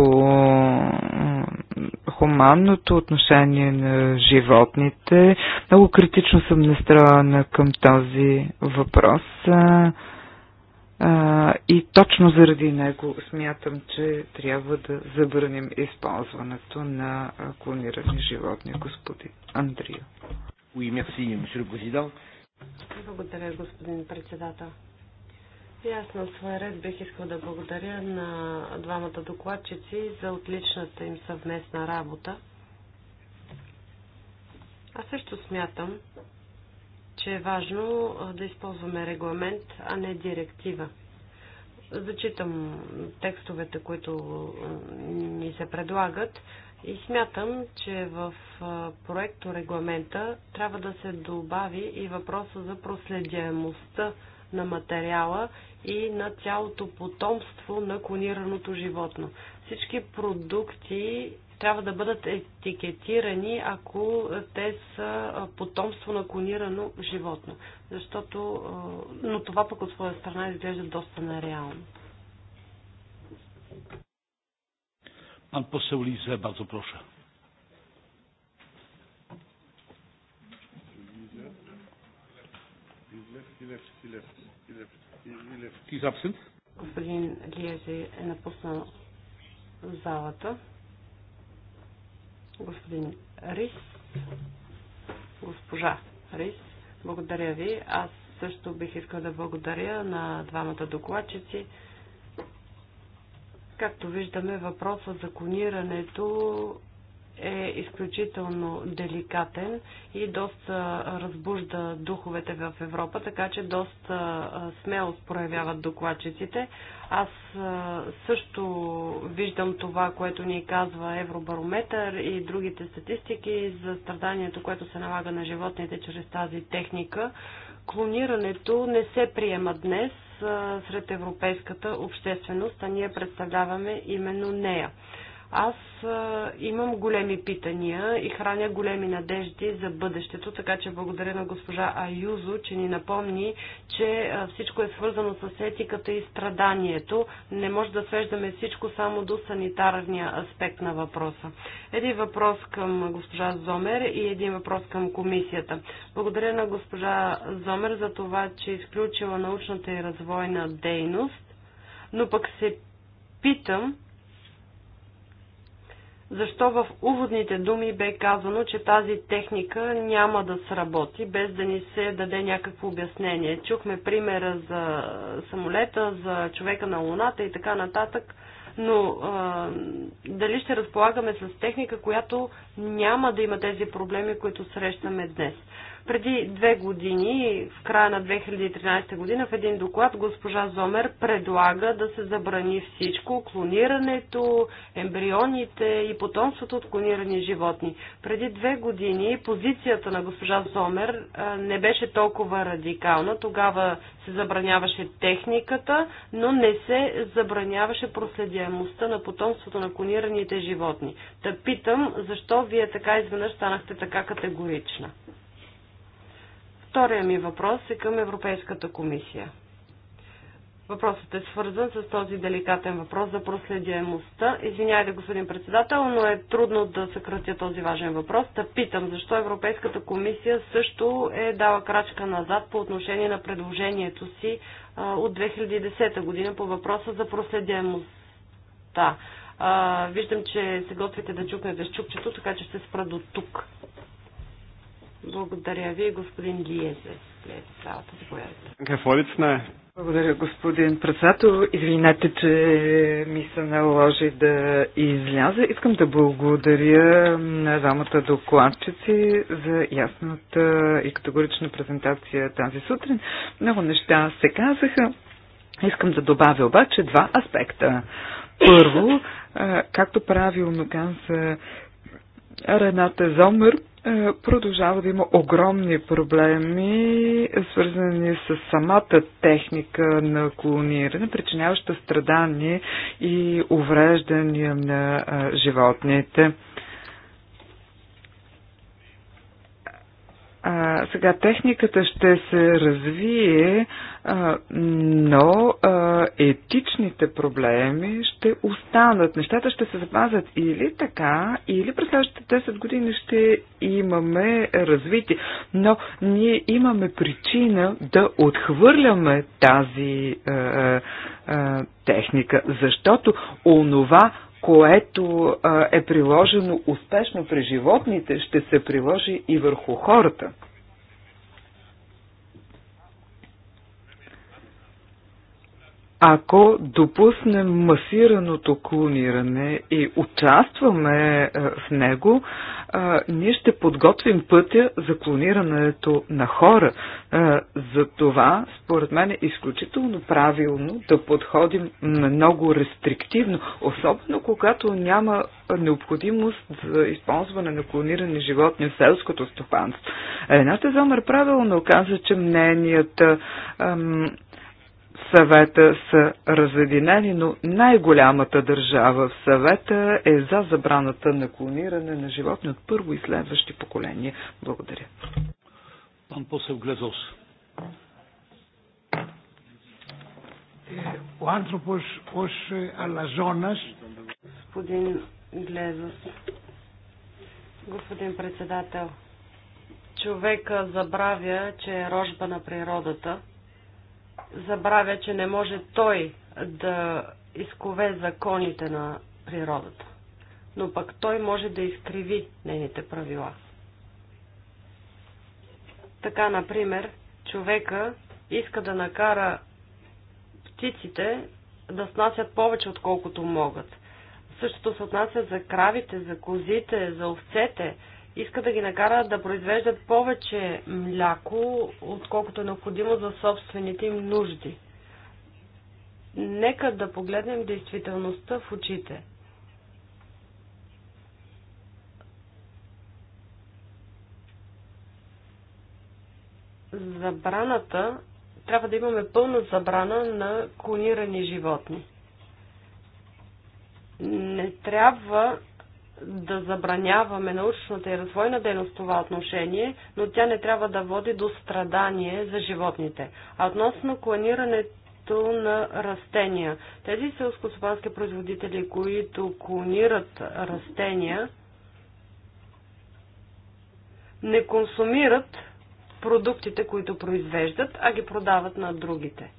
хуманното отношение на животните, много критично съм настроена към този въпрос и точно заради него смятам, че трябва да забраним използването на клонирани животни, господин Андрия. Благодаря, господин председател. И аз на своя ред бих искал да благодаря на двамата докладчици за отличната им съвместна работа. Аз също смятам, че е важно да използваме регламент, а не директива. Зачитам текстовете, които ни се предлагат и смятам, че в проекто регламента трябва да се добави и въпроса за проследяемостта на материала и на цялото потомство на клонираното животно. Всички продукти трябва да бъдат етикетирани, ако те са потомство на клонирано животно. Защото, но това пък от своя страна изглежда доста нереално. Пан посел Лизе, bardzo proszę. He's absent. Господин Лиези е напуснал залата. Господин Рис, госпожа Рис, благодаря ви. Аз също бих искал да благодаря на двамата докладчици. Както виждаме, въпросът за клонирането е изключително деликатен и доста разбужда духовете в Европа, така че доста смело проявяват докладчиците. Аз също виждам това, което ни казва Евробарометър и другите статистики за страданието, което се налага на животните чрез тази техника. Клонирането не се приема днес сред европейската общественост, а ние представляваме именно нея. Аз имам големи питания и храня големи надежди за бъдещето, така че благодаря на госпожа Аюзо, че ни напомни, че всичко е свързано с етиката и страданието. Не може да свеждаме всичко само до санитарния аспект на въпроса. Един въпрос към госпожа Зомер и един въпрос към комисията. Благодаря на госпожа Зомер за това, че е изключила научната и развойна дейност, но пък се питам, защо в уводните думи бе казано, че тази техника няма да сработи, без да ни се даде някакво обяснение. Чухме примера за самолета, за човека на Луната и така нататък, но а, дали ще разполагаме с техника, която няма да има тези проблеми, които срещаме днес. Преди две години, в края на 2013 година, в един доклад госпожа Зомер предлага да се забрани всичко, клонирането, ембрионите и потомството от клонирани животни. Преди две години позицията на госпожа Зомер не беше толкова радикална. Тогава се забраняваше техниката, но не се забраняваше проследяемостта на потомството на клонираните животни. Та питам, защо вие така изведнъж станахте така категорична? Втория ми въпрос е към Европейската комисия. Въпросът е свързан с този деликатен въпрос за проследяемостта. Извинявайте, господин председател, но е трудно да съкратя този важен въпрос. Да питам, защо Европейската комисия също е дала крачка назад по отношение на предложението си от 2010 година по въпроса за проследяемостта. Виждам, че се готвите да чукнете с чукчето, така че ще спра до тук. Благодаря ви, господин Гиезе. След залата, Благодаря, господин председател. Извинете, че ми се наложи да изляза. Искам да благодаря на двамата докладчици за ясната и категорична презентация тази сутрин. Много неща се казаха. Искам да добавя обаче два аспекта. Първо, както правилно каза Рената Зомър, е, продължава да има огромни проблеми, свързани с самата техника на колониране, причиняваща страдания и увреждания на е, животните. А, сега техниката ще се развие, а, но а, етичните проблеми ще останат. Нещата ще се запазят или така, или през следващите 10 години ще имаме развитие. Но ние имаме причина да отхвърляме тази а, а, техника, защото онова, което е приложено успешно при животните, ще се приложи и върху хората. ако допуснем масираното клониране и участваме е, в него, е, ние ще подготвим пътя за клонирането на хора. Е, за това, според мен, е изключително правилно да подходим много рестриктивно, особено когато няма необходимост за използване на клонирани животни в селското стопанство. Рената Зомер правилно каза, че мненията съвета са разединени, но най-голямата държава в съвета е за забраната на клониране на животни от първо и следващи поколения. Благодаря. Пан посев Глезос. Ο άνθρωπος ως αλαζόνας... Господин Глезос, господин председател, човека забравя, че е рожба на природата – забравя, че не може той да изкове законите на природата, но пък той може да изкриви нейните правила. Така, например, човека иска да накара птиците да снасят повече, отколкото могат. Същото се отнася за кравите, за козите, за овцете – иска да ги накара да произвеждат повече мляко, отколкото е необходимо за собствените им нужди. Нека да погледнем действителността в очите. Забраната трябва да имаме пълна забрана на клонирани животни. Не трябва да забраняваме научната и развойна дейност в това отношение, но тя не трябва да води до страдание за животните. А относно клонирането на растения, тези селскостопански производители, които клонират растения, не консумират продуктите, които произвеждат, а ги продават на другите.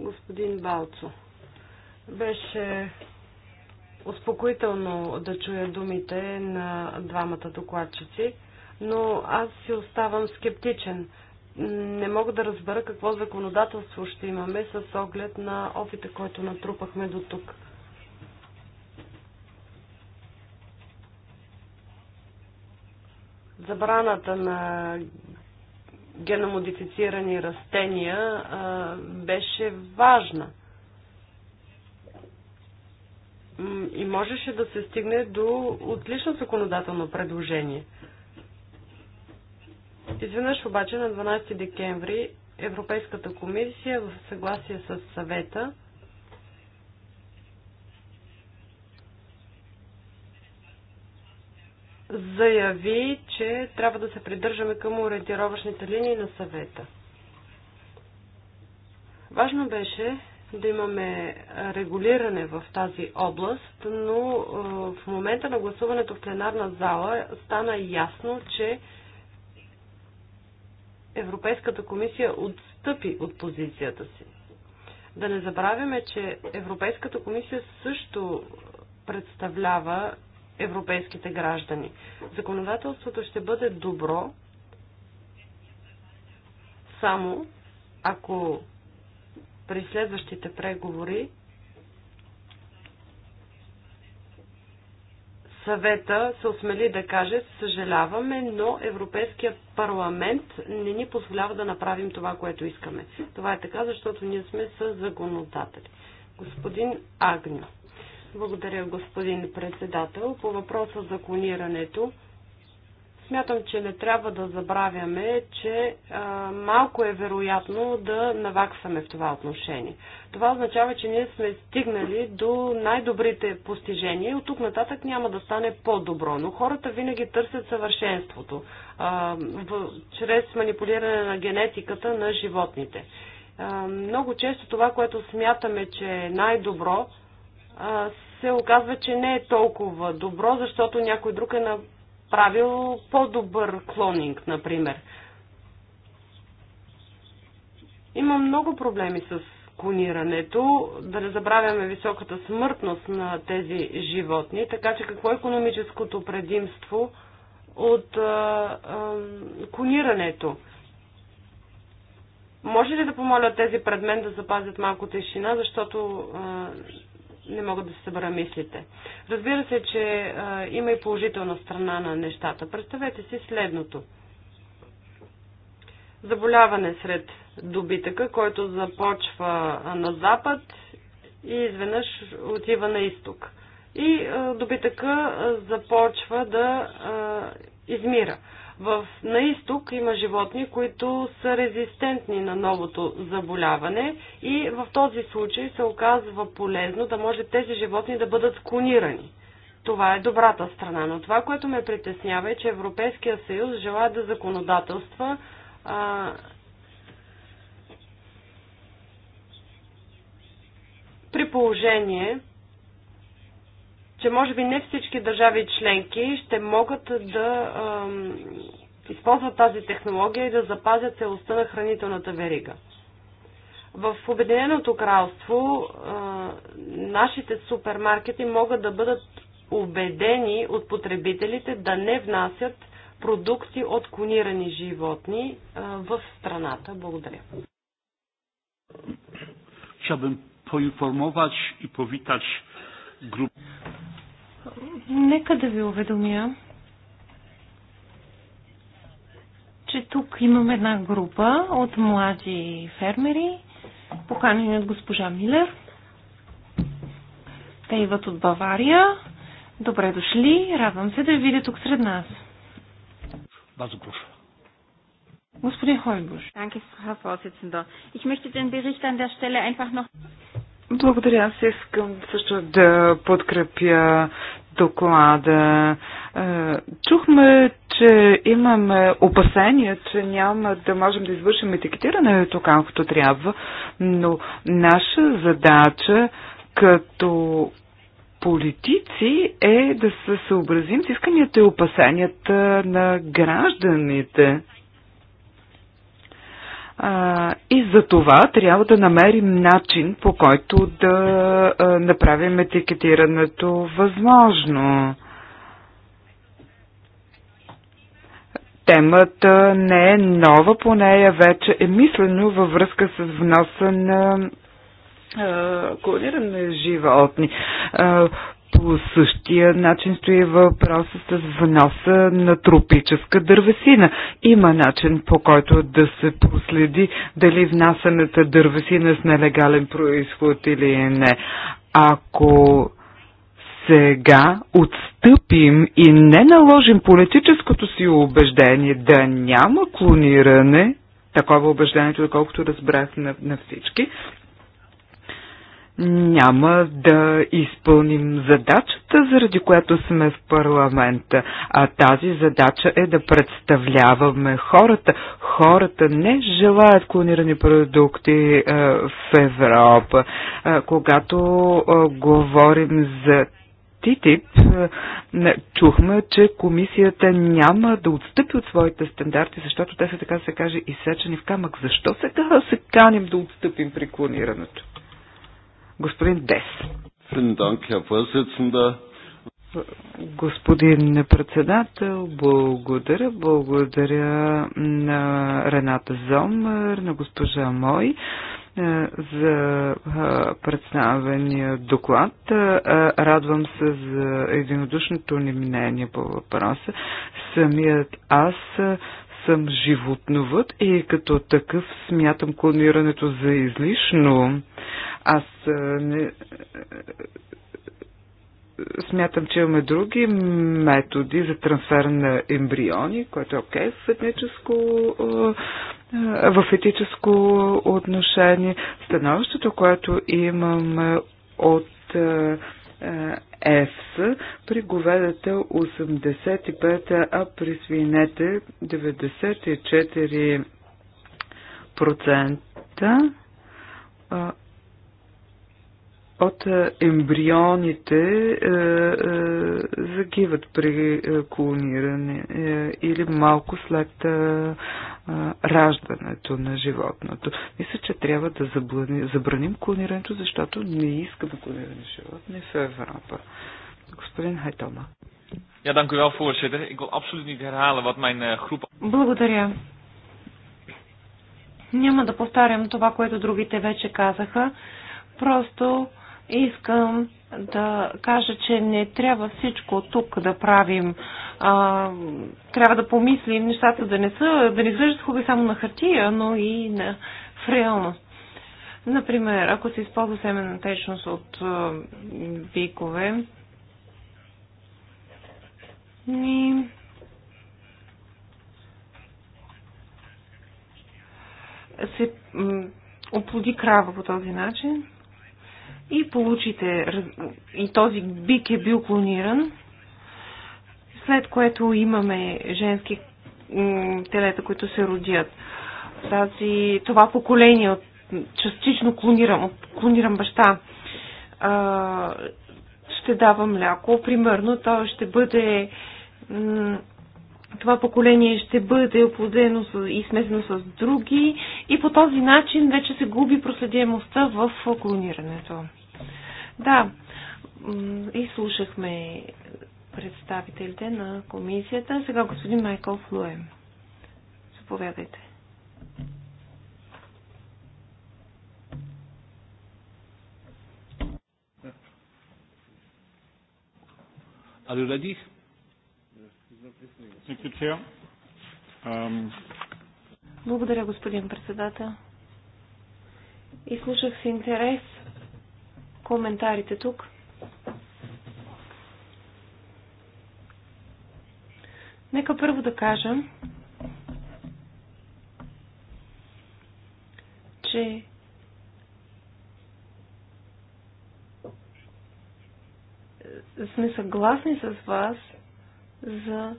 господин Балцо. Беше успокоително да чуя думите на двамата докладчици, но аз си оставам скептичен. Не мога да разбера какво законодателство ще имаме с оглед на опита, който натрупахме до тук. Забраната на геномодифицирани растения беше важна. И можеше да се стигне до отлично законодателно предложение. Изведнъж обаче на 12 декември Европейската комисия в съгласие с съвета заяви, че трябва да се придържаме към ориентировъчните линии на съвета. Важно беше да имаме регулиране в тази област, но в момента на гласуването в пленарна зала стана ясно, че Европейската комисия отстъпи от позицията си. Да не забравяме, че Европейската комисия също представлява европейските граждани. Законодателството ще бъде добро само ако при следващите преговори съвета се осмели да каже, съжаляваме, но Европейския парламент не ни позволява да направим това, което искаме. Това е така, защото ние сме с законодатели. Господин Агню. Благодаря, господин председател. По въпроса за клонирането, смятам, че не трябва да забравяме, че а, малко е вероятно да наваксаме в това отношение. Това означава, че ние сме стигнали до най-добрите постижения и от тук нататък няма да стане по-добро. Но хората винаги търсят съвършенството а, в, чрез манипулиране на генетиката на животните. А, много често това, което смятаме, че е най-добро, се оказва, че не е толкова добро, защото някой друг е направил по-добър клонинг, например. Има много проблеми с клонирането, да не забравяме високата смъртност на тези животни, така че какво е економическото предимство от а, а, клонирането? Може ли да помоля тези пред мен да запазят малко тишина, защото а, не мога да се събера мислите. Разбира се, че а, има и положителна страна на нещата. Представете си следното. Заболяване сред добитъка, който започва на запад и изведнъж отива на изток. И а, добитъка започва да а, измира. В, на изток има животни, които са резистентни на новото заболяване и в този случай се оказва полезно да може тези животни да бъдат клонирани. Това е добрата страна, но това, което ме притеснява е, че Европейския съюз желая да законодателства а, при положение, че може би не всички държави членки ще могат да ам, използват тази технология и да запазят целостта на хранителната верига. В Обединеното кралство а, нашите супермаркети могат да бъдат убедени от потребителите да не внасят продукти от клонирани животни а, в страната. Благодаря. Chciałbym poinformować i powitać grupę. Нека да ви уведомя, че тук имаме една група от млади фермери, поканени от госпожа Милер. Те идват от Бавария. Добре дошли. Радвам се да ви видя тук сред нас. Базобуш. Господин Хойбуш. Danke, Herr Vorsitzender. Ich möchte den Bericht an der Stelle einfach noch... Благодаря. Аз искам също да подкрепя доклада. Е, чухме, че имаме опасения, че няма да можем да извършим етикетирането както трябва, но наша задача като политици е да се съобразим с исканията и опасенията на гражданите. А, и за това трябва да намерим начин, по който да а, направим етикетирането възможно. Темата не е нова, по нея вече е мислено във връзка с вноса на клонирани животни по същия начин стои въпроса с вноса на тропическа дървесина. Има начин по който да се проследи дали внасената дървесина с нелегален происход или не. Ако сега отстъпим и не наложим политическото си убеждение да няма клониране, такова убеждението, доколкото разбрах на, на всички, няма да изпълним задачата, заради която сме в парламента. А тази задача е да представляваме хората. Хората не желаят клонирани продукти а, е, в Европа. А, е, когато а, е, говорим за а, чухме, че комисията няма да отстъпи от своите стандарти, защото те са така се каже изсечени в камък. Защо сега се каним да отстъпим при клонирането? Господин Дес. Господин председател, благодаря. Благодаря на Рената Зомър, на госпожа Мой е, за е, представения доклад. Е, радвам се за единодушното ни мнение по въпроса. Самият аз съм животновът и като такъв смятам клонирането за излишно. Аз е, не, е, смятам, че имаме други методи за трансфер на ембриони, което е окей okay, в етническо е, в етическо отношение. Становището, което имам от ЕФС, при говедата 85, а при свинете 94% от е, ембрионите е, е, загиват при колониране. клониране е, или малко след е, е, раждането на животното. Мисля, че трябва да забрани, забраним клонирането, защото не искаме клониране животни в Европа. Господин Хайтома. Ja, dank u wel, voorzitter. Ik wil absoluut niet herhalen wat mijn uh, groep... Благодаря. Няма да повтарям това, което другите вече казаха. Просто Искам да кажа, че не трябва всичко тук да правим. А, трябва да помислим нещата да не са, да не изглеждат хубави само на хартия, но и на, в реалност. Например, ако се използва семена течност от а, викове, и... се оплоди крава по този начин и получите, и този бик е бил клониран, след което имаме женски телета, които се родят. Тази, това поколение от частично клонирам, от клонирам баща, а, ще дава мляко. Примерно, то ще бъде това поколение ще бъде оплодено и смесено с други и по този начин вече се губи проследимостта в клонирането. Да, и слушахме представителите на комисията. Сега господин Майкъл Флуем. Заповядайте. Are you ready? Благодаря, господин председател. И слушах с интерес коментарите тук. Нека първо да кажа, че сме съгласни с вас за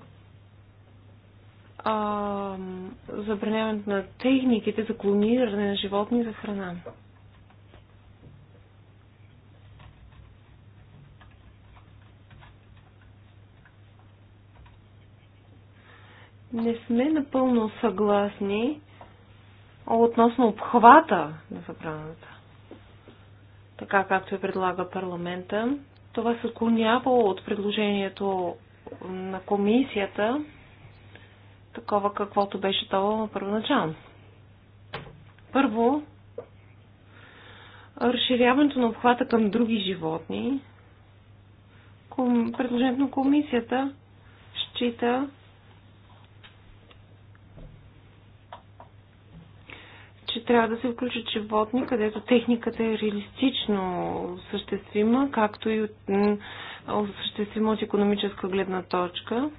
а, забраняването на техниките за клониране на животни за храна. Не сме напълно съгласни относно обхвата на забраната. Така както я предлага парламента, това се отклонява от предложението на комисията такова каквото беше то първоначално. Първо, разширяването на обхвата към други животни. Предложението на комисията счита, че трябва да се включат животни, където техниката е реалистично съществима, както и от, съществима от економическа гледна точка.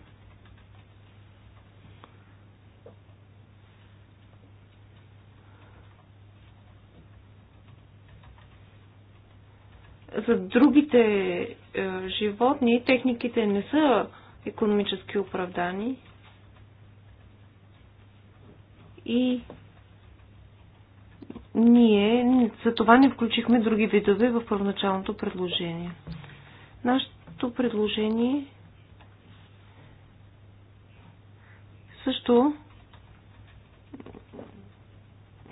за другите е, животни техниките не са економически оправдани. И ние за това не включихме други видове в първоначалното предложение. Нашето предложение също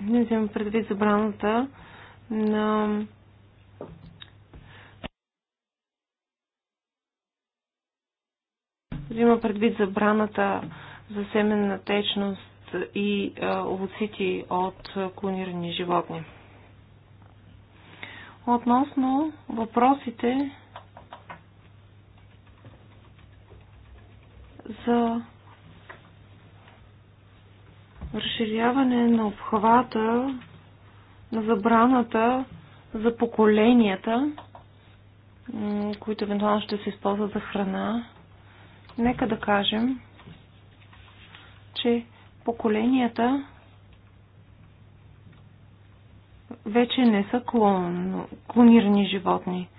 не взема предвид забраната на взима предвид забраната за семенна течност и овоцити от клонирани животни. Относно въпросите за разширяване на обхвата на забраната за поколенията, които евентуално ще се използват за храна нека да кажем, че поколенията вече не са клон, клонирани животни.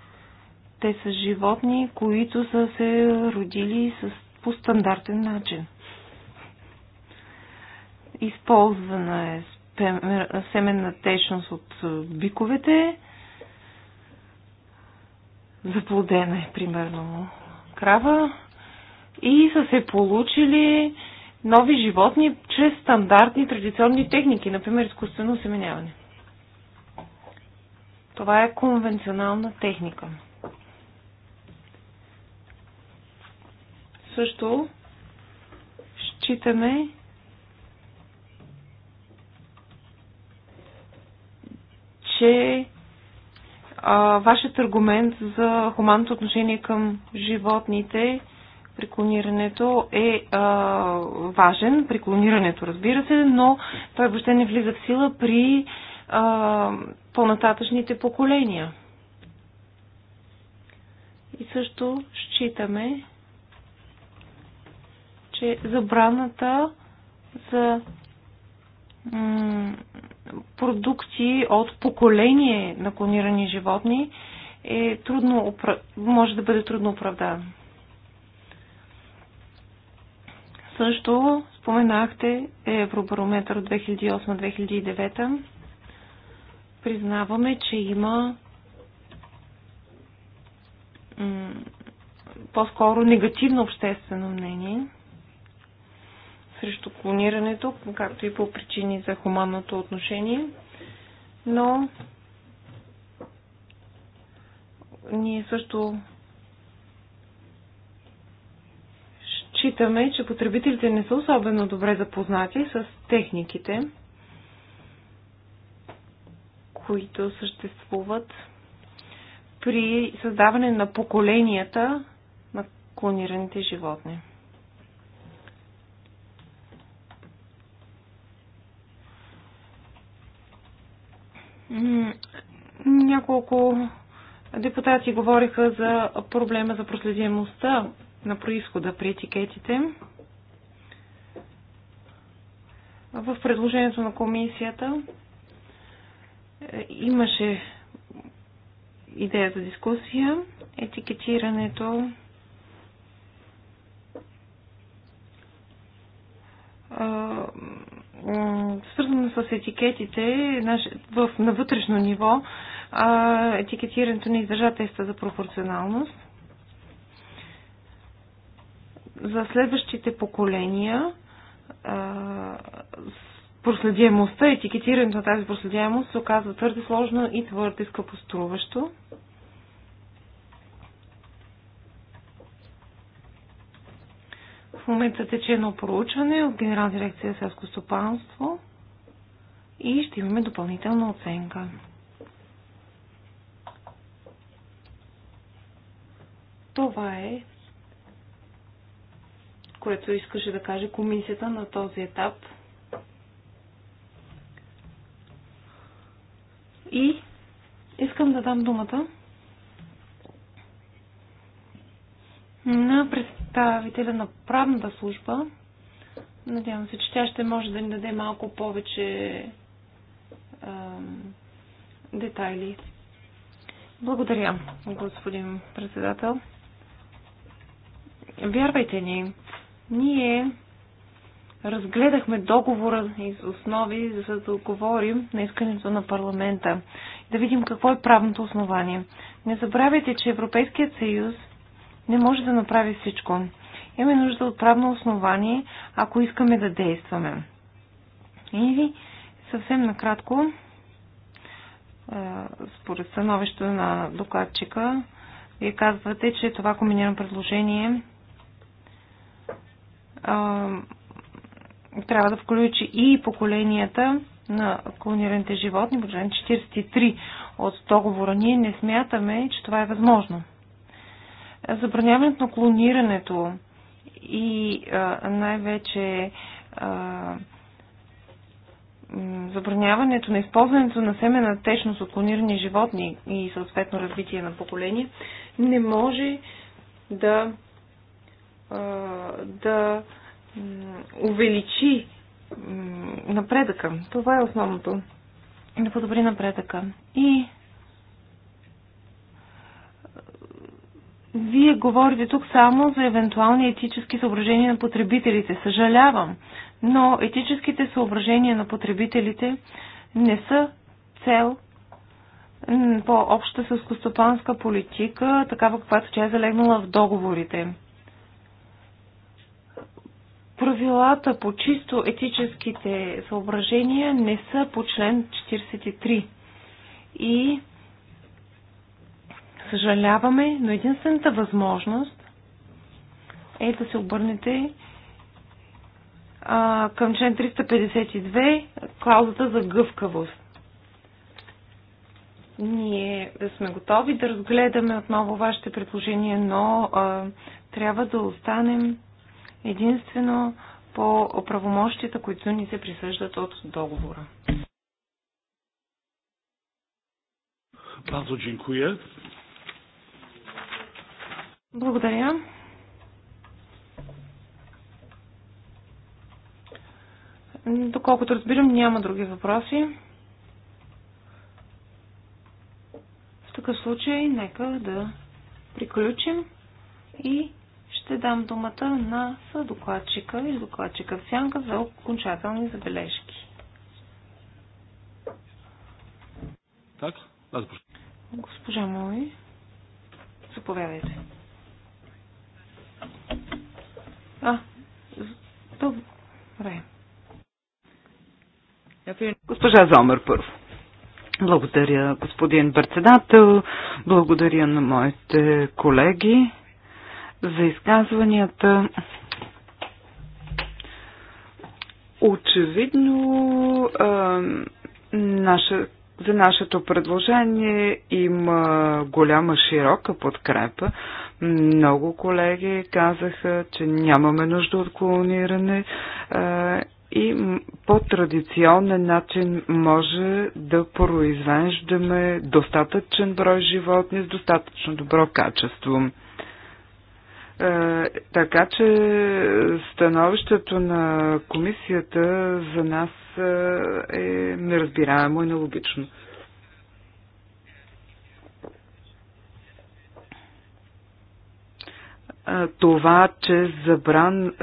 Те са животни, които са се родили с, по стандартен начин. Използвана е семенна течност от биковете. Заплодена е, примерно, крава и са се получили нови животни чрез стандартни традиционни техники, например изкуствено осеменяване. Това е конвенционална техника. Също считаме, че а, вашият аргумент за хуманното отношение към животните при клонирането е а, важен, при клонирането разбира се, но той въобще не влиза в сила при а, по-нататъчните поколения. И също считаме, че забраната за продукти от поколение на клонирани животни е трудно, може да бъде трудно оправдан. Също споменахте Евробарометър от 2008-2009. Признаваме, че има по-скоро негативно обществено мнение срещу клонирането, както и по причини за хуманното отношение. Но ние също Считаме, че потребителите не са особено добре запознати с техниките, които съществуват при създаване на поколенията на клонираните животни. Няколко депутати говориха за проблема за проследимостта на происхода при етикетите. В предложението на комисията е, имаше идея за дискусия. Етикетирането свързано с етикетите в, на вътрешно ниво, етикетирането на издържателства за пропорционалност за следващите поколения проследяемостта, етикетирането на тази проследяемост се оказва твърде сложно и твърде скъпоструващо. В момента тече едно проучване от Генерална дирекция селско стопанство и ще имаме допълнителна оценка. Това е което искаше да каже комисията на този етап. И искам да дам думата на представителя на правната служба. Надявам се, че тя ще може да ни даде малко повече ам, детайли. Благодаря, господин председател. Вярвайте ни, ние разгледахме договора и основи, за да отговорим на искането на парламента. Да видим какво е правното основание. Не забравяйте, че Европейският съюз не може да направи всичко. Имаме нужда от правно основание, ако искаме да действаме. Или съвсем накратко, според становището на докладчика, вие казвате, че това комбинирано предложение трябва да включи и поколенията на клонираните животни по член 43 от договора. Ние не смятаме, че това е възможно. Забраняването на клонирането и най-вече забраняването на използването на семена течност от клонирани животни и съответно развитие на поколение не може да да увеличи напредъка. Това е основното. Да подобри напредъка. И вие говорите тук само за евентуални етически съображения на потребителите. Съжалявам, но етическите съображения на потребителите не са цел по обща селскостопанска политика, такава каквато тя е залегнала в договорите правилата по чисто етическите съображения не са по член 43. И съжаляваме, но единствената възможност е да се обърнете а, към член 352, клаузата за гъвкавост. Ние да сме готови да разгледаме отново вашите предложения, но а, трябва да останем единствено по правомощията, които ни се присъждат от договора. Bardzo dziękuję. Благодаря. Доколкото разбирам, няма други въпроси. В такъв случай, нека да приключим и ще дам думата на съдокладчика и докладчика в сянка за окончателни забележки. Так, аз Госпожа Моли, заповядайте. А, добре. Госпожа Зомер първо. Благодаря, господин председател. Благодаря на моите колеги за изказванията. Очевидно, а, наша, за нашето предложение има голяма широка подкрепа. Много колеги казаха, че нямаме нужда от колониране, а, и по традиционен начин може да произвеждаме достатъчен брой животни с достатъчно добро качество. Е, така че становището на комисията за нас е, е неразбираемо и нелогично. Е, това, че забран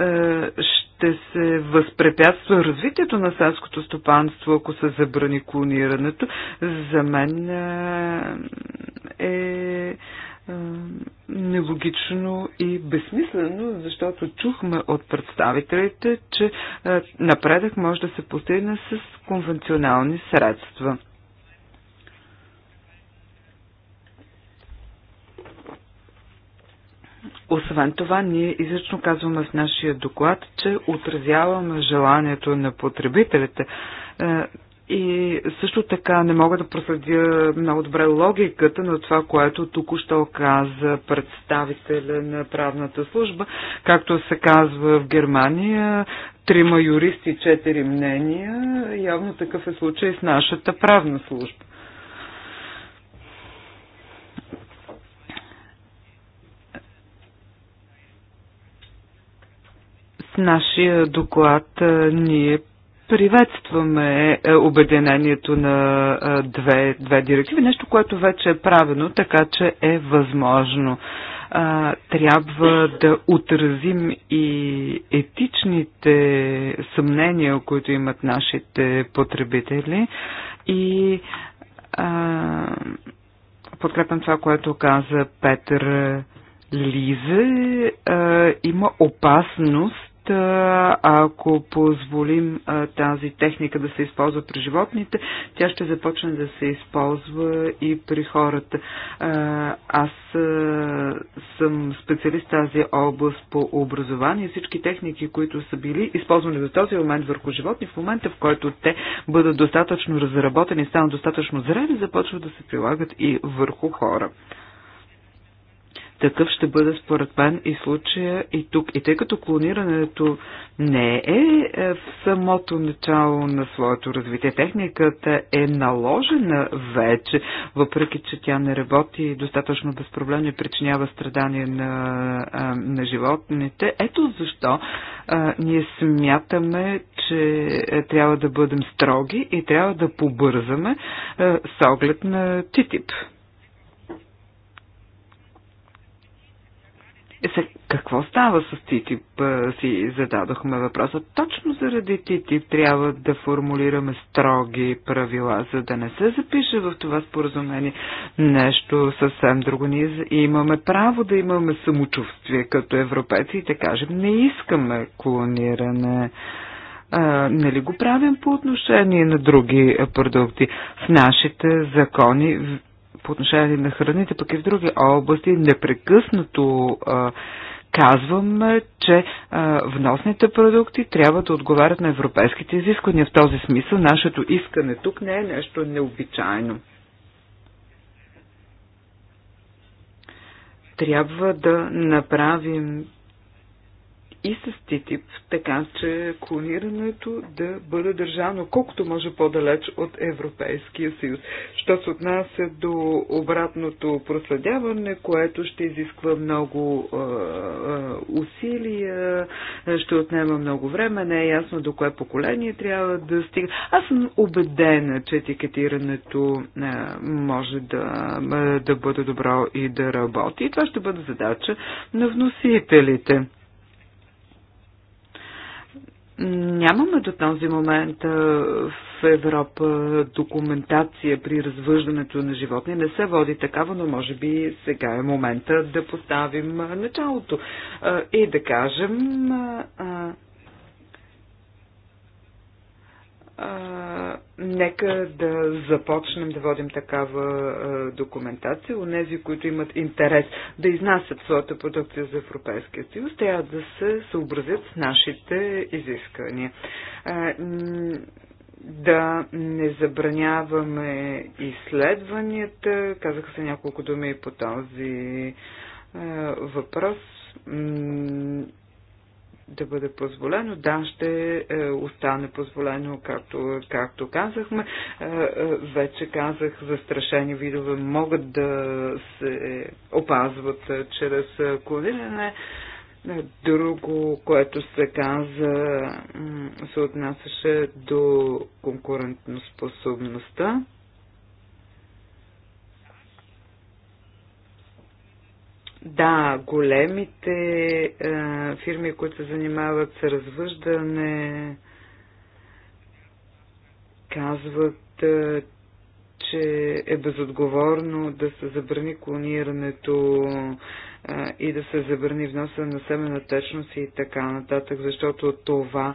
ще се възпрепятства развитието на селското стопанство, ако се забрани клонирането, за мен е нелогично и безсмислено, защото чухме от представителите, че е, напредък може да се постигне с конвенционални средства. Освен това, ние изрично казваме в нашия доклад, че отразяваме желанието на потребителите. Е, и също така не мога да проследя много добре логиката на това, което току-що каза представителя на правната служба. Както се казва в Германия, трима юристи четири мнения. Явно такъв е случай с нашата правна служба. С нашия доклад ние Приветстваме е, обединението на е, две, две директиви, нещо, което вече е правено, така че е възможно. Трябва да отразим и етичните съмнения, които имат нашите потребители и а, подкрепям това, което каза Петър Лизе. А, има опасност ако позволим тази техника да се използва при животните, тя ще започне да се използва и при хората. Аз съм специалист в тази област по образование. Всички техники, които са били използвани до този момент върху животни, в момента в който те бъдат достатъчно разработени, станат достатъчно зрели, започват да се прилагат и върху хора. Такъв ще бъде според мен и случая и тук. И тъй като клонирането не е в е самото начало на своето развитие, техниката е наложена вече, въпреки че тя не работи достатъчно безпроблемно и причинява страдания на, на животните. Ето защо а, ние смятаме, че е, трябва да бъдем строги и трябва да побързаме а, е, с оглед на ТИТИП. Е, се, какво става с ТИТИП, е, си зададохме въпроса. Точно заради ТИТИП трябва да формулираме строги правила, за да не се запише в това споразумение нещо съвсем друго. Ние имаме право да имаме самочувствие като европейци и да кажем, не искаме клониране. А, нали го правим по отношение на други продукти? В нашите закони по отношение на храните, пък и в други области, непрекъснато а, казваме, че а, вносните продукти трябва да отговарят на европейските изисквания. В този смисъл нашето искане тук не е нещо необичайно. Трябва да направим и с ТИТИП, така че клонирането да бъде държано колкото може по-далеч от Европейския съюз. Що се отнася до обратното проследяване, което ще изисква много е, е, усилия, ще отнема много време, не е ясно до кое поколение трябва да стига. Аз съм убедена, че етикетирането е, може да, е, да бъде добро и да работи. И това ще бъде задача на вносителите Нямаме до този момент в Европа документация при развъждането на животни. Не се води такава, но може би сега е момента да поставим началото и да кажем а, нека да започнем да водим такава а, документация. Онези, които имат интерес да изнасят своята продукция за Европейския съюз, трябва да се съобразят с нашите изисквания. А, да не забраняваме изследванията. Казаха се няколко думи по този а, въпрос да бъде позволено. Да, ще е, остане позволено, както, както казахме. Е, е, вече казах, застрашени видове могат да се опазват чрез клониране. Друго, което се каза, се отнасяше до конкурентоспособността. Да, големите е, фирми, които се занимават с развъждане, казват, е, че е безотговорно да се забрани клонирането е, и да се забрани вноса на семена течност и така нататък, защото това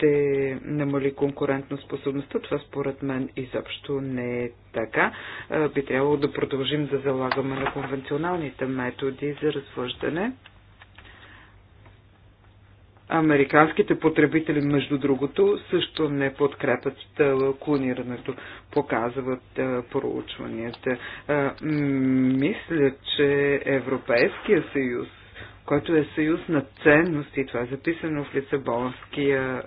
ще намали конкурентно способността. Това според мен изобщо не е така. Би трябвало да продължим да залагаме на конвенционалните методи за развъждане. Американските потребители, между другото, също не подкрепят клонирането, показват проучванията. Мисля, че Европейския съюз който е съюз на ценности. Това е записано в Лисабонския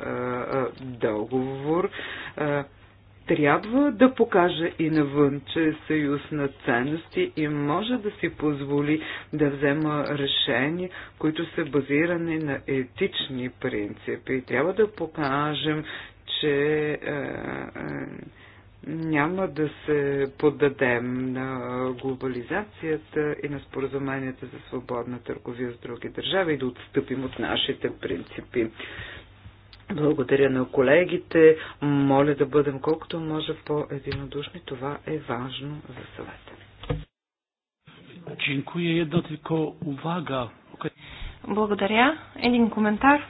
договор. Трябва да покаже и навън, че е съюз на ценности и може да си позволи да взема решения, които са базирани на етични принципи. Трябва да покажем, че А, а, няма да се подадем на глобализацията и на споразуменията за свободна търговия с други държави и да отстъпим от нашите принципи. Благодаря на колегите. Моля да бъдем колкото може по-единодушни. Това е важно за съвета. Благодаря. Един коментар.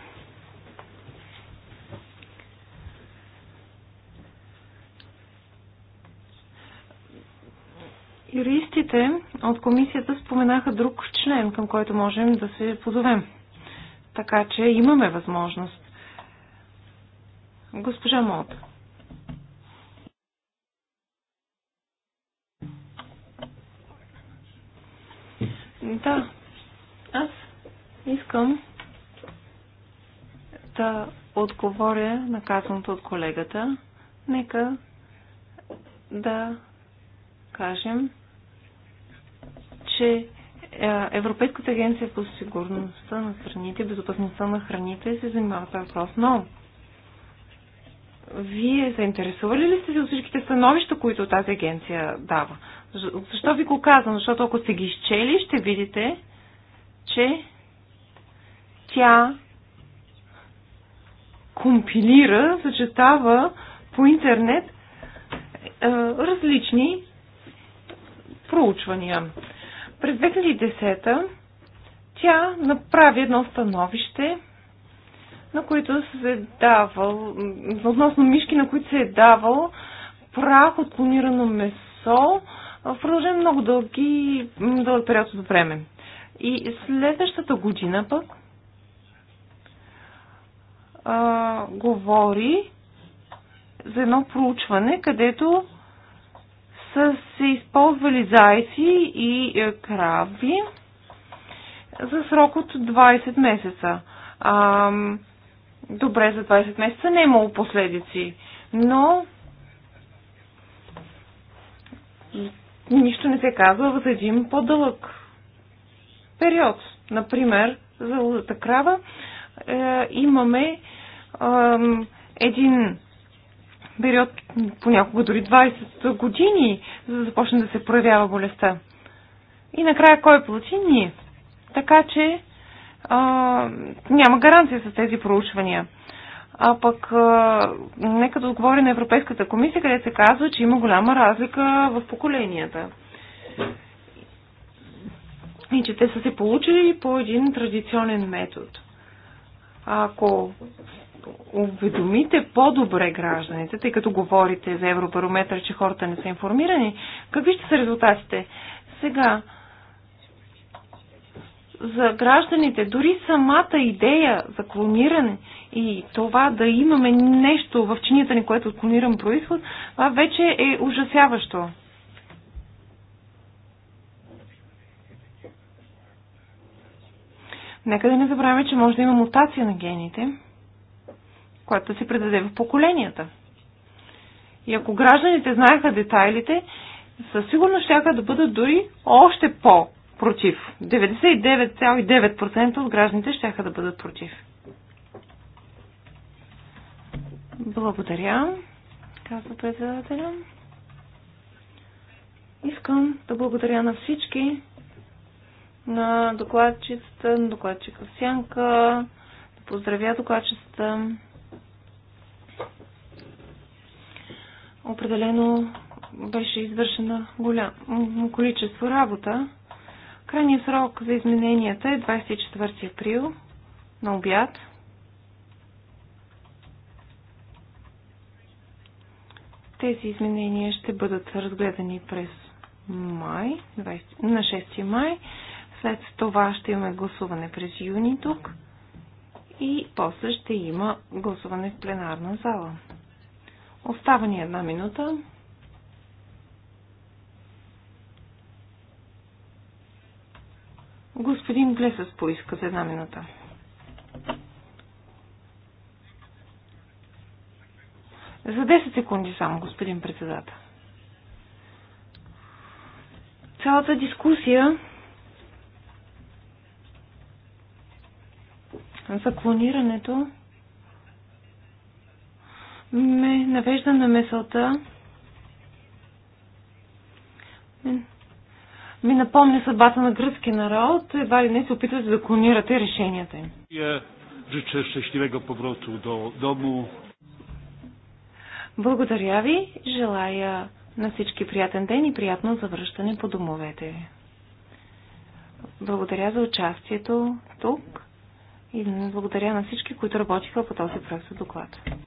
Юристите от комисията споменаха друг член, към който можем да се позовем. Така че имаме възможност. Госпожа Молт. Да, аз искам да отговоря на казаното от колегата. Нека да кажем, че е, Европейската агенция по сигурността на храните, безопасността на храните се занимава с въпрос, но вие заинтересували ли сте се от всичките становища, които тази агенция дава? Защо ви го казвам? Защото ако сте ги изчели, ще видите, че тя компилира, съчетава по интернет е, различни проучвания. През 2010 тя направи едно становище, на които се е давал, относно мишки, на които се е давал прах от клонирано месо в продължение много дълги, дълъг период от време. И следващата година пък а, говори за едно проучване, където са се използвали зайци и е, крави за срок от 20 месеца. А, добре, за 20 месеца не е имало последици, но нищо не се казва за един по-дълъг период. Например, за лъдата крава е, имаме е, един период, понякога дори 20 години, за да започне да се проявява болестта. И накрая кой получи? Ние. Така че а, няма гаранция с тези проучвания. А пък, а, нека да отговори на Европейската комисия, където се казва, че има голяма разлика в поколенията. И че те са се получили по един традиционен метод. Ако уведомите по-добре гражданите, тъй като говорите за Европарометър, че хората не са информирани, какви ще са резултатите? Сега, за гражданите, дори самата идея за клониране и това да имаме нещо в чинията ни, което клонирам происход, това вече е ужасяващо. Нека да не забравяме, че може да има мутация на гените – което се предаде в поколенията. И ако гражданите знаеха детайлите, със сигурност ще да бъдат дори още по-против. 99,9% от гражданите ще да бъдат против. Благодаря, казва председателя. Искам да благодаря на всички, на докладчицата, на докладчика Сянка, да поздравя докладчицата, определено беше извършена голямо количество работа. Крайният срок за измененията е 24 април на обяд. Тези изменения ще бъдат разгледани през май, 20, на 6 май. След това ще имаме гласуване през юни тук и после ще има гласуване в пленарна зала. Остава ни една минута. Господин Глесъс поиска за една минута. За 10 секунди само, господин председател. Цялата дискусия за клонирането ме навежда на мисълта. Ми напомня съдбата на гръцки народ, едва ли не се опитвате да клонирате решенията им. Życzę szczęśliwego powrotu do domu. Благодаря ви. Желая на всички приятен ден и приятно завръщане по домовете. Благодаря за участието тук и благодаря на всички, които работиха по този проект доклад.